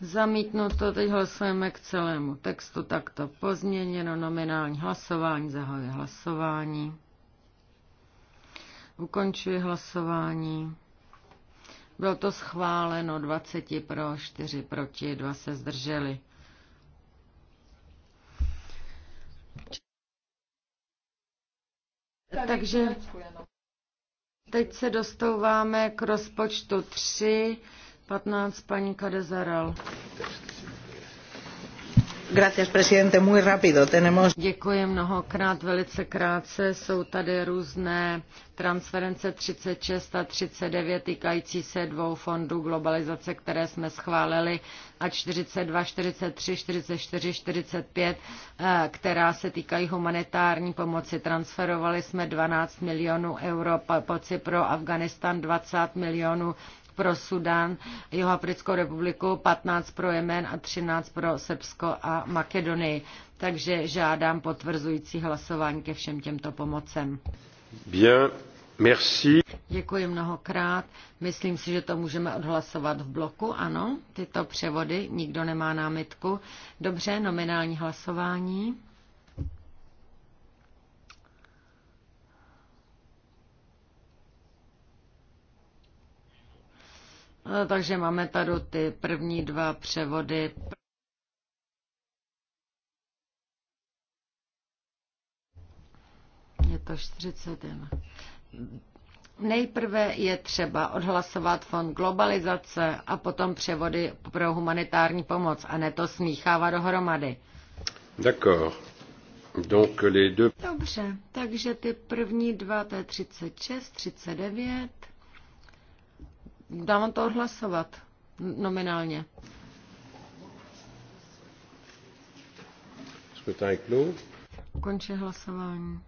Zamítnuto, teď hlasujeme k celému textu takto pozměněno, nominální hlasování, zahajuje hlasování. Ukončuji hlasování. Bylo to schváleno 20 pro, 4 proti, 2 se zdrželi. Takže teď se dostáváme k rozpočtu 3. 15, paní Děkuji mnohokrát, velice krátce. Jsou tady různé transference 36 a 39 týkající se dvou fondů globalizace, které jsme schválili a 42, 43, 44, 45, která se týkají humanitární pomoci. Transferovali jsme 12 milionů eur po pro Afganistan 20 milionů pro Sudán, Jihoafrickou republiku, 15 pro Jemen a 13 pro Srbsko a Makedonii. Takže žádám potvrzující hlasování ke všem těmto pomocem. Bien, merci. Děkuji mnohokrát. Myslím si, že to můžeme odhlasovat v bloku. Ano, tyto převody, nikdo nemá námitku. Dobře, nominální hlasování. Eh, takže máme tady ty první dva převody. Je to 41. Nejprve je třeba odhlasovat fond globalizace a potom převody pro humanitární pomoc a ne to smíchává dohromady. D'accord. Donc les deux... Dobře, takže ty první dva, to je 36, 39 dávám to odhlasovat nominálně. Končí hlasování.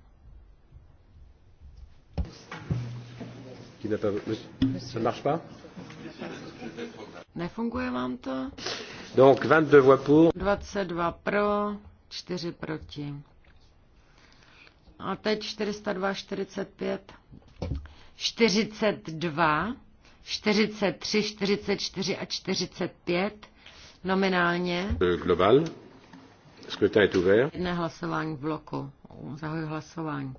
Nefunguje vám to? Donc 22 voix pour. 22 pro, 4 proti. A teď 402, 45. 42. 43, 44 a 45 nominálně. Global. Skrutin est ouvert. Jedné hlasování v bloku. Zahajuji hlasování.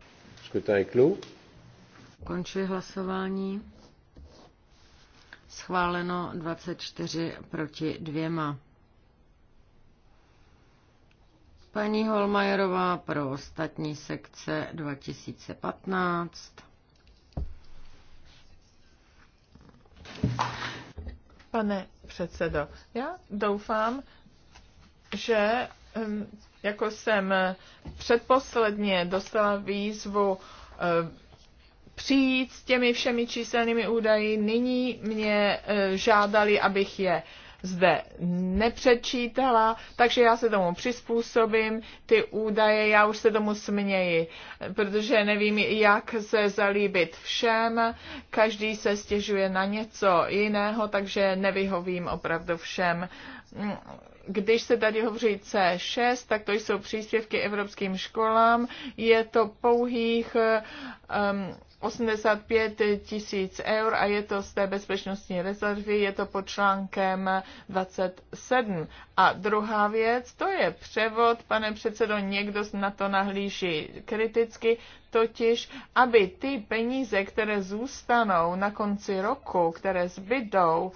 Skrutin est clos. Končuji hlasování. Schváleno 24 proti dvěma. Paní Holmajerová pro ostatní sekce 2015. Pane předsedo, já doufám, že hm, jako jsem předposledně dostala výzvu hm, přijít s těmi všemi číselnými údaji, nyní mě hm, žádali, abych je zde nepřečítala, takže já se tomu přizpůsobím, ty údaje, já už se tomu směji, protože nevím, jak se zalíbit všem, každý se stěžuje na něco jiného, takže nevyhovím opravdu všem když se tady hovoří C6, tak to jsou příspěvky evropským školám. Je to pouhých um, 85 tisíc eur a je to z té bezpečnostní rezervy, je to pod článkem 27. A druhá věc, to je převod, pane předsedo, někdo na to nahlíží kriticky, totiž, aby ty peníze, které zůstanou na konci roku, které zbydou,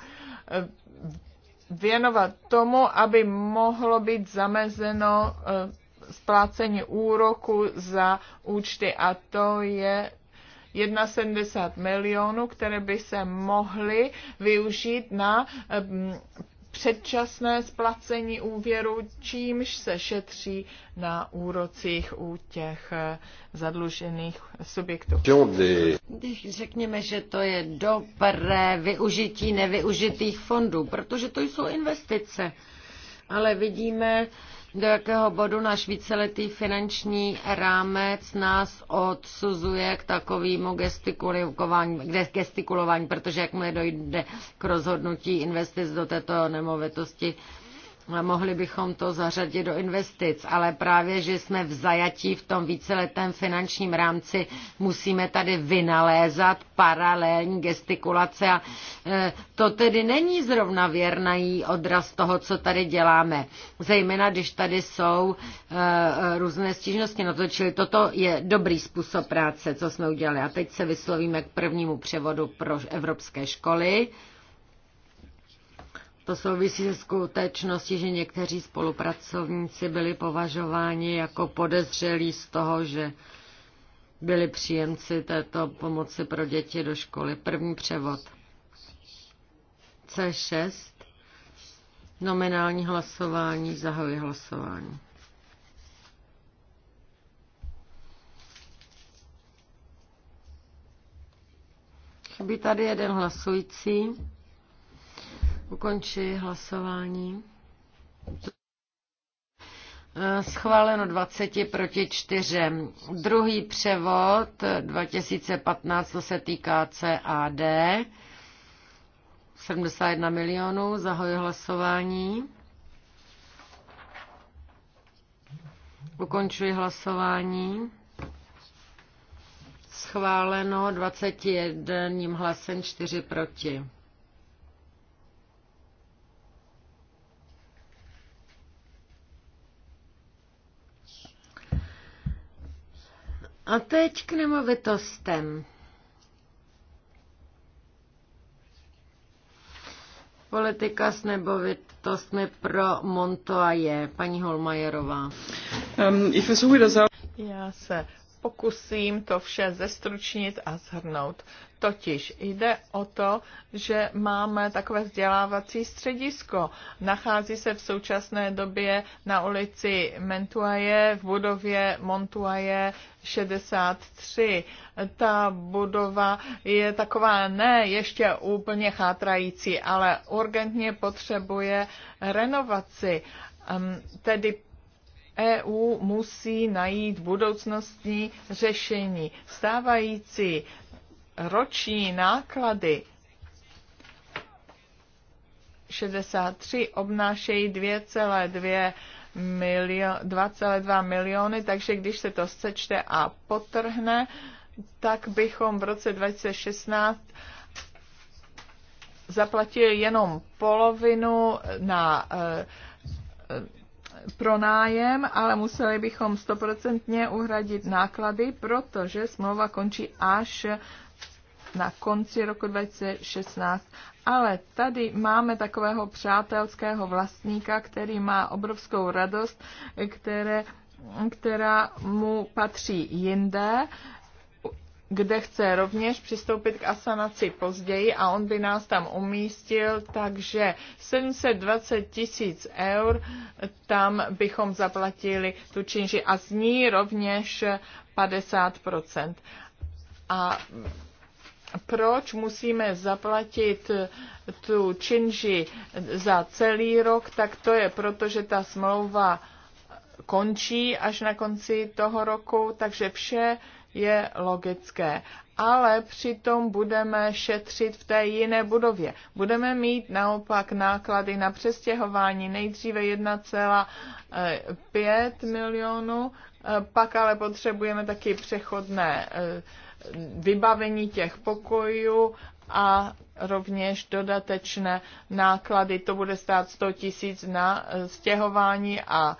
věnovat tomu, aby mohlo být zamezeno eh, splácení úroku za účty a to je 71 milionů, které by se mohly využít na eh, předčasné splacení úvěru, čímž se šetří na úrocích u těch zadlužených subjektů. Když řekněme, že to je dobré využití nevyužitých fondů, protože to jsou investice, ale vidíme, do jakého bodu náš víceletý finanční rámec nás odsuzuje k takovému gestikulování, gestikulování protože jakmile dojde k rozhodnutí investic do této nemovitosti, mohli bychom to zařadit do investic, ale právě, že jsme v zajatí v tom víceletém finančním rámci, musíme tady vynalézat paralelní gestikulace a e, to tedy není zrovna věrný odraz toho, co tady děláme. Zejména, když tady jsou e, e, různé stížnosti No to, čili toto je dobrý způsob práce, co jsme udělali. A teď se vyslovíme k prvnímu převodu pro evropské školy. To souvisí se skutečností, že někteří spolupracovníci byli považováni jako podezřelí z toho, že byli příjemci této pomoci pro děti do školy. První převod. C6. Nominální hlasování. Zahoji hlasování. Chybí tady jeden hlasující. Ukončuji hlasování. Eh, schváleno 20 proti 4. Druhý převod 2015, to se týká CAD. 71 milionů, zahoji hlasování. Ukončuji hlasování. Schváleno 21 hlasem 4 proti. A teď k nemovitostem. Politika s nemovitostmi pro je, Paní Holmajerová. Um, Já se pokusím to vše zestručnit a zhrnout. Totiž jde o to, že máme takové vzdělávací středisko. Nachází se v současné době na ulici Mentuaje v budově Montuaje 63. Ta budova je taková ne ještě úplně chátrající, ale urgentně potřebuje renovaci. Tedy EU musí najít budoucnostní řešení. Stávající roční náklady 63 obnášejí 2,2 2,2 miliony, takže když se to sečte a potrhne, tak bychom v roce 2016 zaplatili jenom polovinu na e, pronájem, ale museli bychom stoprocentně uhradit náklady, protože smlouva končí až na konci roku 2016. Ale tady máme takového přátelského vlastníka, který má obrovskou radost, které, která mu patří jinde kde chce rovněž přistoupit k asanaci později a on by nás tam umístil, takže 720 tisíc eur tam bychom zaplatili tu činži a z ní rovněž 50%. A proč musíme zaplatit tu činži za celý rok, tak to je proto, že ta smlouva končí až na konci toho roku, takže vše je logické. Ale přitom budeme šetřit v té jiné budově. Budeme mít naopak náklady na přestěhování nejdříve 1,5 eh, milionů, eh, pak ale potřebujeme taky přechodné eh, vybavení těch pokojů a rovněž dodatečné náklady. To bude stát 100 tisíc na eh, stěhování a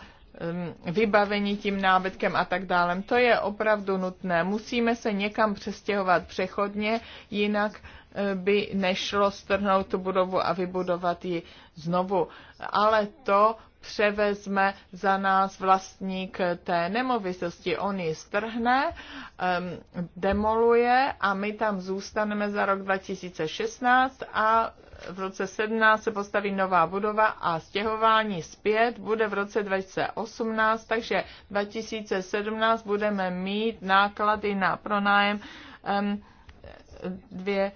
vybavení tím nábytkem a tak dále. To je opravdu nutné. Musíme se někam přestěhovat přechodně, jinak eh, by nešlo strhnout tu budovu a vybudovat ji znovu. Ale to převezme za nás vlastník té nemovitosti. On ji strhne, um, demoluje a my tam zůstaneme za rok 2016 a v roce 17 se postaví nová budova a stěhování zpět bude v roce 2018, takže 2017 budeme mít náklady na pronájem um, dvě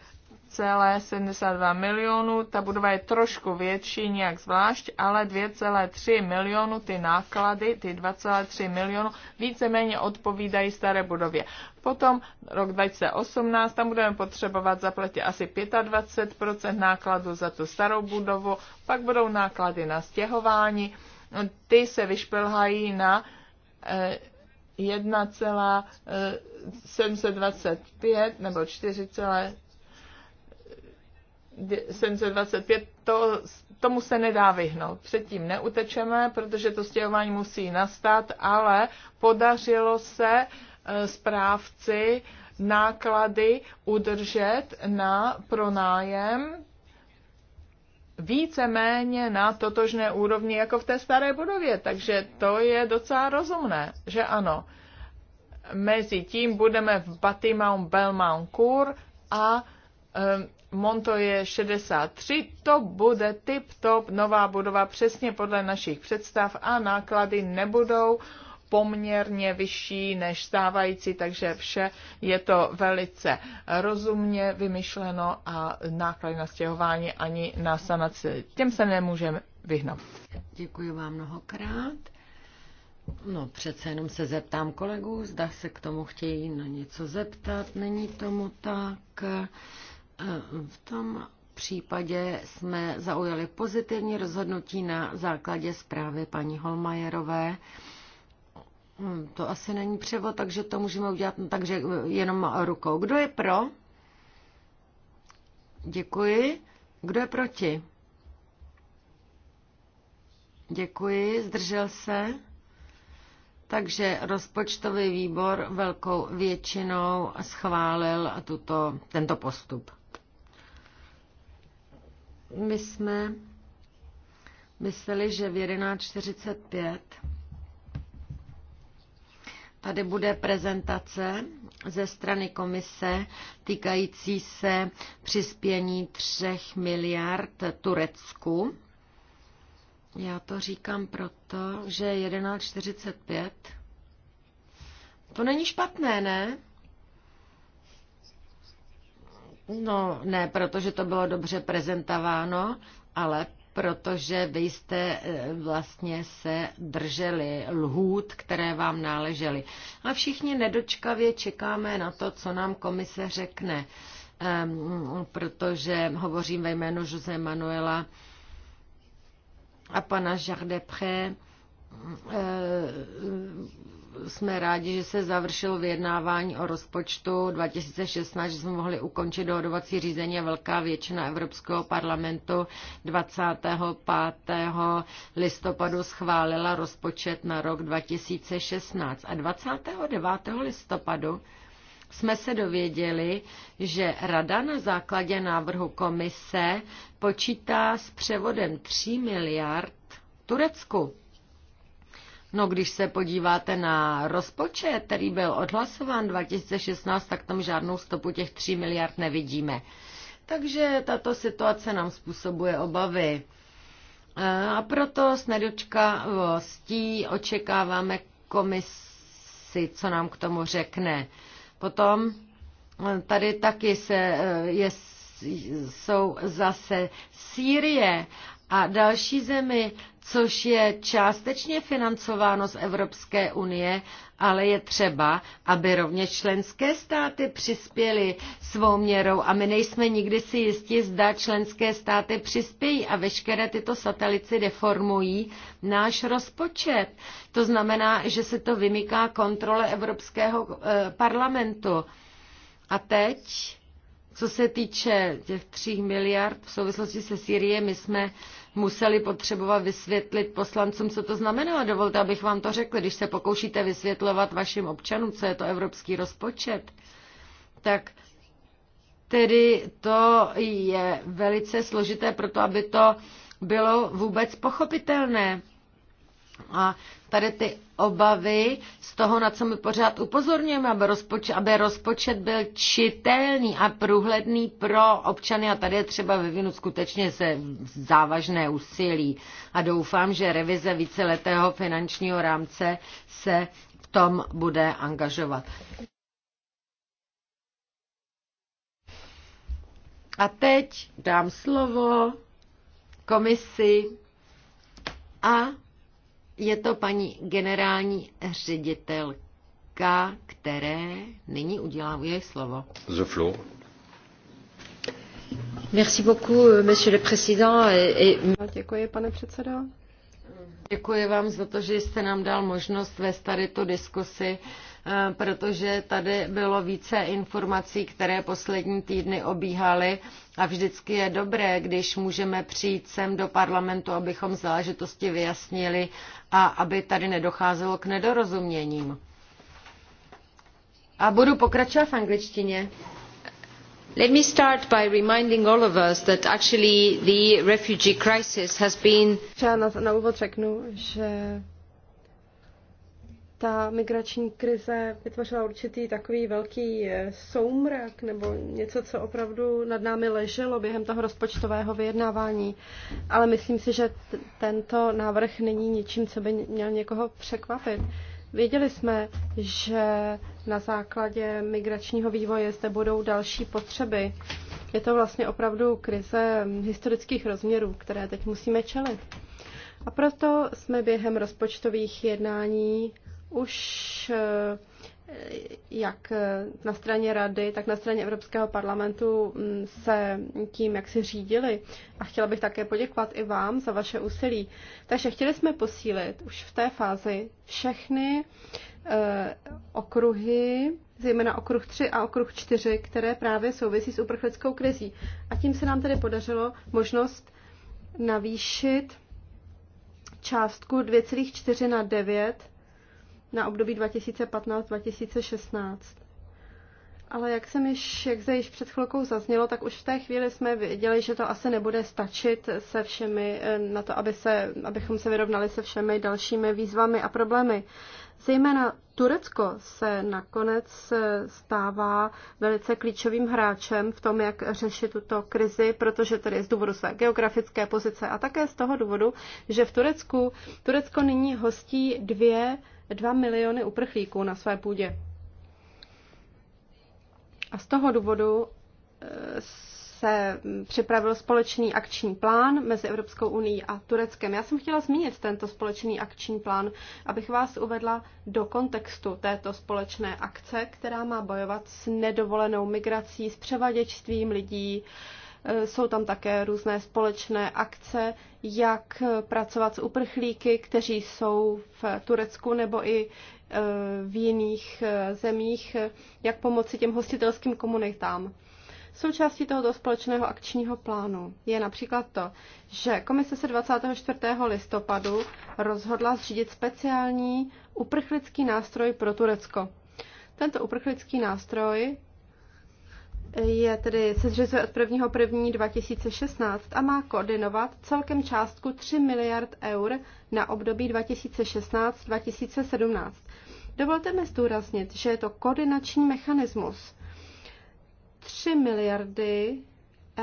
2,72 milionů, ta budova je trošku větší, nějak zvlášť, ale 2,3 milionu, ty náklady, ty 2,3 milionu, víceméně odpovídají staré budově. Potom rok 2018, tam budeme potřebovat zaplatit asi 25% nákladů za tu starou budovu, pak budou náklady na stěhování, ty se vyšplhají na 1,725 eh, eh, nebo 4, 725, to, tomu se nedá vyhnout. Předtím neutečeme, protože to stěhování musí nastat, ale podařilo se e, správci náklady udržet na pronájem víceméně na totožné úrovni jako v té staré budově. Takže to je docela rozumné, že ano. Mezi tím budeme v Batimount Belmount Kur a Monto je 63, to bude tip-top nová budova přesně podle našich představ a náklady nebudou poměrně vyšší než stávající, takže vše je to velice rozumně vymyšleno a náklady na stěhování ani na sanaci. Těm se nemůžeme vyhnout. Děkuji vám mnohokrát. No přece jenom se zeptám kolegů, zda se k tomu chtějí na něco zeptat. Není tomu tak. Eh, v tom případě jsme zaujali pozitivní rozhodnutí na základě zprávy paní Holmajerové. Hm, to asi není převod, takže to můžeme udělat takže jenom rukou. Kdo je pro? Děkuji. Kdo je proti? Děkuji. Zdržel se? Takže rozpočtový výbor velkou většinou schválil tuto, tento postup. My jsme mysleli, že v 11.45 tady bude prezentace ze strany komise týkající se přispění 3 miliard Turecku. Já to říkám proto, že 11.45 to není špatné, ne? No ne, protože to bylo dobře prezentováno, ale protože vy jste e, vlastně se drželi lhůt, které vám náležely. A všichni nedočkavě čekáme na to, co nám komise řekne, protože hovořím ve jménu Jose Manuela a pana Jardepré, e, jsme rádi, že se završilo vyjednávání o rozpočtu 2016, že jsme mohli ukončit dohodovací řízení a velká většina Evropského parlamentu 25. listopadu schválila rozpočet na rok 2016. A 29. listopadu jsme se dověděli, že Rada na základě návrhu komise počítá s převodem 3 miliard Turecku. No když se podíváte na rozpočet, který byl odhlasován 2016, tak tam žádnou stopu těch 3 miliard nevidíme. Takže tato situace nám způsobuje obavy. E, a proto s nedočkavostí očekáváme komisi, co nám k tomu řekne. Potom e, tady taky se, e, je, jsou zase Sýrie a další zemi, což je částečně financováno z Evropské unie, ale je třeba, aby rovněž členské státy přispěly svou měrou a my nejsme nikdy si jistí, zda členské státy přispějí a veškeré tyto satelity deformují náš rozpočet. To znamená, že se to vymyká kontrole Evropského eh, parlamentu. A teď co se týče těch 3 miliard v souvislosti se Syrie, my jsme museli potřebovat vysvětlit poslancům, co to znamená. Dovolte, abych vám to řekl. Když se pokoušíte vysvětlovat vašim občanům, co je to evropský rozpočet, tak tedy to je velice složité pro to, aby to bylo vůbec pochopitelné. A tady ty obavy z toho, na co my pořád upozorňujeme, aby rozpočet, aby rozpočet byl čitelný a průhledný pro občany a tady je třeba vyvinout skutečně se závažné úsilí. A doufám, že revize víceletého finančního rámce se v tom bude angažovat. A teď dám slovo komisi a je to paní generální ředitelka, které nyní udělám její slovo. The floor. Merci beaucoup, euh, monsieur le président. Et... Děkuji, pane předsedo. Děkuji vám za to, že jste nám dal možnost vést tady tu diskusi Eh, protože tady bylo více informací, které poslední týdny obíhaly a vždycky je dobré, když můžeme přijít sem do parlamentu, abychom záležitosti vyjasnili a aby tady nedocházelo k nedorozuměním. A budu pokračovat v angličtině. Let me start by reminding all of us that actually the refugee crisis has been... Třeba na, na úvod řeknu, že ta migrační krize vytvořila určitý takový velký eh, soumrak nebo něco, co opravdu nad námi leželo během toho rozpočtového vyjednávání. Ale myslím si, že tento návrh není ničím, co by měl někoho překvapit. Věděli jsme, že na základě migračního vývoje zde budou další potřeby. Je to vlastně opravdu krize hm, historických rozměrů, které teď musíme čelit. A proto jsme během rozpočtových jednání už eh, jak na straně Rady, tak na straně Evropského parlamentu mm, se tím, jak si řídili. A chtěla bych také poděkovat i vám za vaše úsilí. Takže chtěli jsme posílit už v té fázi všechny eh, okruhy, zejména okruh 3 a okruh 4, které právě souvisí s uprchlickou krizí. A tím se nám tedy podařilo možnost navýšit částku 2,4 na 9 na období 2015-2016. Ale jak, jsem již, jak se již před chvilkou zaznělo, tak už v té chvíli jsme věděli, že to asi nebude stačit se všemi, eh, na to, aby se, abychom se vyrovnali se všemi dalšími výzvami a problémy. Zejména Turecko se nakonec eh, stává velice klíčovým hráčem v tom, jak řešit tuto krizi, protože tedy z důvodu své geografické pozice a také z toho důvodu, že v Turecku Turecko nyní hostí dvě 2 miliony uprchlíků na své půdě. A z toho důvodu eh, se připravil společný akční plán mezi Evropskou unii a Tureckem. Já jsem chtěla zmínit tento společný akční plán, abych vás uvedla do kontextu této společné akce, která má bojovat s nedovolenou migrací, s převaděčstvím lidí, Eh, jsou tam také různé společné akce, jak pracovat s uprchlíky, kteří jsou v Turecku nebo i eh, v jiných eh, zemích, jak pomoci těm hostitelským komunitám. Součástí tohoto společného akčního plánu je například to, že komise se 24. listopadu rozhodla zřídit speciální uprchlický nástroj pro Turecko. Tento uprchlický nástroj je tedy se zřizuje od 1. 1. 2016 a má koordinovat celkem částku 3 miliard eur na období 2016-2017. Dovolte mi zdůraznit, že je to koordinační mechanismus. 3 miliardy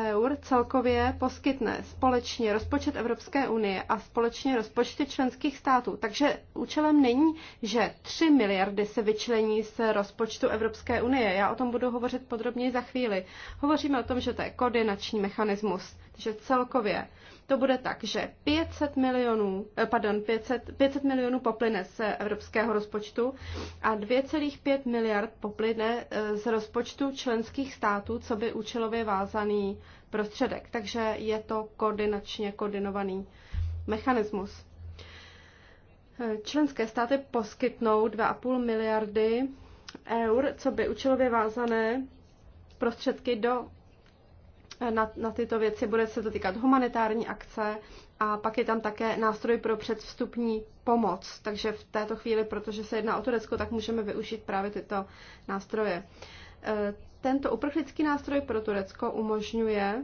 eur celkově poskytne společně rozpočet Evropské unie a společně rozpočty členských států. Takže účelem není, že 3 miliardy se vyčlení z rozpočtu Evropské unie. Já o tom budu hovořit podrobněji za chvíli. Hovoříme o tom, že to je koordinační mechanismus, že celkově to bude tak, že 500 milionů, eh, pardon, 500, 500 milionů poplyne z evropského rozpočtu a 2,5 miliard poplyne eh, z rozpočtu členských států, co by účelově vázaný prostředek. Takže je to koordinačně koordinovaný mechanismus. Eh, členské státy poskytnou 2,5 miliardy eur, co by účelově vázané prostředky do Eh, na, na tyto věci, bude se to týkat humanitární akce a pak je tam také nástroj pro předvstupní pomoc. Takže v této chvíli, protože se jedná o Turecko, tak můžeme využít právě tyto nástroje. Eh, tento uprchlický nástroj pro Turecko umožňuje,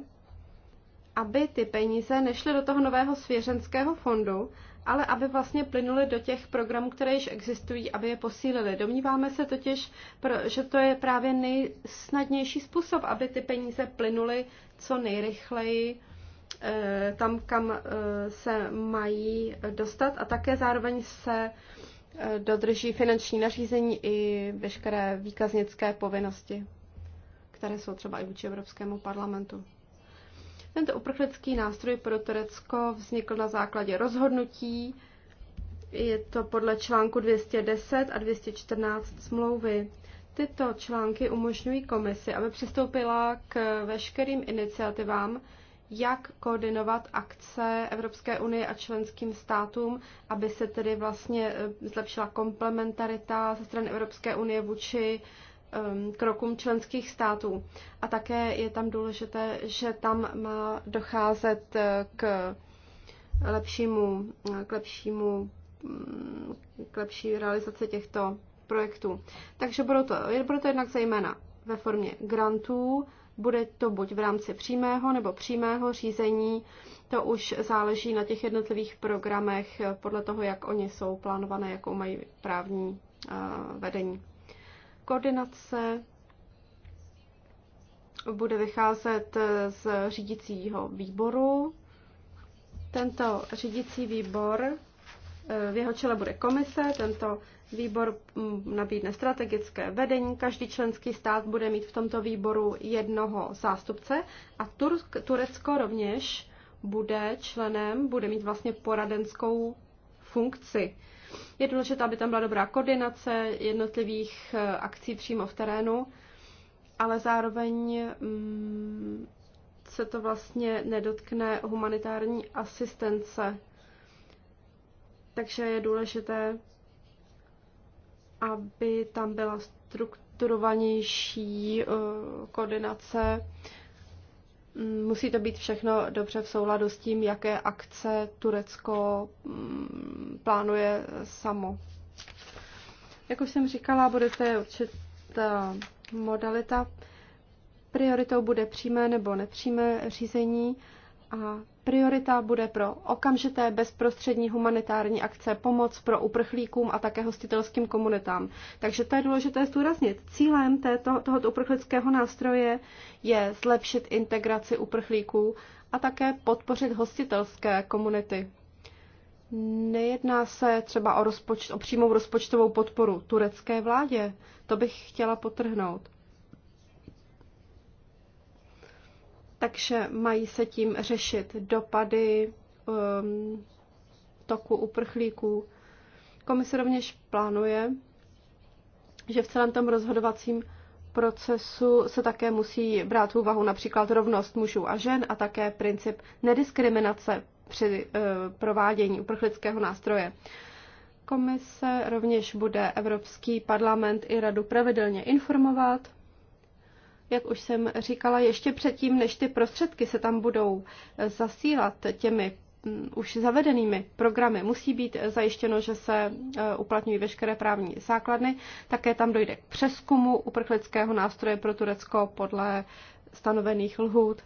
aby ty peníze nešly do toho nového svěřenského fondu, ale aby vlastně plynuli do těch programů, které již existují, aby je posílili. Domníváme se totiž, že to je právě nejsnadnější způsob, aby ty peníze plynuly co nejrychleji eh, tam, kam eh, se mají dostat a také zároveň se eh, dodrží finanční nařízení i veškeré výkaznické povinnosti, které jsou třeba i vůči Evropskému parlamentu. Tento uprchlický nástroj pro Turecko vznikl na základě rozhodnutí, je to podle článku 210 a 214 smlouvy. Tyto články umožňují komisi, aby přistoupila k veškerým iniciativám, jak koordinovat akce Evropské unie a členským státům, aby se tedy vlastně eh, zlepšila komplementarita ze strany Evropské unie vůči Um, krokům členských států. A také je tam důležité, že tam má docházet eh, k lepšímu, eh, k lepšímu mm, k lepší realizaci těchto projektů. Takže budou to, budou to jednak zejména ve formě grantů, bude to buď v rámci přímého nebo přímého řízení, to už záleží na těch jednotlivých programech eh, podle toho, jak oni jsou plánované, jakou mají právní vedení. Koordinace bude vycházet z řídicího výboru. Tento řídicí výbor, v jeho čele bude komise, tento výbor mm, nabídne strategické vedení, každý členský stát bude mít v tomto výboru jednoho zástupce a Turk, Turecko rovněž bude členem, bude mít vlastně poradenskou funkci. Je důležité, aby tam byla dobrá koordinace jednotlivých eh, akcí přímo v terénu, ale zároveň mm, se to vlastně nedotkne humanitární asistence. Takže je důležité, aby tam byla strukturovanější eh, koordinace Musí to být všechno dobře v souladu s tím, jaké akce Turecko mm, plánuje samo. Jak už jsem říkala, bude to určitá modalita. Prioritou bude přímé nebo nepřímé řízení a Priorita bude pro okamžité bezprostřední humanitární akce, pomoc pro uprchlíkům a také hostitelským komunitám. Takže to je důležité zdůraznit. Cílem této, tohoto uprchlického nástroje je zlepšit integraci uprchlíků a také podpořit hostitelské komunity. Nejedná se třeba o, rozpočt, o přímou rozpočtovou podporu turecké vládě. To bych chtěla potrhnout. takže mají se tím řešit dopady um, toku uprchlíků. Komise rovněž plánuje, že v celém tom rozhodovacím procesu se také musí brát v úvahu například rovnost mužů a žen a také princip nediskriminace při uh, provádění uprchlického nástroje. Komise rovněž bude Evropský parlament i radu pravidelně informovat jak už jsem říkala, ještě předtím, než ty prostředky se tam budou eh, zasílat těmi mm, už zavedenými programy musí být zajištěno, že se eh, uplatňují veškeré právní základny. Také tam dojde k přeskumu uprchlického nástroje pro Turecko podle stanovených lhůt.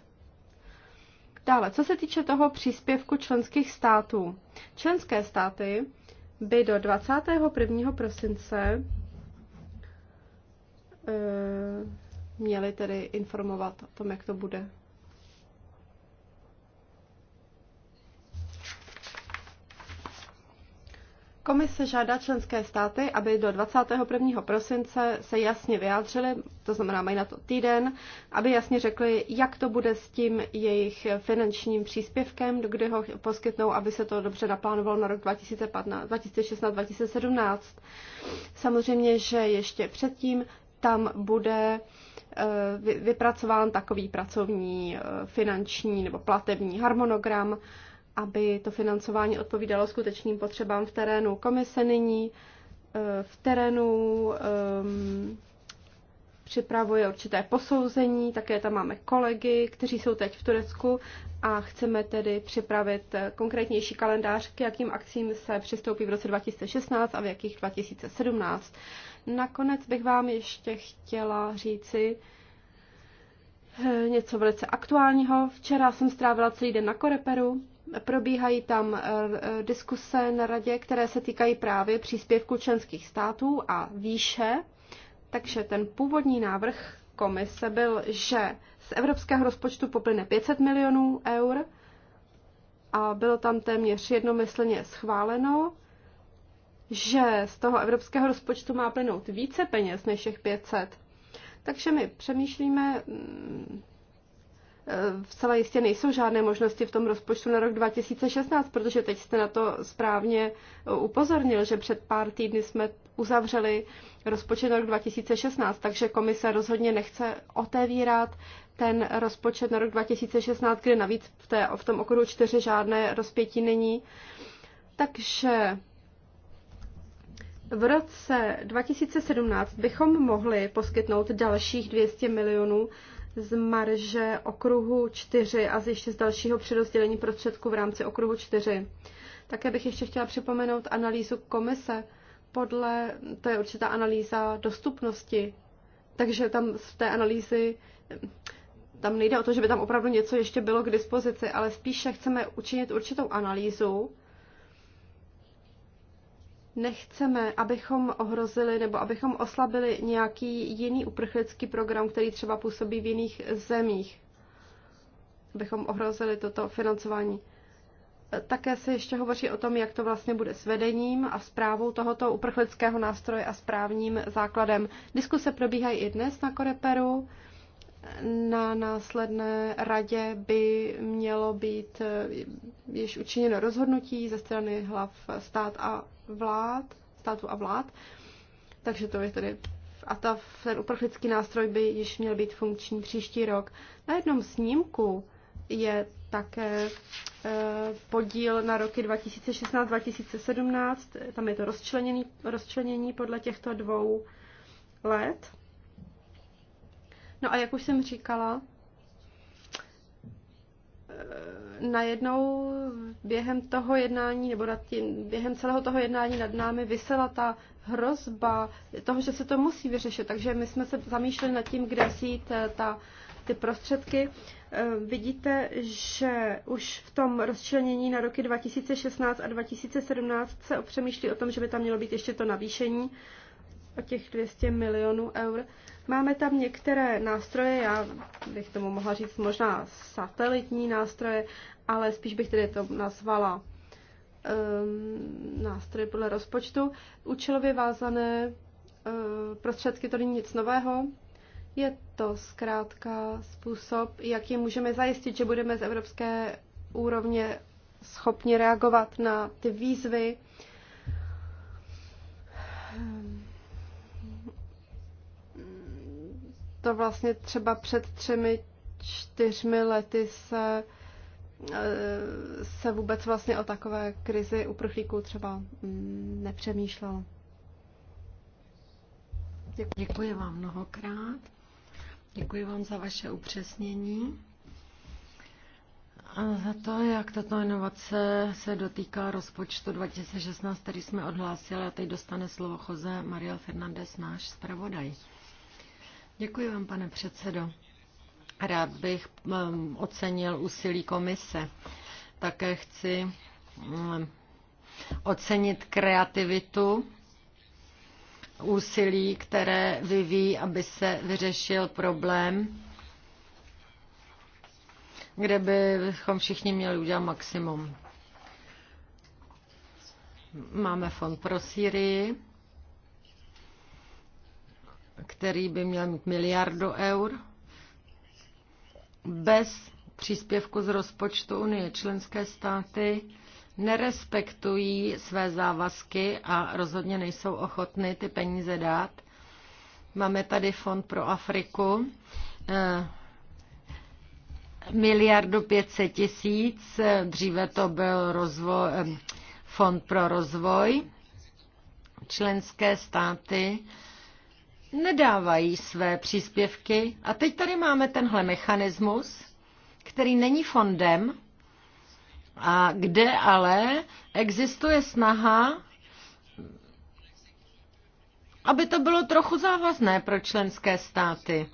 Dále, co se týče toho příspěvku členských států. Členské státy by do 21. prosince eh, měli tedy informovat o tom, jak to bude. Komise žádá členské státy, aby do 21. prosince se jasně vyjádřili, to znamená mají na to týden, aby jasně řekli, jak to bude s tím jejich finančním příspěvkem, do kdy ho poskytnou, aby se to dobře naplánovalo na rok 2016-2017. Samozřejmě, že ještě předtím tam bude eh, vypracován takový pracovní, eh, finanční nebo platební harmonogram, aby to financování odpovídalo skutečným potřebám v terénu. Komise nyní eh, v terénu um, připravuje určité posouzení, také tam máme kolegy, kteří jsou teď v Turecku a chceme tedy připravit konkrétnější kalendář, k jakým akcím se přistoupí v roce 2016 a v jakých 2017. Nakonec bych vám ještě chtěla říci eh, něco velice aktuálního. Včera jsem strávila celý den na Koreperu. Probíhají tam eh, eh, diskuse na radě, které se týkají právě příspěvku členských států a výše. Takže ten původní návrh komise byl, že z evropského rozpočtu poplyne 500 milionů eur a bylo tam téměř jednomyslně schváleno že z toho evropského rozpočtu má plynout více peněz než těch 500. Takže my přemýšlíme, vcela mm, e, jistě nejsou žádné možnosti v tom rozpočtu na rok 2016, protože teď jste na to správně e, upozornil, že před pár týdny jsme uzavřeli rozpočet na rok 2016, takže komise rozhodně nechce otevírat ten rozpočet na rok 2016, kde navíc v, té, v tom okruhu 4 žádné rozpětí není. Takže v roce 2017 bychom mohli poskytnout dalších 200 milionů z marže okruhu 4 a z ještě z dalšího přerozdělení prostředků v rámci okruhu 4. Také bych ještě chtěla připomenout analýzu komise. Podle, to je určitá analýza dostupnosti. Takže tam z té analýzy tam nejde o to, že by tam opravdu něco ještě bylo k dispozici, ale spíše chceme učinit určitou analýzu, nechceme, abychom ohrozili nebo abychom oslabili nějaký jiný uprchlický program, který třeba působí v jiných zemích. Abychom ohrozili toto financování. Také se ještě hovoří o tom, jak to vlastně bude s vedením a zprávou tohoto uprchlického nástroje a správním základem. Diskuse probíhají i dnes na Koreperu. Na následné radě by mělo být již učiněno rozhodnutí ze strany hlav stát a vlád, států a vlád. Takže to je tady a ta, ten uprchlický nástroj by již měl být funkční příští rok. Na jednom snímku je také e, podíl na roky 2016-2017, tam je to rozčlenění, rozčlenění podle těchto dvou let. No a jak už jsem říkala, najednou během toho jednání, nebo nad tím, během celého toho jednání nad námi vysela ta hrozba toho, že se to musí vyřešit. Takže my jsme se zamýšleli nad tím, kde vzít eh, ta, ty prostředky. Eh, vidíte, že už v tom rozčlenění na roky 2016 a 2017 se opřemýšlí o tom, že by tam mělo být ještě to navýšení o těch 200 milionů eur. Máme tam některé nástroje, já bych tomu mohla říct možná satelitní nástroje, ale spíš bych tedy to nazvala um, nástroje podle rozpočtu. Účelově vázané um, prostředky to není nic nového. Je to zkrátka způsob, jakým můžeme zajistit, že budeme z evropské úrovně schopni reagovat na ty výzvy, uh, to vlastně třeba před třemi, čtyřmi lety se, eh, se vůbec vlastně o takové krizi uprchlíků třeba mm, nepřemýšlelo. Děkuji. Děkuji vám mnohokrát. Děkuji vám za vaše upřesnění. A za to, jak tato inovace se dotýká rozpočtu 2016, který jsme odhlásili, a teď dostane slovo Jose Mariel Fernández, náš zpravodaj. Děkuji vám, pane předsedo. Rád bych um, ocenil úsilí komise. Také chci um, ocenit kreativitu úsilí, které vyvíjí, aby se vyřešil problém, kde bychom všichni měli udělat maximum. Máme fond pro Syrii, který by měl mít miliardu eur, bez příspěvku z rozpočtu Unie členské státy nerespektují své závazky a rozhodně nejsou ochotny ty peníze dát. Máme tady Fond pro Afriku, eh, miliardu pětset tisíc, dříve to byl rozvoj, eh, Fond pro rozvoj. Členské státy nedávají své příspěvky. A teď tady máme tenhle mechanismus, který není fondem, a kde ale existuje snaha, aby to bylo trochu závazné pro členské státy.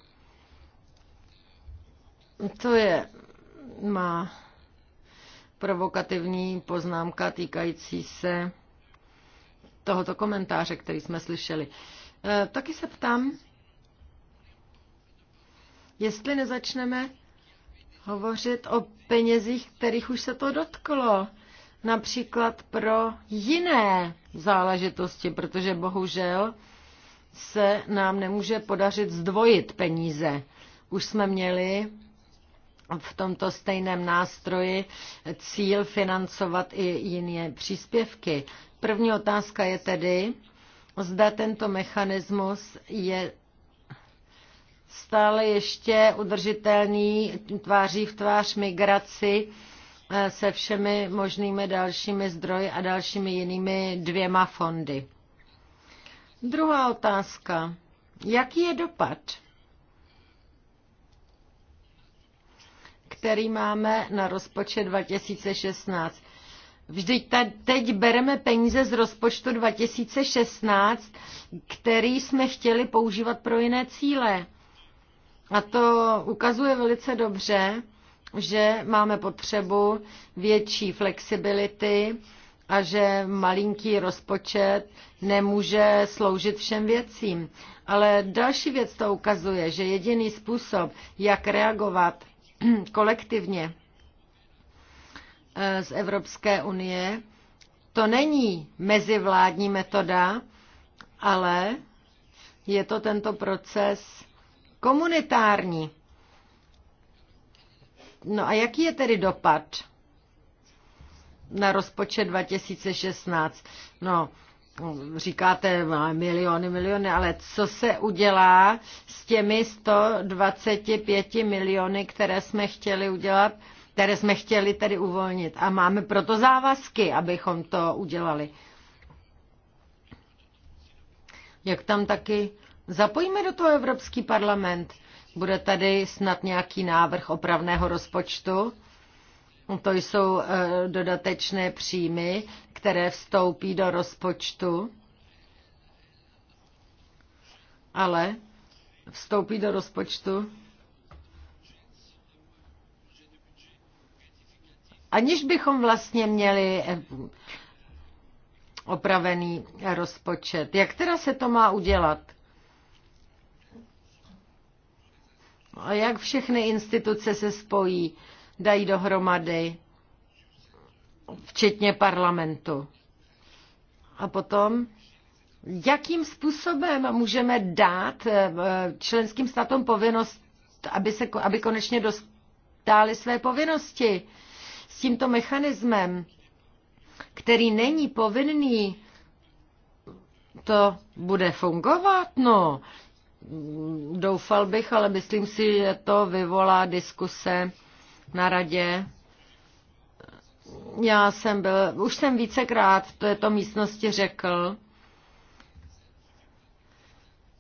To je má provokativní poznámka týkající se tohoto komentáře, který jsme slyšeli. Uh, Eh, taky se ptám, jestli nezačneme hovořit o penězích, kterých už se to dotklo, například pro jiné záležitosti, protože bohužel se nám nemůže podařit zdvojit peníze. Už jsme měli v tomto stejném nástroji cíl financovat i jiné příspěvky. První otázka je tedy, zda tento mechanismus je stále ještě udržitelný tváří v tvář migraci eh, se všemi možnými dalšími zdroji a dalšími jinými dvěma fondy. Druhá otázka. Jaký je dopad, který máme na rozpočet 2016? Vždyť teď bereme peníze z rozpočtu 2016, který jsme chtěli používat pro jiné cíle. A to ukazuje velice dobře, že máme potřebu větší flexibility a že malinký rozpočet nemůže sloužit všem věcím. Ale další věc to ukazuje, že jediný způsob, jak reagovat kolektivně Eh, z Evropské unie. To není mezivládní metoda, ale je to tento proces komunitární. No a jaký je tedy dopad na rozpočet 2016? No, říkáte miliony, miliony, ale co se udělá s těmi 125 miliony, které jsme chtěli udělat? které jsme chtěli tedy uvolnit. A máme proto závazky, abychom to udělali. Jak tam taky zapojíme do toho Evropský parlament? Bude tady snad nějaký návrh opravného rozpočtu? To jsou eh, dodatečné příjmy, které vstoupí do rozpočtu, ale vstoupí do rozpočtu aniž bychom vlastně měli eh, opravený rozpočet. Jak teda se to má udělat? A jak všechny instituce se spojí, dají dohromady, včetně parlamentu? A potom, jakým způsobem můžeme dát eh, členským státům povinnost, aby, se, aby konečně dostali své povinnosti? s tímto mechanismem, který není povinný, to bude fungovat, no. Doufal bych, ale myslím si, že to vyvolá diskuse na radě. Já jsem byl, už jsem vícekrát v této místnosti řekl,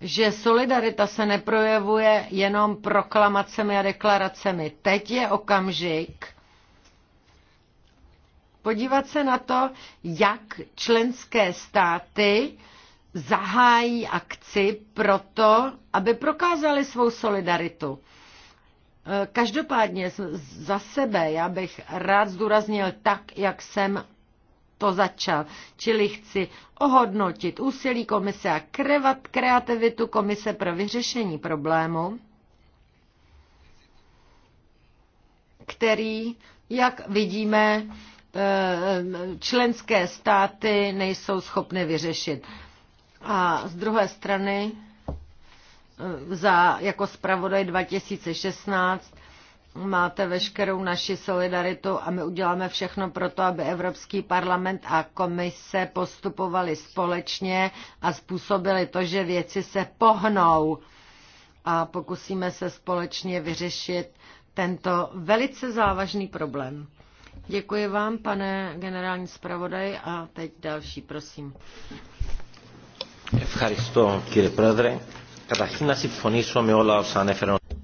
že solidarita se neprojevuje jenom proklamacemi a deklaracemi. Teď je okamžik, podívat se na to, jak členské státy zahájí akci proto, aby prokázali svou solidaritu. E, každopádně za sebe já bych rád zdůraznil tak, jak jsem to začal. Čili chci ohodnotit úsilí komise a kreativitu komise pro vyřešení problému, který, jak vidíme, Eh, členské státy nejsou schopny vyřešit. A z druhé strany, eh, za, jako zpravodaj 2016, máte veškerou naši solidaritu a my uděláme všechno pro to, aby Evropský parlament a komise postupovali společně a způsobili to, že věci se pohnou a pokusíme se společně vyřešit tento velice závažný problém. Děkuji vám, pane generální zpravodaj, a teď další, prosím.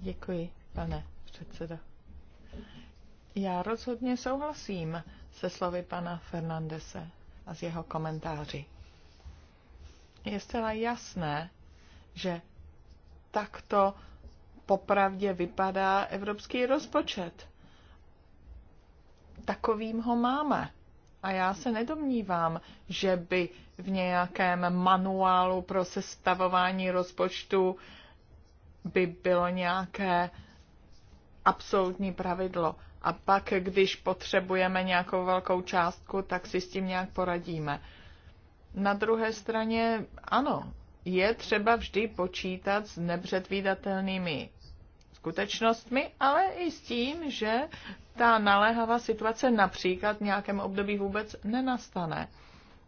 Děkuji, pane předsedo. Já rozhodně souhlasím se slovy pana Fernandese a z jeho komentáři. Je zcela jasné, že takto popravdě vypadá evropský rozpočet takovým ho máme. A já se nedomnívám, že by v nějakém manuálu pro sestavování rozpočtu by bylo nějaké absolutní pravidlo. A pak, když potřebujeme nějakou velkou částku, tak si s tím nějak poradíme. Na druhé straně, ano, je třeba vždy počítat s nepředvídatelnými skutečnostmi, ale i s tím, že ta naléhavá situace například v nějakém období vůbec nenastane.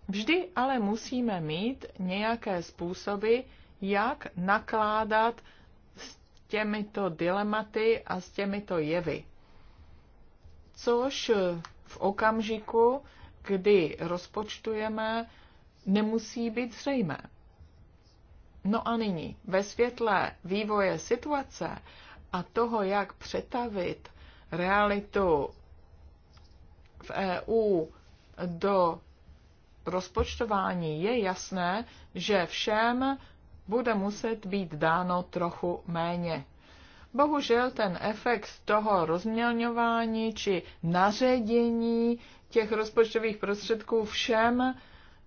Vždy ale musíme mít nějaké způsoby, jak nakládat s těmito dilematy a s těmito jevy. Což v okamžiku, kdy rozpočtujeme, nemusí být zřejmé. No a nyní, ve světle vývoje situace, a toho, jak přetavit realitu v EU do rozpočtování, je jasné, že všem bude muset být dáno trochu méně. Bohužel ten efekt toho rozmělňování či naředění těch rozpočtových prostředků všem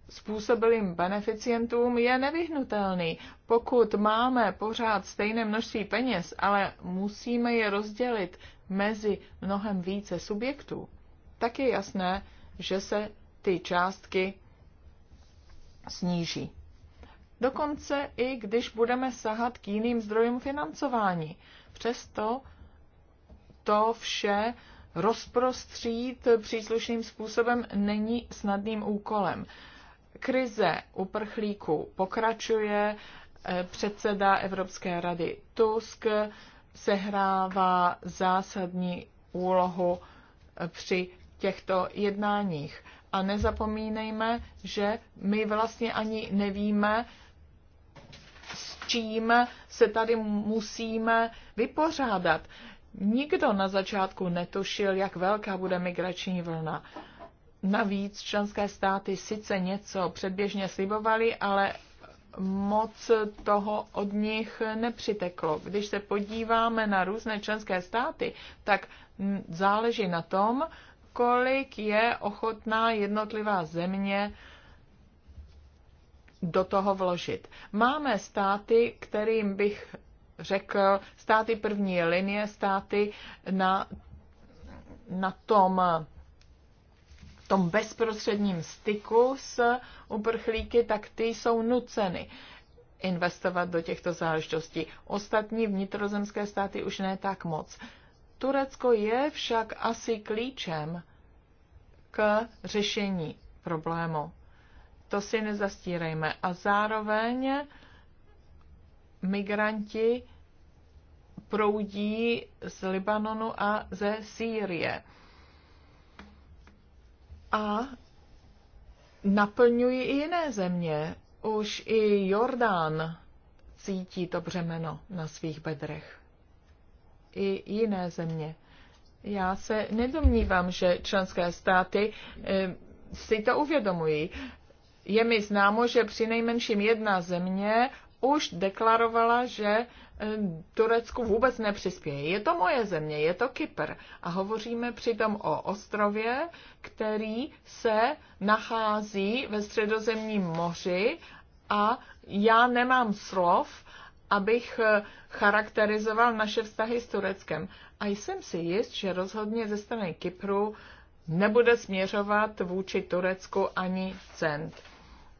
způsobilým beneficientům je nevyhnutelný. Pokud máme pořád stejné množství peněz, ale musíme je rozdělit mezi mnohem více subjektů, tak je jasné, že se ty částky sníží. Dokonce i když budeme sahat k jiným zdrojům financování. Přesto to vše rozprostřít příslušným způsobem není snadným úkolem. Krize uprchlíků pokračuje, eh, předseda Evropské rady Tusk sehrává zásadní úlohu eh, při těchto jednáních. A nezapomínejme, že my vlastně ani nevíme, s čím se tady musíme vypořádat. Nikdo na začátku netušil, jak velká bude migrační vlna. Navíc členské státy sice něco předběžně slibovaly, ale moc toho od nich nepřiteklo. Když se podíváme na různé členské státy, tak záleží na tom, kolik je ochotná jednotlivá země do toho vložit. Máme státy, kterým bych řekl, státy první linie, státy na, na tom tom bezprostředním styku s uprchlíky, tak ty jsou nuceny investovat do těchto záležitostí. Ostatní vnitrozemské státy už ne tak moc. Turecko je však asi klíčem k řešení problému. To si nezastírejme. A zároveň migranti proudí z Libanonu a ze Sýrie a naplňují i jiné země. Už i Jordán cítí to břemeno na svých bedrech. I jiné země. Já se nedomnívám, že členské státy eh, si to uvědomují. Je mi známo, že při nejmenším jedna země už deklarovala, že eh, Turecku vůbec nepřispěje. Je to moje země, je to Kypr. A hovoříme přitom o ostrově, který se nachází ve středozemním moři a já nemám slov, abych eh, charakterizoval naše vztahy s Tureckem. A jsem si jist, že rozhodně ze strany Kypru nebude směřovat vůči Turecku ani cent.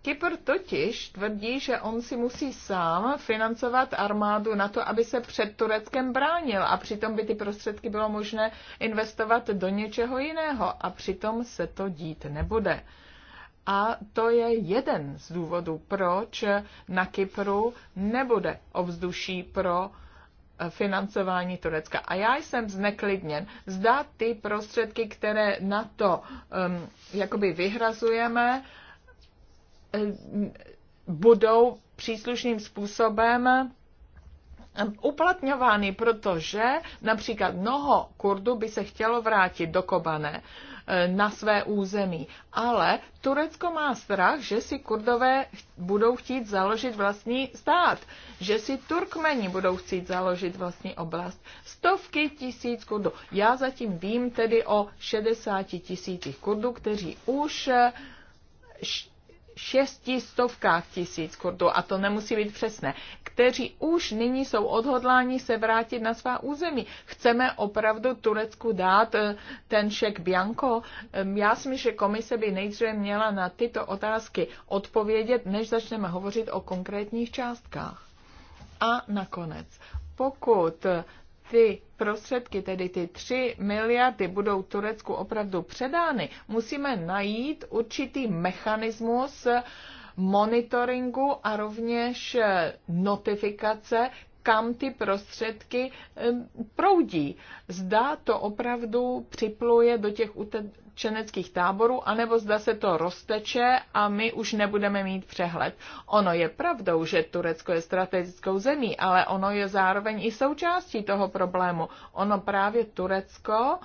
Kypr totiž tvrdí, že on si musí sám financovat armádu na to, aby se před Tureckem bránil a přitom by ty prostředky bylo možné investovat do něčeho jiného a přitom se to dít nebude. A to je jeden z důvodů, proč na Kypru nebude ovzduší pro eh, financování Turecka. A já jsem zneklidněn. Zda ty prostředky, které na to um, jakoby vyhrazujeme, budou příslušným způsobem uplatňovány, protože například mnoho Kurdů by se chtělo vrátit do Kobane eh, na své území. Ale Turecko má strach, že si Kurdové budou chtít založit vlastní stát, že si Turkmeni budou chtít založit vlastní oblast. Stovky tisíc Kurdů. Já zatím vím tedy o 60 tisících Kurdů, kteří už eh, šesti stovkách tisíc Kurdů, a to nemusí být přesné, kteří už nyní jsou odhodláni se vrátit na svá území. Chceme opravdu Turecku dát eh, ten šek Bianco? Já si myslím, že komise by nejdříve měla na tyto otázky odpovědět, než začneme hovořit o konkrétních částkách. A nakonec, pokud ty prostředky, tedy ty 3 miliardy, budou Turecku opravdu předány, musíme najít určitý mechanismus monitoringu a rovněž notifikace, kam ty prostředky eh, proudí. Zda to opravdu připluje do těch utečeneckých táborů, anebo zda se to rozteče a my už nebudeme mít přehled. Ono je pravdou, že Turecko je strategickou zemí, ale ono je zároveň i součástí toho problému. Ono právě Turecko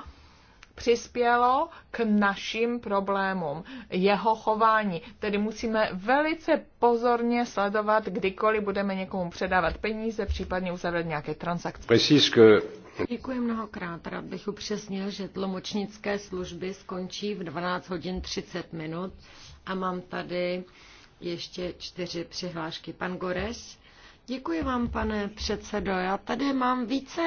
přispělo k našim problémům, jeho chování. Tedy musíme velice pozorně sledovat, kdykoliv budeme někomu předávat peníze, případně uzavírat nějaké transakce. Děkuji mnohokrát. Rád bych upřesnil, že tlumočnické služby skončí v 12 hodin 30 minut a mám tady ještě čtyři přihlášky. Pan Gores. Děkuji vám, pane předsedo. Já tady mám více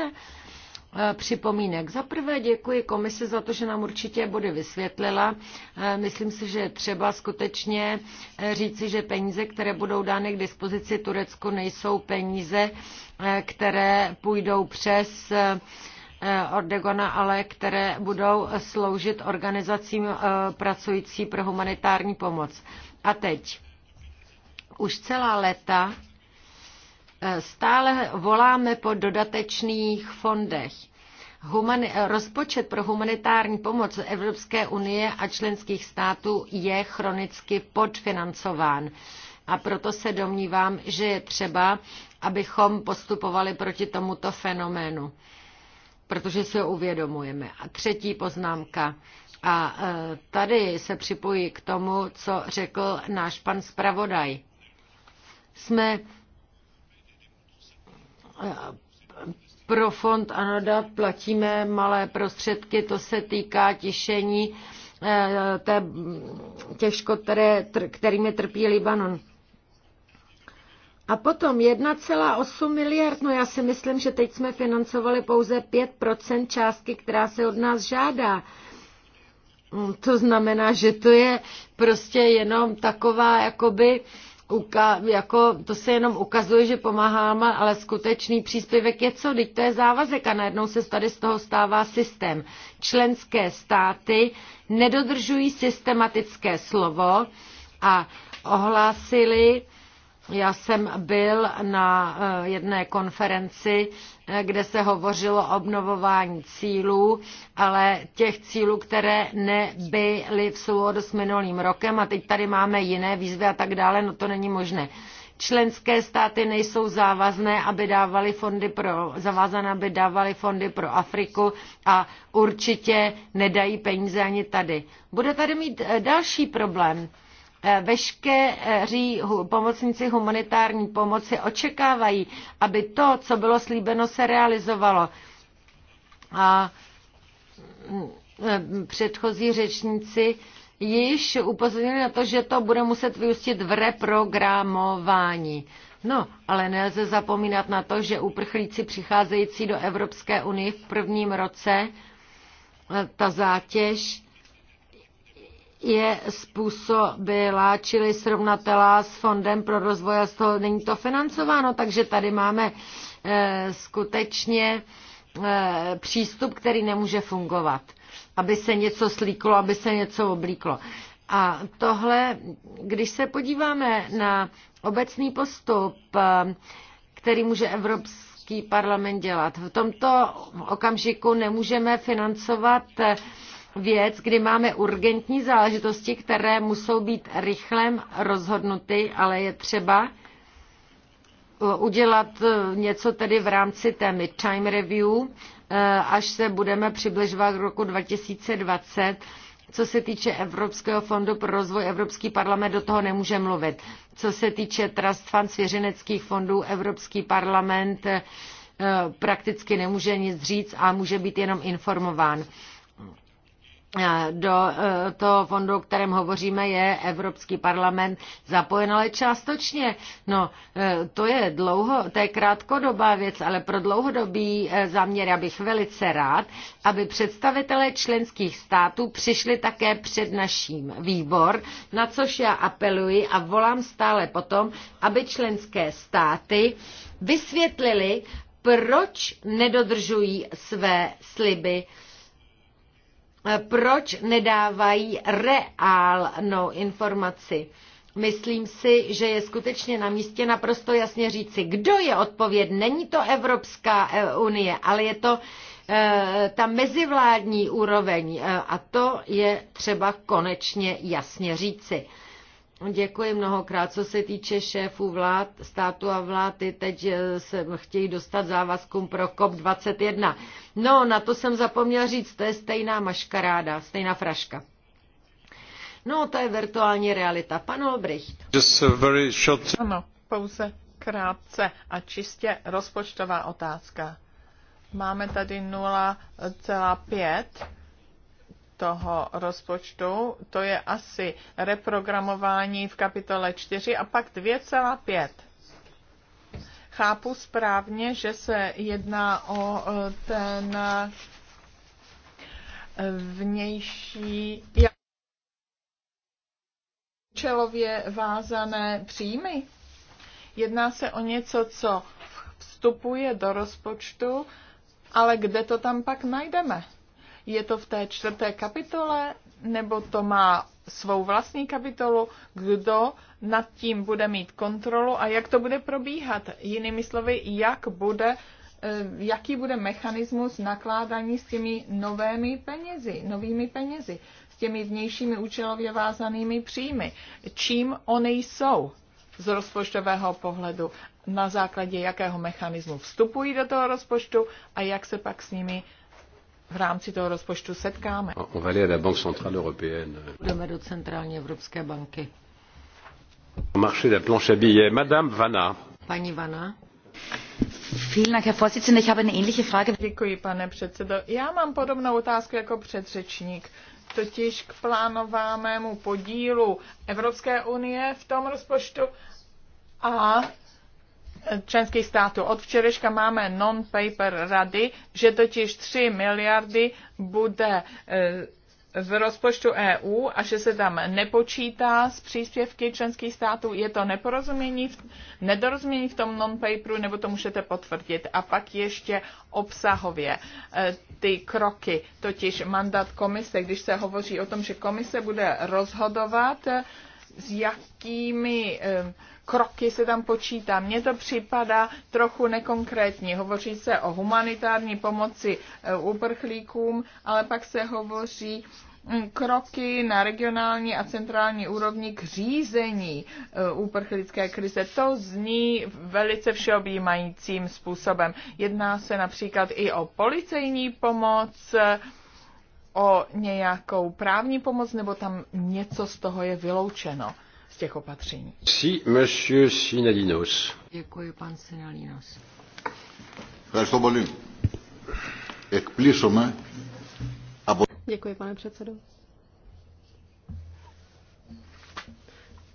Eh, připomínek. Za prvé děkuji komise za to, že nám určitě body vysvětlila. Eh, myslím si, že třeba skutečně eh, říci, že peníze, které budou dány k dispozici Turecku, nejsou peníze, které půjdou přes Ordegona, ale které budou sloužit organizacím pracující pro humanitární pomoc. A teď už celá léta Stále voláme po dodatečných fondech. Humani- rozpočet pro humanitární pomoc Evropské unie a členských států je chronicky podfinancován. A proto se domnívám, že je třeba, abychom postupovali proti tomuto fenoménu, protože si ho uvědomujeme. A třetí poznámka. A e, tady se připojí k tomu, co řekl náš pan zpravodaj. Jsme pro fond Anoda platíme malé prostředky, to se týká těšení eh, té, těžko, které, kterými trpí Libanon. A potom 1,8 miliard, no já si myslím, že teď jsme financovali pouze 5% částky, která se od nás žádá. Mm, to znamená, že to je prostě jenom taková jakoby uka- jako to se jenom ukazuje, že pomáháme, ale skutečný příspěvek je co? Teď to je závazek a najednou se tady z toho stává systém. Členské státy nedodržují systematické slovo a ohlásili, já jsem byl na eh, jedné konferenci, eh, kde se hovořilo o obnovování cílů, ale těch cílů, které nebyly v souladu s minulým rokem a teď tady máme jiné výzvy a tak dále, no to není možné. Členské státy nejsou závazné, aby dávali fondy pro, zavázané, aby dávali fondy pro Afriku a určitě nedají peníze ani tady. Bude tady mít eh, další problém Eh, veškeří pomocníci humanitární pomoci očekávají, aby to, co bylo slíbeno, se realizovalo. A mm, eh, předchozí řečníci již upozornili na to, že to bude muset vyústit v reprogramování. No, ale nelze zapomínat na to, že uprchlíci přicházející do Evropské unie v prvním roce eh, ta zátěž je způsobila, čili srovnatelá s Fondem pro rozvoj a z toho není to financováno, takže tady máme eh, skutečně eh, přístup, který nemůže fungovat. Aby se něco slíklo, aby se něco oblíklo. A tohle, když se podíváme na obecný postup, eh, který může Evropský parlament dělat, v tomto okamžiku nemůžeme financovat věc, kdy máme urgentní záležitosti, které musou být rychlem rozhodnuty, ale je třeba eh, udělat eh, něco tedy v rámci té midtime review, eh, až se budeme přibližovat k roku 2020. Co se týče Evropského fondu pro rozvoj, Evropský parlament do toho nemůže mluvit. Co se týče Trust Fund svěřeneckých fondů, Evropský parlament prakticky nemůže nic říct a může být jenom informován. Eh, do eh, toho fondu, o kterém hovoříme, je Evropský parlament zapojen, ale částočně. No, eh, to je dlouho, to je krátkodobá věc, ale pro dlouhodobý záměr já bych velice rád, aby představitelé členských států přišli také před naším výbor, na což já apeluji a volám stále potom, aby členské státy vysvětlili, proč nedodržují své sliby Eh, proč nedávají reálnou informaci. Myslím si, že je skutečně na místě naprosto jasně říci, kdo je odpověd. Není to Evropská eh, unie, ale je to eh, ta mezivládní úroveň a to je třeba konečně jasně říci. Děkuji mnohokrát. Co se týče šéfů vlád, státu a vlády, teď eh, se chtějí dostat závazkům pro COP21. No, na to jsem zapomněl říct, to je stejná maškaráda, stejná fraška. No, to je virtuální realita. Pan Olbricht. short... Ano, pouze krátce a čistě rozpočtová otázka. Máme tady 0,5 toho rozpočtu, to je asi reprogramování v kapitole 4 a pak 2,5. Chápu správně, že se jedná o e, ten e, vnější čelově vázané příjmy. Jedná se o něco, co vstupuje do rozpočtu, ale kde to tam pak najdeme? Je to v té čtvrté kapitole, nebo to má svou vlastní kapitolu, kdo nad tím bude mít kontrolu a jak to bude probíhat. Jinými slovy, jak bude, eh, jaký bude mechanismus nakládání s těmi novými penězi, novými penězi, s těmi vnějšími účelově vázanými příjmy, čím oni jsou z rozpočtového pohledu, na základě jakého mechanismu vstupují do toho rozpočtu a jak se pak s nimi v rámci toho rozpočtu setkáme. Jdeme do Centrální Evropské banky. Marché de planche à billets. Madame Vana. Paní Vana. Děkuji, pane předsedo. Já mám podobnou otázku jako předřečník, totiž k plánovanému podílu Evropské unie v tom rozpočtu a členských států. Od včerejška máme non-paper rady, že totiž 3 miliardy bude e, z rozpočtu EU a že se tam nepočítá z příspěvky členských států. Je to neporozumění, nedorozumění v tom non-paperu, nebo to můžete potvrdit. A pak ještě obsahově e, ty kroky, totiž mandát komise, když se hovoří o tom, že komise bude rozhodovat, e, s jakými kroky se tam počítá. Mně to připadá trochu nekonkrétní. Hovoří se o humanitární pomoci eh, uprchlíkům, ale pak se hovoří mm, kroky na regionální a centrální úrovni k řízení úprchlické eh, krize. To zní velice všeobjímajícím způsobem. Jedná se například i o policejní pomoc, eh, o nějakou právní pomoc, nebo tam něco z toho je vyloučeno těch opatření. Si, monsieur Sinalinos. Děkuji, pan Sinalinos. Děkuji, pane předsedo.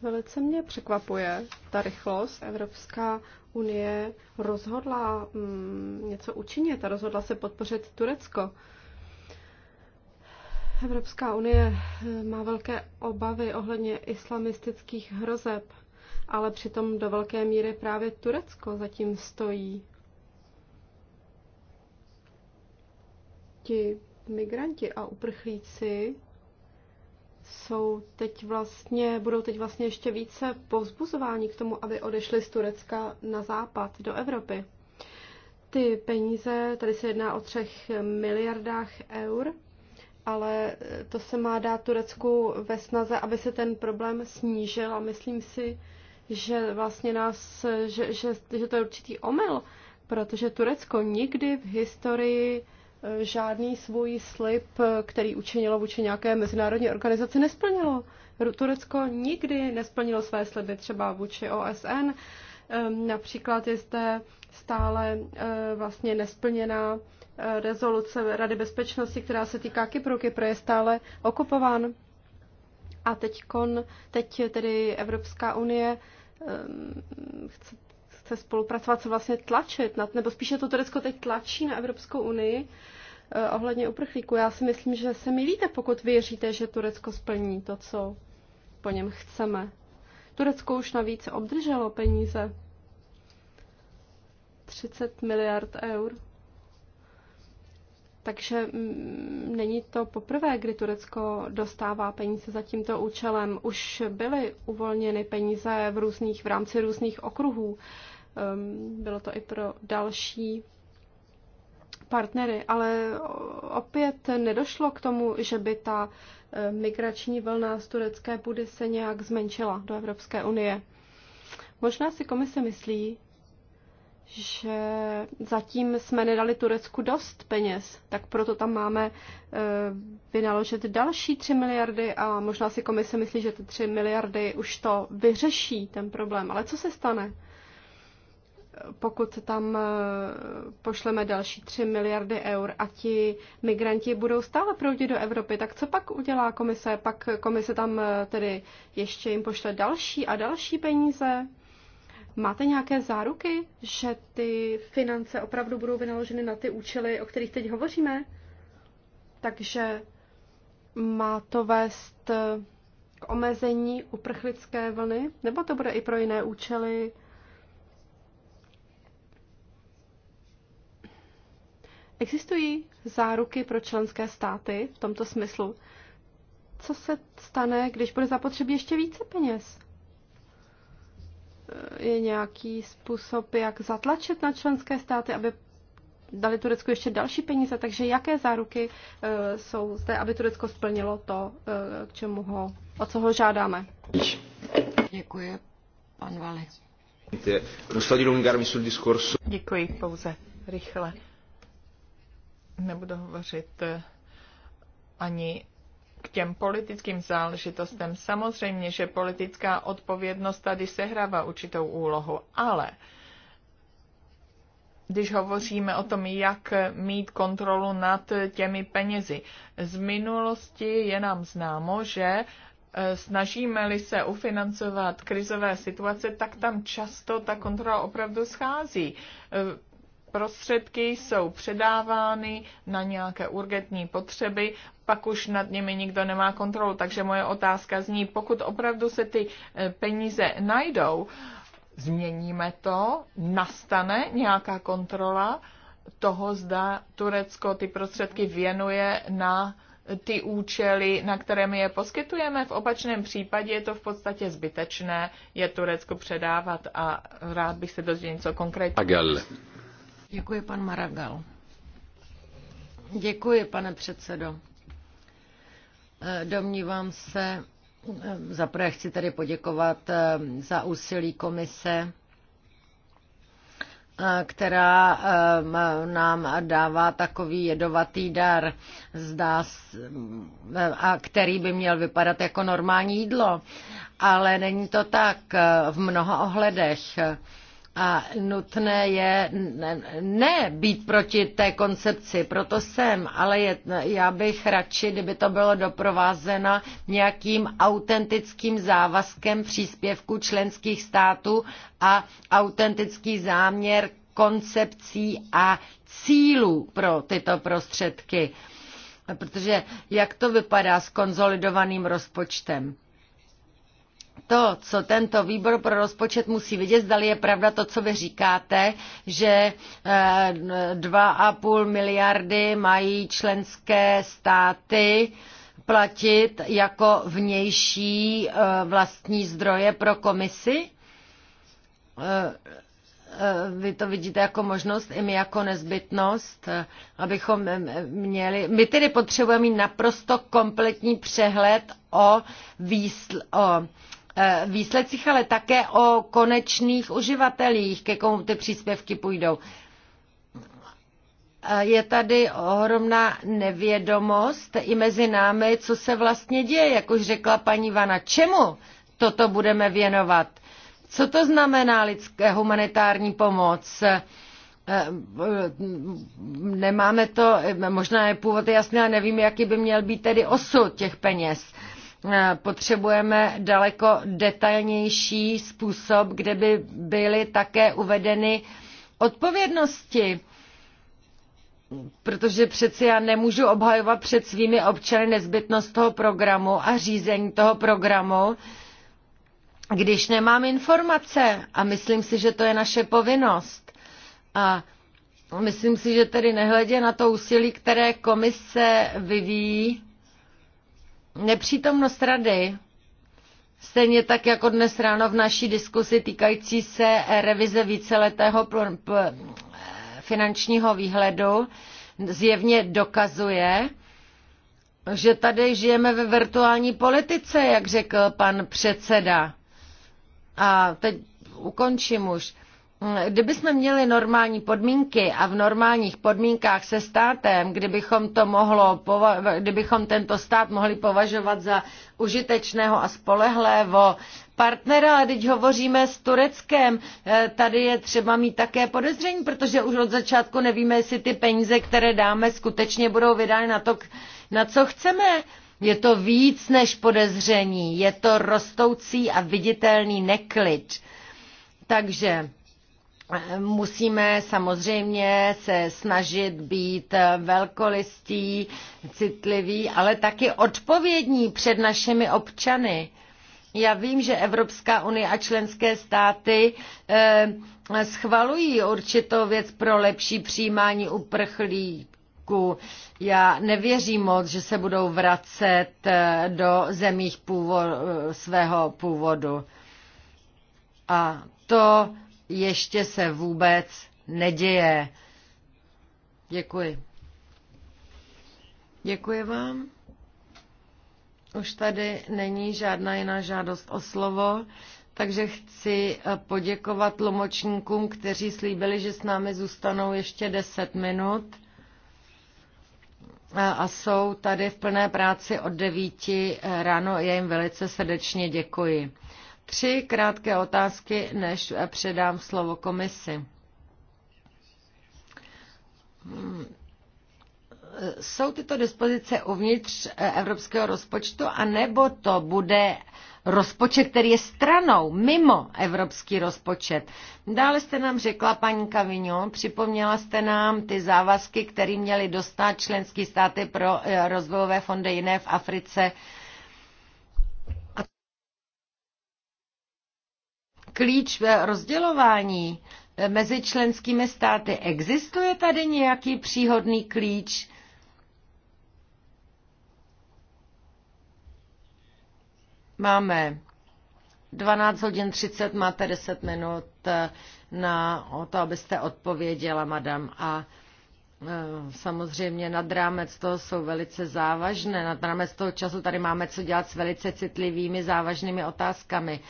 Velice mě překvapuje ta rychlost. Evropská unie rozhodla mm, něco učinit a rozhodla se podpořit Turecko. Uh, Evropská unie eh, má velké obavy ohledně islamistických hrozeb, ale přitom do velké míry právě Turecko zatím stojí. Ti migranti a uprchlíci jsou teď vlastně, budou teď vlastně ještě více povzbuzováni k tomu, aby odešli z Turecka na západ, do Evropy. Ty peníze, tady se jedná o třech miliardách eur, ale eh, to se má dát Turecku ve snaze, aby se ten problém snížil a myslím si, že vlastně nás, eh, že, že, že to je určitý omyl, protože Turecko nikdy v historii eh, žádný svůj slib, který učinilo vůči nějaké mezinárodní organizaci, nesplnilo. Turecko nikdy nesplnilo své sliby třeba vůči OSN, Ehm, například je zde stále eh, vlastně nesplněná eh, rezoluce Rady bezpečnosti, která se týká Kypru. Kypr je stále okupován. A teďkon, teď tedy Evropská unie ehm, chce, chce spolupracovat, co vlastně tlačit, na, nebo spíše to Turecko teď tlačí na Evropskou unii eh, ohledně uprchlíků. Já si myslím, že se milíte, pokud věříte, že Turecko splní to, co po něm chceme. Turecko už navíc obdrželo peníze. 30 miliard eur. Takže mm, není to poprvé, kdy Turecko dostává peníze za tímto účelem. Už byly uvolněny peníze v, různých, v rámci různých okruhů. Ehm, bylo to i pro další partnery, ale opět nedošlo k tomu, že by ta eh, migrační vlna z turecké půdy se nějak zmenšila do Evropské unie. Možná si komise myslí, že zatím jsme nedali Turecku dost peněz, tak proto tam máme eh, vynaložit další 3 miliardy a možná si komise myslí, že ty 3 miliardy už to vyřeší, ten problém. Ale co se stane? pokud tam eh, pošleme další 3 miliardy eur a ti migranti budou stále proudit do Evropy, tak co pak udělá komise? Pak komise tam eh, tedy ještě jim pošle další a další peníze? Máte nějaké záruky, že ty finance opravdu budou vynaloženy na ty účely, o kterých teď hovoříme? Takže má to vést eh, k omezení uprchlické vlny, nebo to bude i pro jiné účely? Existují záruky pro členské státy v tomto smyslu? Co se stane, když bude zapotřebí ještě více peněz? Je nějaký způsob, jak zatlačit na členské státy, aby dali Turecku ještě další peníze, takže jaké záruky e, jsou zde, aby Turecko splnilo to, e, k čemu ho, o co ho žádáme? Děkuji, pan Vali. Děkuji pouze rychle nebudu hovořit eh, ani k těm politickým záležitostem. Samozřejmě, že politická odpovědnost tady sehrává určitou úlohu, ale když hovoříme o tom, jak mít kontrolu nad těmi penězi. Z minulosti je nám známo, že eh, snažíme-li se ufinancovat krizové situace, tak tam často ta kontrola opravdu schází. Eh, prostředky jsou předávány na nějaké urgentní potřeby, pak už nad nimi nikdo nemá kontrolu. Takže moje otázka zní, pokud opravdu se ty e, peníze najdou, změníme to, nastane nějaká kontrola toho, zda Turecko ty prostředky věnuje na ty účely, na které my je poskytujeme. V opačném případě je to v podstatě zbytečné je Turecko předávat a rád bych se dozvěděl něco konkrétního. Děkuji, pan Maragal. Děkuji, pane předsedo. Eh, domnívám se, eh, zaprvé chci tady poděkovat eh, za úsilí komise, která nám dává takový jedovatý dar, zdá, a který by měl vypadat jako normální jídlo. Ale není to tak v mnoha ohledech. A nutné je ne, ne být proti té koncepci, proto jsem, ale je, já bych radši, kdyby to bylo doprovázeno nějakým autentickým závazkem příspěvku členských států a autentický záměr koncepcí a cílů pro tyto prostředky. Protože jak to vypadá s konzolidovaným rozpočtem? to, co tento výbor pro rozpočet musí vidět, zdali je pravda to, co vy říkáte, že 2,5 eh, miliardy mají členské státy platit jako vnější eh, vlastní zdroje pro komisi? Eh, vy to vidíte jako možnost, i my jako nezbytnost, abychom měli. My tedy potřebujeme mít naprosto kompletní přehled o, výsl, o Eh, výsledcích, ale také o konečných uživatelích, ke komu ty příspěvky půjdou. Eh, je tady ohromná nevědomost i mezi námi, co se vlastně děje, jak už řekla paní Vana. Čemu toto budeme věnovat? Co to znamená lidské humanitární pomoc? Eh, nemáme to, možná je původ jasný, ale nevím, jaký by měl být tedy osud těch peněz. Eh, potřebujeme daleko detailnější způsob, kde by byly také uvedeny odpovědnosti. Protože přeci já nemůžu obhajovat před svými občany nezbytnost toho programu a řízení toho programu, když nemám informace. A myslím si, že to je naše povinnost. A myslím si, že tedy nehledě na to úsilí, které komise vyvíjí, Nepřítomnost rady, stejně tak jako dnes ráno v naší diskusi týkající se revize víceletého finančního výhledu, zjevně dokazuje, že tady žijeme ve virtuální politice, jak řekl pan předseda. A teď ukončím už. Kdybychom měli normální podmínky a v normálních podmínkách se státem, kdybychom, to mohlo, kdybychom tento stát mohli považovat za užitečného a spolehlého partnera, a teď hovoříme s Tureckem, eh, tady je třeba mít také podezření, protože už od začátku nevíme, jestli ty peníze, které dáme, skutečně budou vydány na to, na co chceme. Je to víc než podezření, je to rostoucí a viditelný neklid. Takže Musíme samozřejmě se snažit být velkolistí, citliví, ale taky odpovědní před našimi občany. Já vím, že Evropská unie a členské státy eh, schvalují určitou věc pro lepší přijímání uprchlíků. Já nevěřím moc, že se budou vracet eh, do zemích původ, svého původu. A to ještě se vůbec neděje. Děkuji. Děkuji vám. Už tady není žádná jiná žádost o slovo, takže chci eh, poděkovat tlumočníkům, kteří slíbili, že s námi zůstanou ještě 10 minut a jsou tady v plné práci od 9 eh, ráno. Já jim velice srdečně děkuji. Tři krátké otázky, než předám slovo komisi. Jsou tyto dispozice uvnitř eh, evropského rozpočtu, anebo to bude rozpočet, který je stranou mimo evropský rozpočet. Dále jste nám řekla, paní Kavino, připomněla jste nám ty závazky, které měly dostat členské státy pro eh, rozvojové fondy jiné v Africe klíč v rozdělování eh, mezi členskými státy. Existuje tady nějaký příhodný klíč? Máme 12 hodin 30, máte 10 minut eh, na o to, abyste odpověděla, madam. A eh, Samozřejmě nad rámec toho jsou velice závažné. Nad rámec toho času tady máme co dělat s velice citlivými, závažnými otázkami.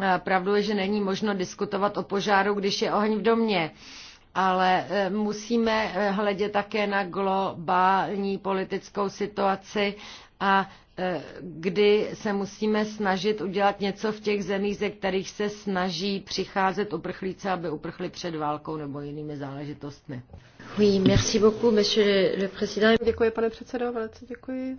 Eh, Pravdou je, že není možno diskutovat o požáru, když je oheň v domě ale eh, musíme eh, hledět také na globální politickou situaci a kdy se musíme snažit udělat něco v těch zemích, ze kterých se snaží přicházet uprchlíci, aby uprchli před válkou nebo jinými záležitostmi. Oui, merci beaucoup, monsieur le président. Děkuji, pane předsedo, velice děkuji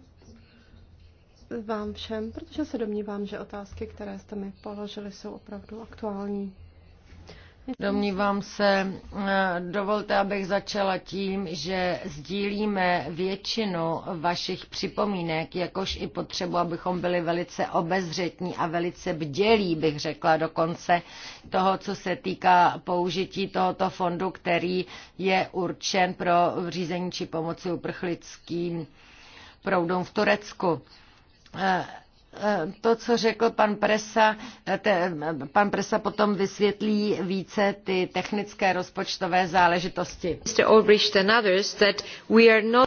vám všem, protože se domnívám, že otázky, které jste mi položili, jsou opravdu aktuální. Domnívám se, eh, dovolte, abych začala tím, že sdílíme většinu vašich připomínek, jakož i potřebu, abychom byli velice obezřetní a velice bdělí, bych řekla dokonce, toho, co se týká použití tohoto fondu, který je určen pro řízení či pomoci uprchlickým proudům v Turecku to, co řekl pan Presa, te, pan Presa potom vysvětlí více ty technické rozpočtové záležitosti.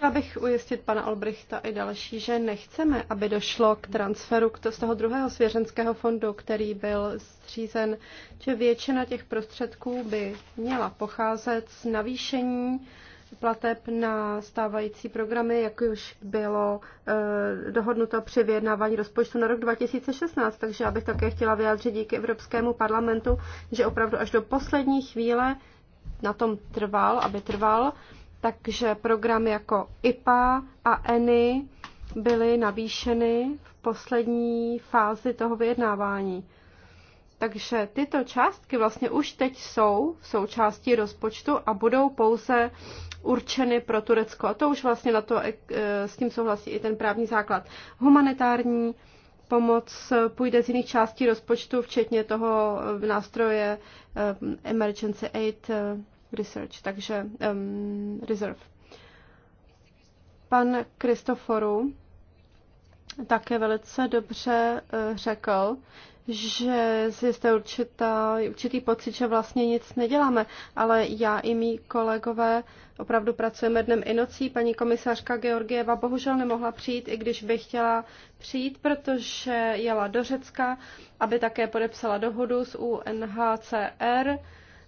Já bych ujistit pana Olbrichta i další, že nechceme, aby došlo k transferu k to, z toho druhého svěřenského fondu, který byl zřízen, že většina těch prostředků by měla pocházet z navýšení plateb na stávající programy, jak už bylo e, dohodnuto při vyjednávání rozpočtu na rok 2016. Takže já bych také chtěla vyjádřit díky Evropskému parlamentu, že opravdu až do poslední chvíle na tom trval, aby trval. Takže programy jako IPA a ENI byly navýšeny v poslední fázi toho vyjednávání. Takže tyto částky vlastně už teď jsou součástí rozpočtu a budou pouze určeny pro Turecko. A to už vlastně na to, e, e, s tím souhlasí i ten právní základ. Humanitární pomoc půjde z jiných částí rozpočtu, včetně toho e, nástroje Emergency Aid Research, takže um, Reserve. Pan Kristoforu také velice dobře řekl, že jste určitá, určitý pocit, že vlastně nic neděláme, ale já i mý kolegové opravdu pracujeme dnem i nocí. Paní komisařka Georgieva bohužel nemohla přijít, i když by chtěla přijít, protože jela do Řecka, aby také podepsala dohodu s UNHCR.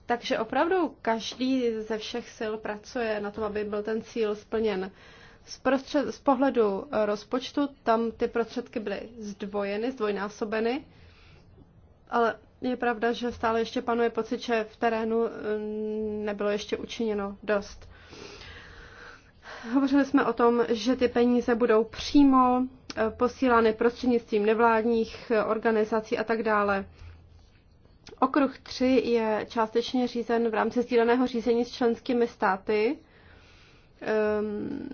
Takže opravdu každý ze všech sil pracuje na tom, aby byl ten cíl splněn. Z, prostřed, z pohledu rozpočtu tam ty prostředky byly zdvojeny, zdvojnásobeny ale je pravda, že stále ještě panuje pocit, že v terénu eh, nebylo ještě učiněno dost. Hovořili jsme o tom, že ty peníze budou přímo eh, posílány prostřednictvím nevládních eh, organizací a tak dále. Okruh 3 je částečně řízen v rámci sdíleného řízení s členskými státy. Ehm,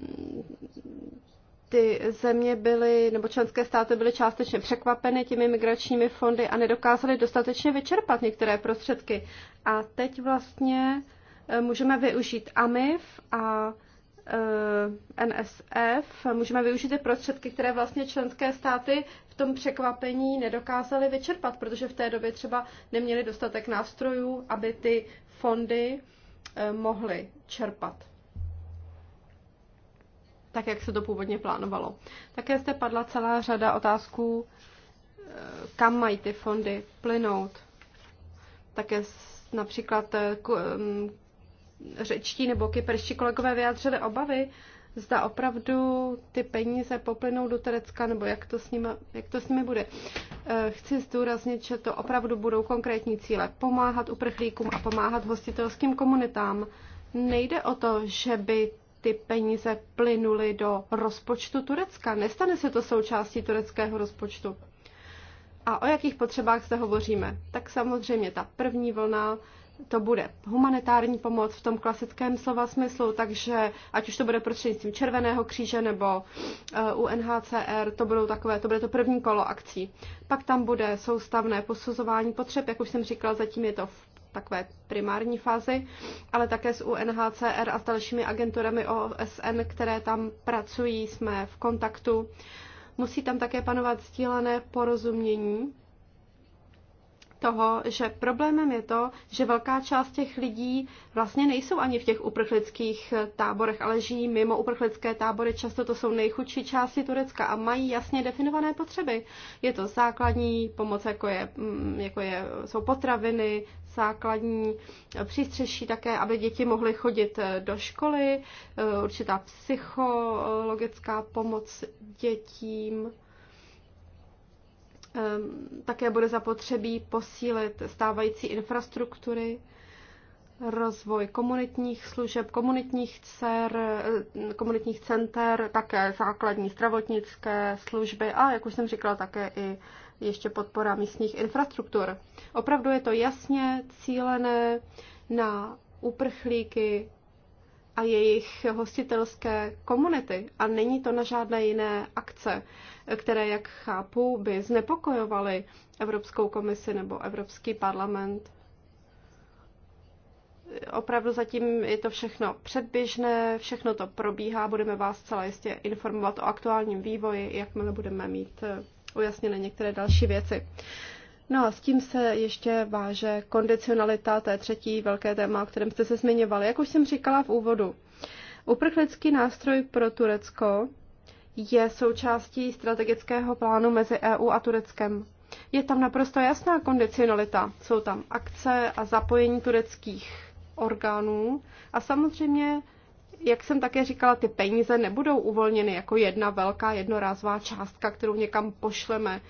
ty země byly, nebo členské státy byly částečně překvapeny těmi migračními fondy a nedokázaly dostatečně vyčerpat některé prostředky. A teď vlastně eh, můžeme využít AMIF a NSF, eh, můžeme využít ty prostředky, které vlastně členské státy v tom překvapení nedokázaly vyčerpat, protože v té době třeba neměly dostatek nástrojů, aby ty fondy eh, mohly čerpat tak, jak se to původně plánovalo. Také jste padla celá řada otázků, eh, kam mají ty fondy plynout. Také například eh, řečtí nebo kyperští kolegové vyjádřili obavy, zda opravdu ty peníze poplynou do Terecka, nebo jak to, s nimi, jak to s nimi bude. Eh, chci zdůraznit, že to opravdu budou konkrétní cíle. Pomáhat uprchlíkům a pomáhat hostitelským komunitám. Nejde o to, že by ty peníze plynuly do rozpočtu Turecka. Nestane se to součástí tureckého rozpočtu. A o jakých potřebách se hovoříme? Tak samozřejmě ta první vlna to bude humanitární pomoc v tom klasickém slova smyslu, takže ať už to bude prostřednictvím Červeného kříže nebo eh, UNHCR, to, budou takové, to bude to první kolo akcí. Pak tam bude soustavné posuzování potřeb, jak už jsem říkala, zatím je to takové primární fázi, ale také s UNHCR a s dalšími agenturami OSN, které tam pracují, jsme v kontaktu. Musí tam také panovat sdílené porozumění toho, že problémem je to, že velká část těch lidí vlastně nejsou ani v těch uprchlických táborech, ale žijí mimo uprchlické tábory. Často to jsou nejchudší části Turecka a mají jasně definované potřeby. Je to základní pomoc, jako, je, mm, jako je, jsou potraviny, základní přístřeší také, aby děti mohly chodit eh, do školy, eh, určitá psychologická pomoc dětím. Ehm, také bude zapotřebí posílit stávající infrastruktury, rozvoj komunitních služeb, komunitních, cer, eh, komunitních center, také základní zdravotnické služby a, jak už jsem říkala, také i ještě podpora místních infrastruktur. Opravdu je to jasně cílené na uprchlíky a jejich hostitelské komunity a není to na žádné jiné akce, které, jak chápu, by znepokojovaly Evropskou komisi nebo Evropský parlament. Opravdu zatím je to všechno předběžné, všechno to probíhá, budeme vás celé jistě informovat o aktuálním vývoji, jakmile budeme mít ujasněné některé další věci. No a s tím se ještě váže kondicionalita, to je třetí velké téma, o kterém jste se zmiňovali. Jak už jsem říkala v úvodu, uprchlický nástroj pro Turecko je součástí strategického plánu mezi EU a Tureckem. Je tam naprosto jasná kondicionalita. Jsou tam akce a zapojení tureckých orgánů a samozřejmě jak jsem také říkala, ty peníze nebudou uvolněny jako jedna velká jednorázová částka, kterou někam pošleme.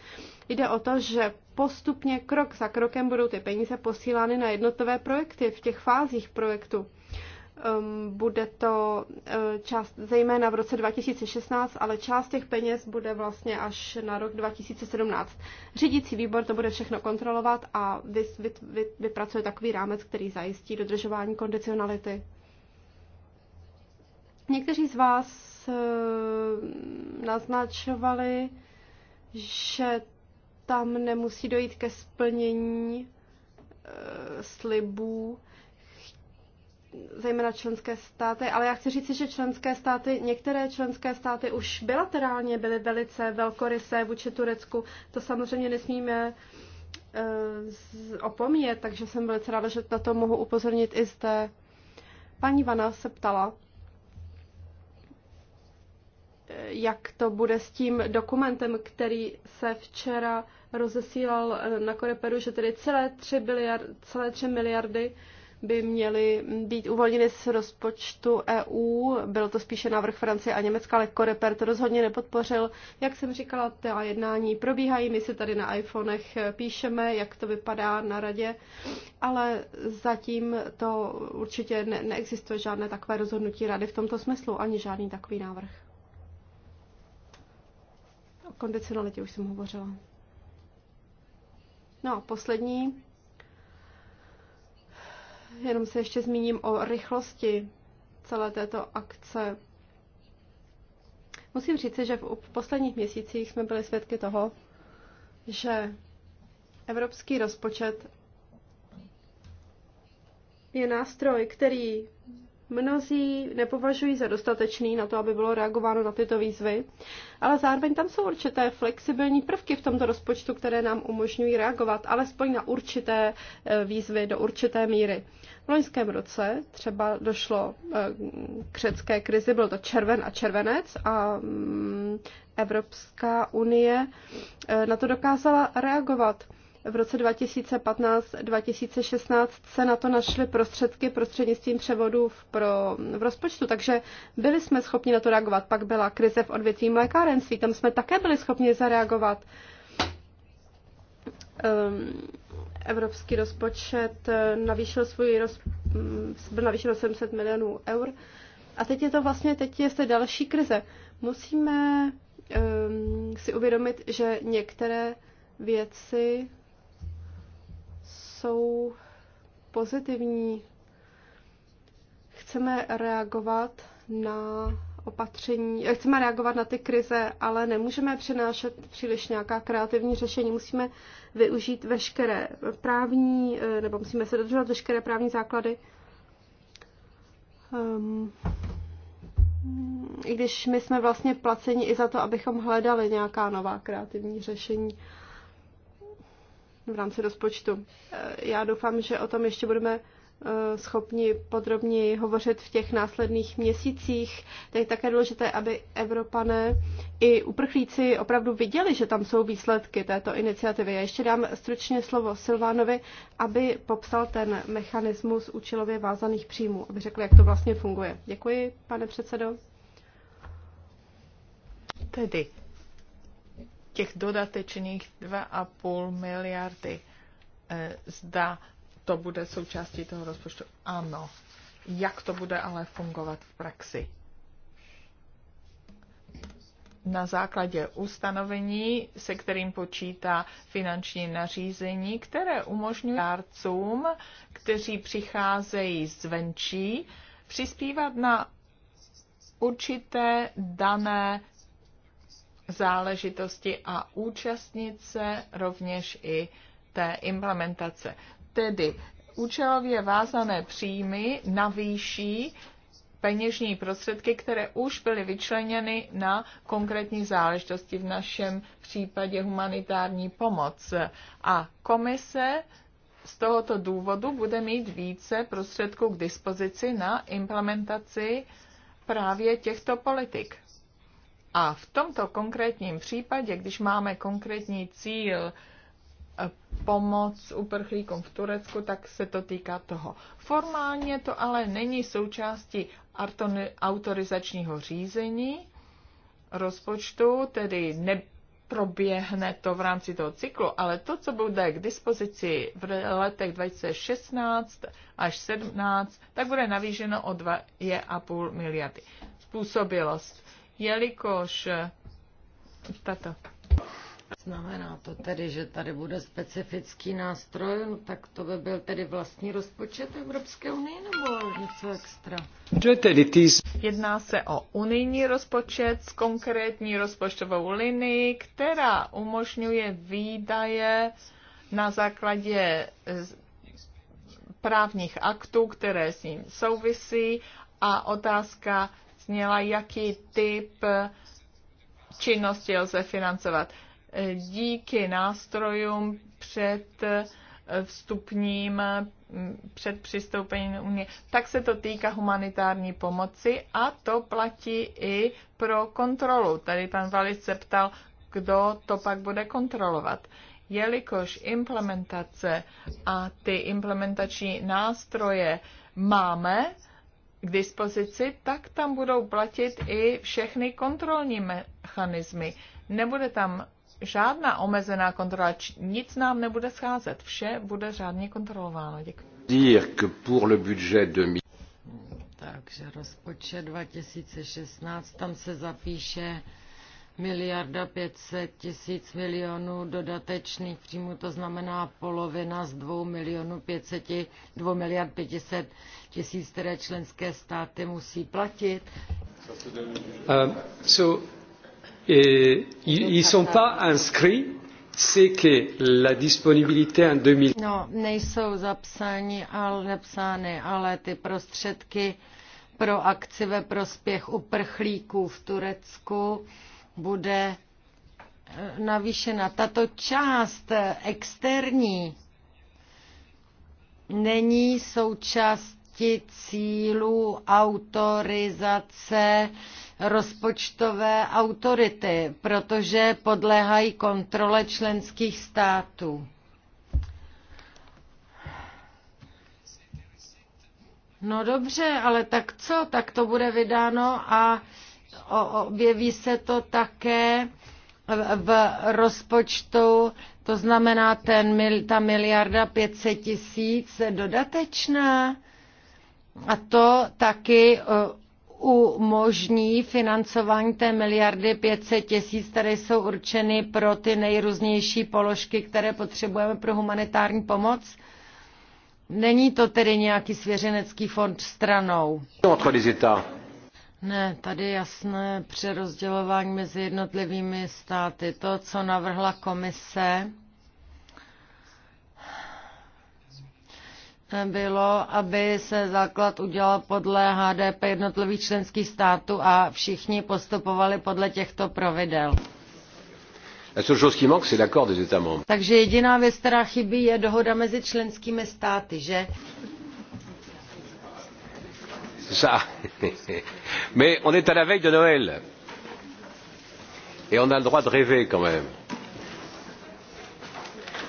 Jde o to, že postupně, krok za krokem, budou ty peníze posílány na jednotové projekty v těch fázích projektu. Um, bude to eh, část zejména v roce 2016, ale část těch peněz bude vlastně až na rok 2017. Řídící výbor to bude všechno kontrolovat a vypracuje takový rámec, který zajistí dodržování kondicionality. Někteří z vás eh, naznačovali, že tam nemusí dojít ke splnění eh, slibů, zejména členské státy, ale já chci říct, že členské státy, některé členské státy už bilaterálně byly velice velkorysé vůči Turecku. To samozřejmě nesmíme eh, opomíjet, takže jsem velice ráda, že na to mohu upozornit i zde. Paní Vana se ptala, jak to bude s tím dokumentem, který se včera rozesílal eh, na Koreperu, že tedy celé 3, biliard, celé 3 miliardy by měly být uvolněny z rozpočtu EU. Byl to spíše návrh Francie a Německa, ale Koreper to rozhodně nepodpořil. Jak jsem říkala, ty jednání probíhají, my si tady na iPhonech píšeme, jak to vypadá na radě, ale zatím to určitě ne- neexistuje žádné takové rozhodnutí rady v tomto smyslu, ani žádný takový návrh. O kondicionalitě už jsem hovořila. No a poslední. Jenom se ještě zmíním o rychlosti celé této akce. Musím říct, že v posledních měsících jsme byli svědky toho, že evropský rozpočet je nástroj, který mnozí nepovažují za dostatečný na to, aby bylo reagováno na tyto výzvy, ale zároveň tam jsou určité flexibilní prvky v tomto rozpočtu, které nám umožňují reagovat alespoň na určité eh, výzvy do určité míry. V loňském roce třeba došlo eh, k řecké krizi, byl to červen a červenec a mm, Evropská unie eh, na to dokázala reagovat v roce 2015-2016 se na to našly prostředky prostřednictvím převodů v, pro, v rozpočtu, takže byli jsme schopni na to reagovat. Pak byla krize v odvětví mlékárenství, tam jsme také byli schopni zareagovat. Um, evropský rozpočet eh, navýšil svůj roz, byl mm, 700 milionů eur. A teď je to vlastně, teď je to další krize. Musíme um, si uvědomit, že některé věci jsou pozitivní. Chceme reagovat na opatření, eh, chceme reagovat na ty krize, ale nemůžeme přinášet příliš nějaká kreativní řešení. Musíme využít veškeré právní, eh, nebo musíme se dodržovat veškeré právní základy. Um, i když my jsme vlastně placeni i za to, abychom hledali nějaká nová kreativní řešení v rámci rozpočtu. Eh, já doufám, že o tom ještě budeme eh, schopni podrobněji hovořit v těch následných měsících. To je také důležité, aby Evropané i uprchlíci opravdu viděli, že tam jsou výsledky této iniciativy. Já ještě dám stručně slovo Silvánovi, aby popsal ten mechanismus účelově vázaných příjmů, aby řekl, jak to vlastně funguje. Děkuji, pane předsedo. Tedy těch dodatečných 2,5 miliardy, eh, zda to bude součástí toho rozpočtu. Ano. Jak to bude ale fungovat v praxi? na základě ustanovení, se kterým počítá finanční nařízení, které umožňuje dárcům, kteří přicházejí zvenčí, přispívat na určité dané záležitosti a účastnit se rovněž i té implementace. Tedy účelově vázané příjmy navýší peněžní prostředky, které už byly vyčleněny na konkrétní záležitosti, v našem případě humanitární pomoc. A komise z tohoto důvodu bude mít více prostředků k dispozici na implementaci právě těchto politik. A v tomto konkrétním případě, když máme konkrétní cíl e, pomoc uprchlíkům v Turecku, tak se to týká toho. Formálně to ale není součástí autorizačního řízení rozpočtu, tedy neproběhne to v rámci toho cyklu, ale to, co bude k dispozici v letech 2016 až 17, tak bude navýšeno o 2,5 miliardy. Způsobilost jelikož eh, tato. Znamená to tedy, že tady bude specifický nástroj, no tak to by byl tedy vlastní rozpočet Evropské unie nebo něco extra? Jedná se o unijní rozpočet s konkrétní rozpočtovou linii, která umožňuje výdaje na základě eh, právních aktů, které s ním souvisí a otázka zněla, jaký typ činnosti lze financovat. Díky nástrojům před vstupním před přistoupením Unie, tak se to týká humanitární pomoci a to platí i pro kontrolu. Tady pan Valic se ptal, kdo to pak bude kontrolovat. Jelikož implementace a ty implementační nástroje máme, k dispozici, tak tam budou platit i všechny kontrolní mechanismy. Nebude tam žádná omezená kontrola, nic nám nebude scházet, vše bude řádně kontrolováno. Děkuji. Takže rozpočet 2016, tam se zapíše miliarda 500 tisíc milionů dodatečných příjmů, to znamená polovina z 2 milionů 500, 2 miliard 500 tisíc, které členské státy musí platit. Um, so, ils eh, sont pas inscrits, c'est que la disponibilité en 2000... No, nejsou zapsáni, ale nepsány, ale ty prostředky pro akci ve prospěch uprchlíků v Turecku bude eh, navýšena. Tato část eh, externí není součástí cílů autorizace rozpočtové autority, protože podléhají kontrole členských států. No dobře, ale tak co? Tak to bude vydáno a objeví se to také v rozpočtu, to znamená ten, ta miliarda 500 tisíc dodatečná a to taky uh, umožní financování té miliardy 500 tisíc, které jsou určeny pro ty nejrůznější položky, které potřebujeme pro humanitární pomoc? Není to tedy nějaký svěřenecký fond stranou? Entre les états ne, tady jasné přerozdělování mezi jednotlivými státy. To, co navrhla komise, bylo, aby se základ udělal podle HDP jednotlivých členských států a všichni postupovali podle těchto pravidel. Takže jediná věc, která chybí, je dohoda mezi členskými státy, že? Ça. Mais on est à la veille de Noël. Et on a le droit de rêver quand même.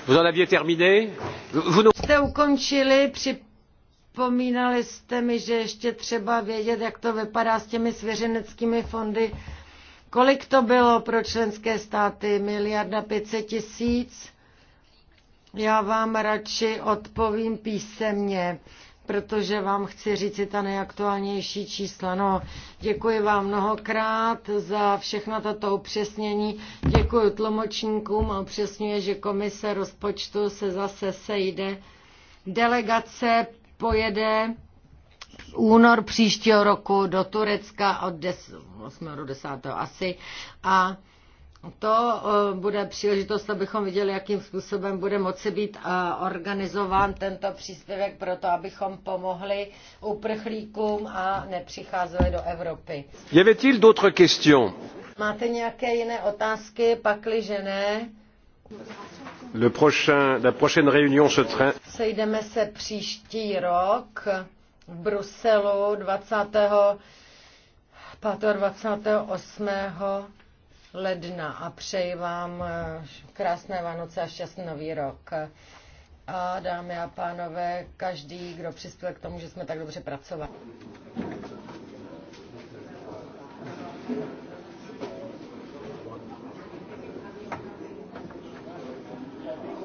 Vous en aviez terminé Vous nous... Jste ukončili, připomínali jste mi, že ještě třeba vědět, jak to vypadá s těmi svěřeneckými fondy. Kolik to bylo pro členské státy? Miliarda 500 tisíc? Já vám radši odpovím písemně protože vám chci říct ta nejaktuálnější čísla. No, děkuji vám mnohokrát za všechna tato upřesnění. Děkuji tlumočníkům a upřesňuje, že komise rozpočtu se zase sejde. Delegace pojede únor příštího roku do Turecka od 10, 8. do 10. asi a to eh, bude příležitost, abychom viděli, jakým způsobem bude moci být eh, organizován tento příspěvek pro to, abychom pomohli uprchlíkům a nepřicházeli do Evropy. Je avait-il d'autres questions? Máte nějaké jiné otázky, pakli že ne? Le prochain, la prochaine réunion se tra... Sejdeme se příští rok v Bruselu 20. 25. 28 ledna a přeji vám eh, krásné Vánoce a šťastný nový rok. A dámy a pánové, každý, kdo přispěl k tomu, že jsme tak dobře pracovali.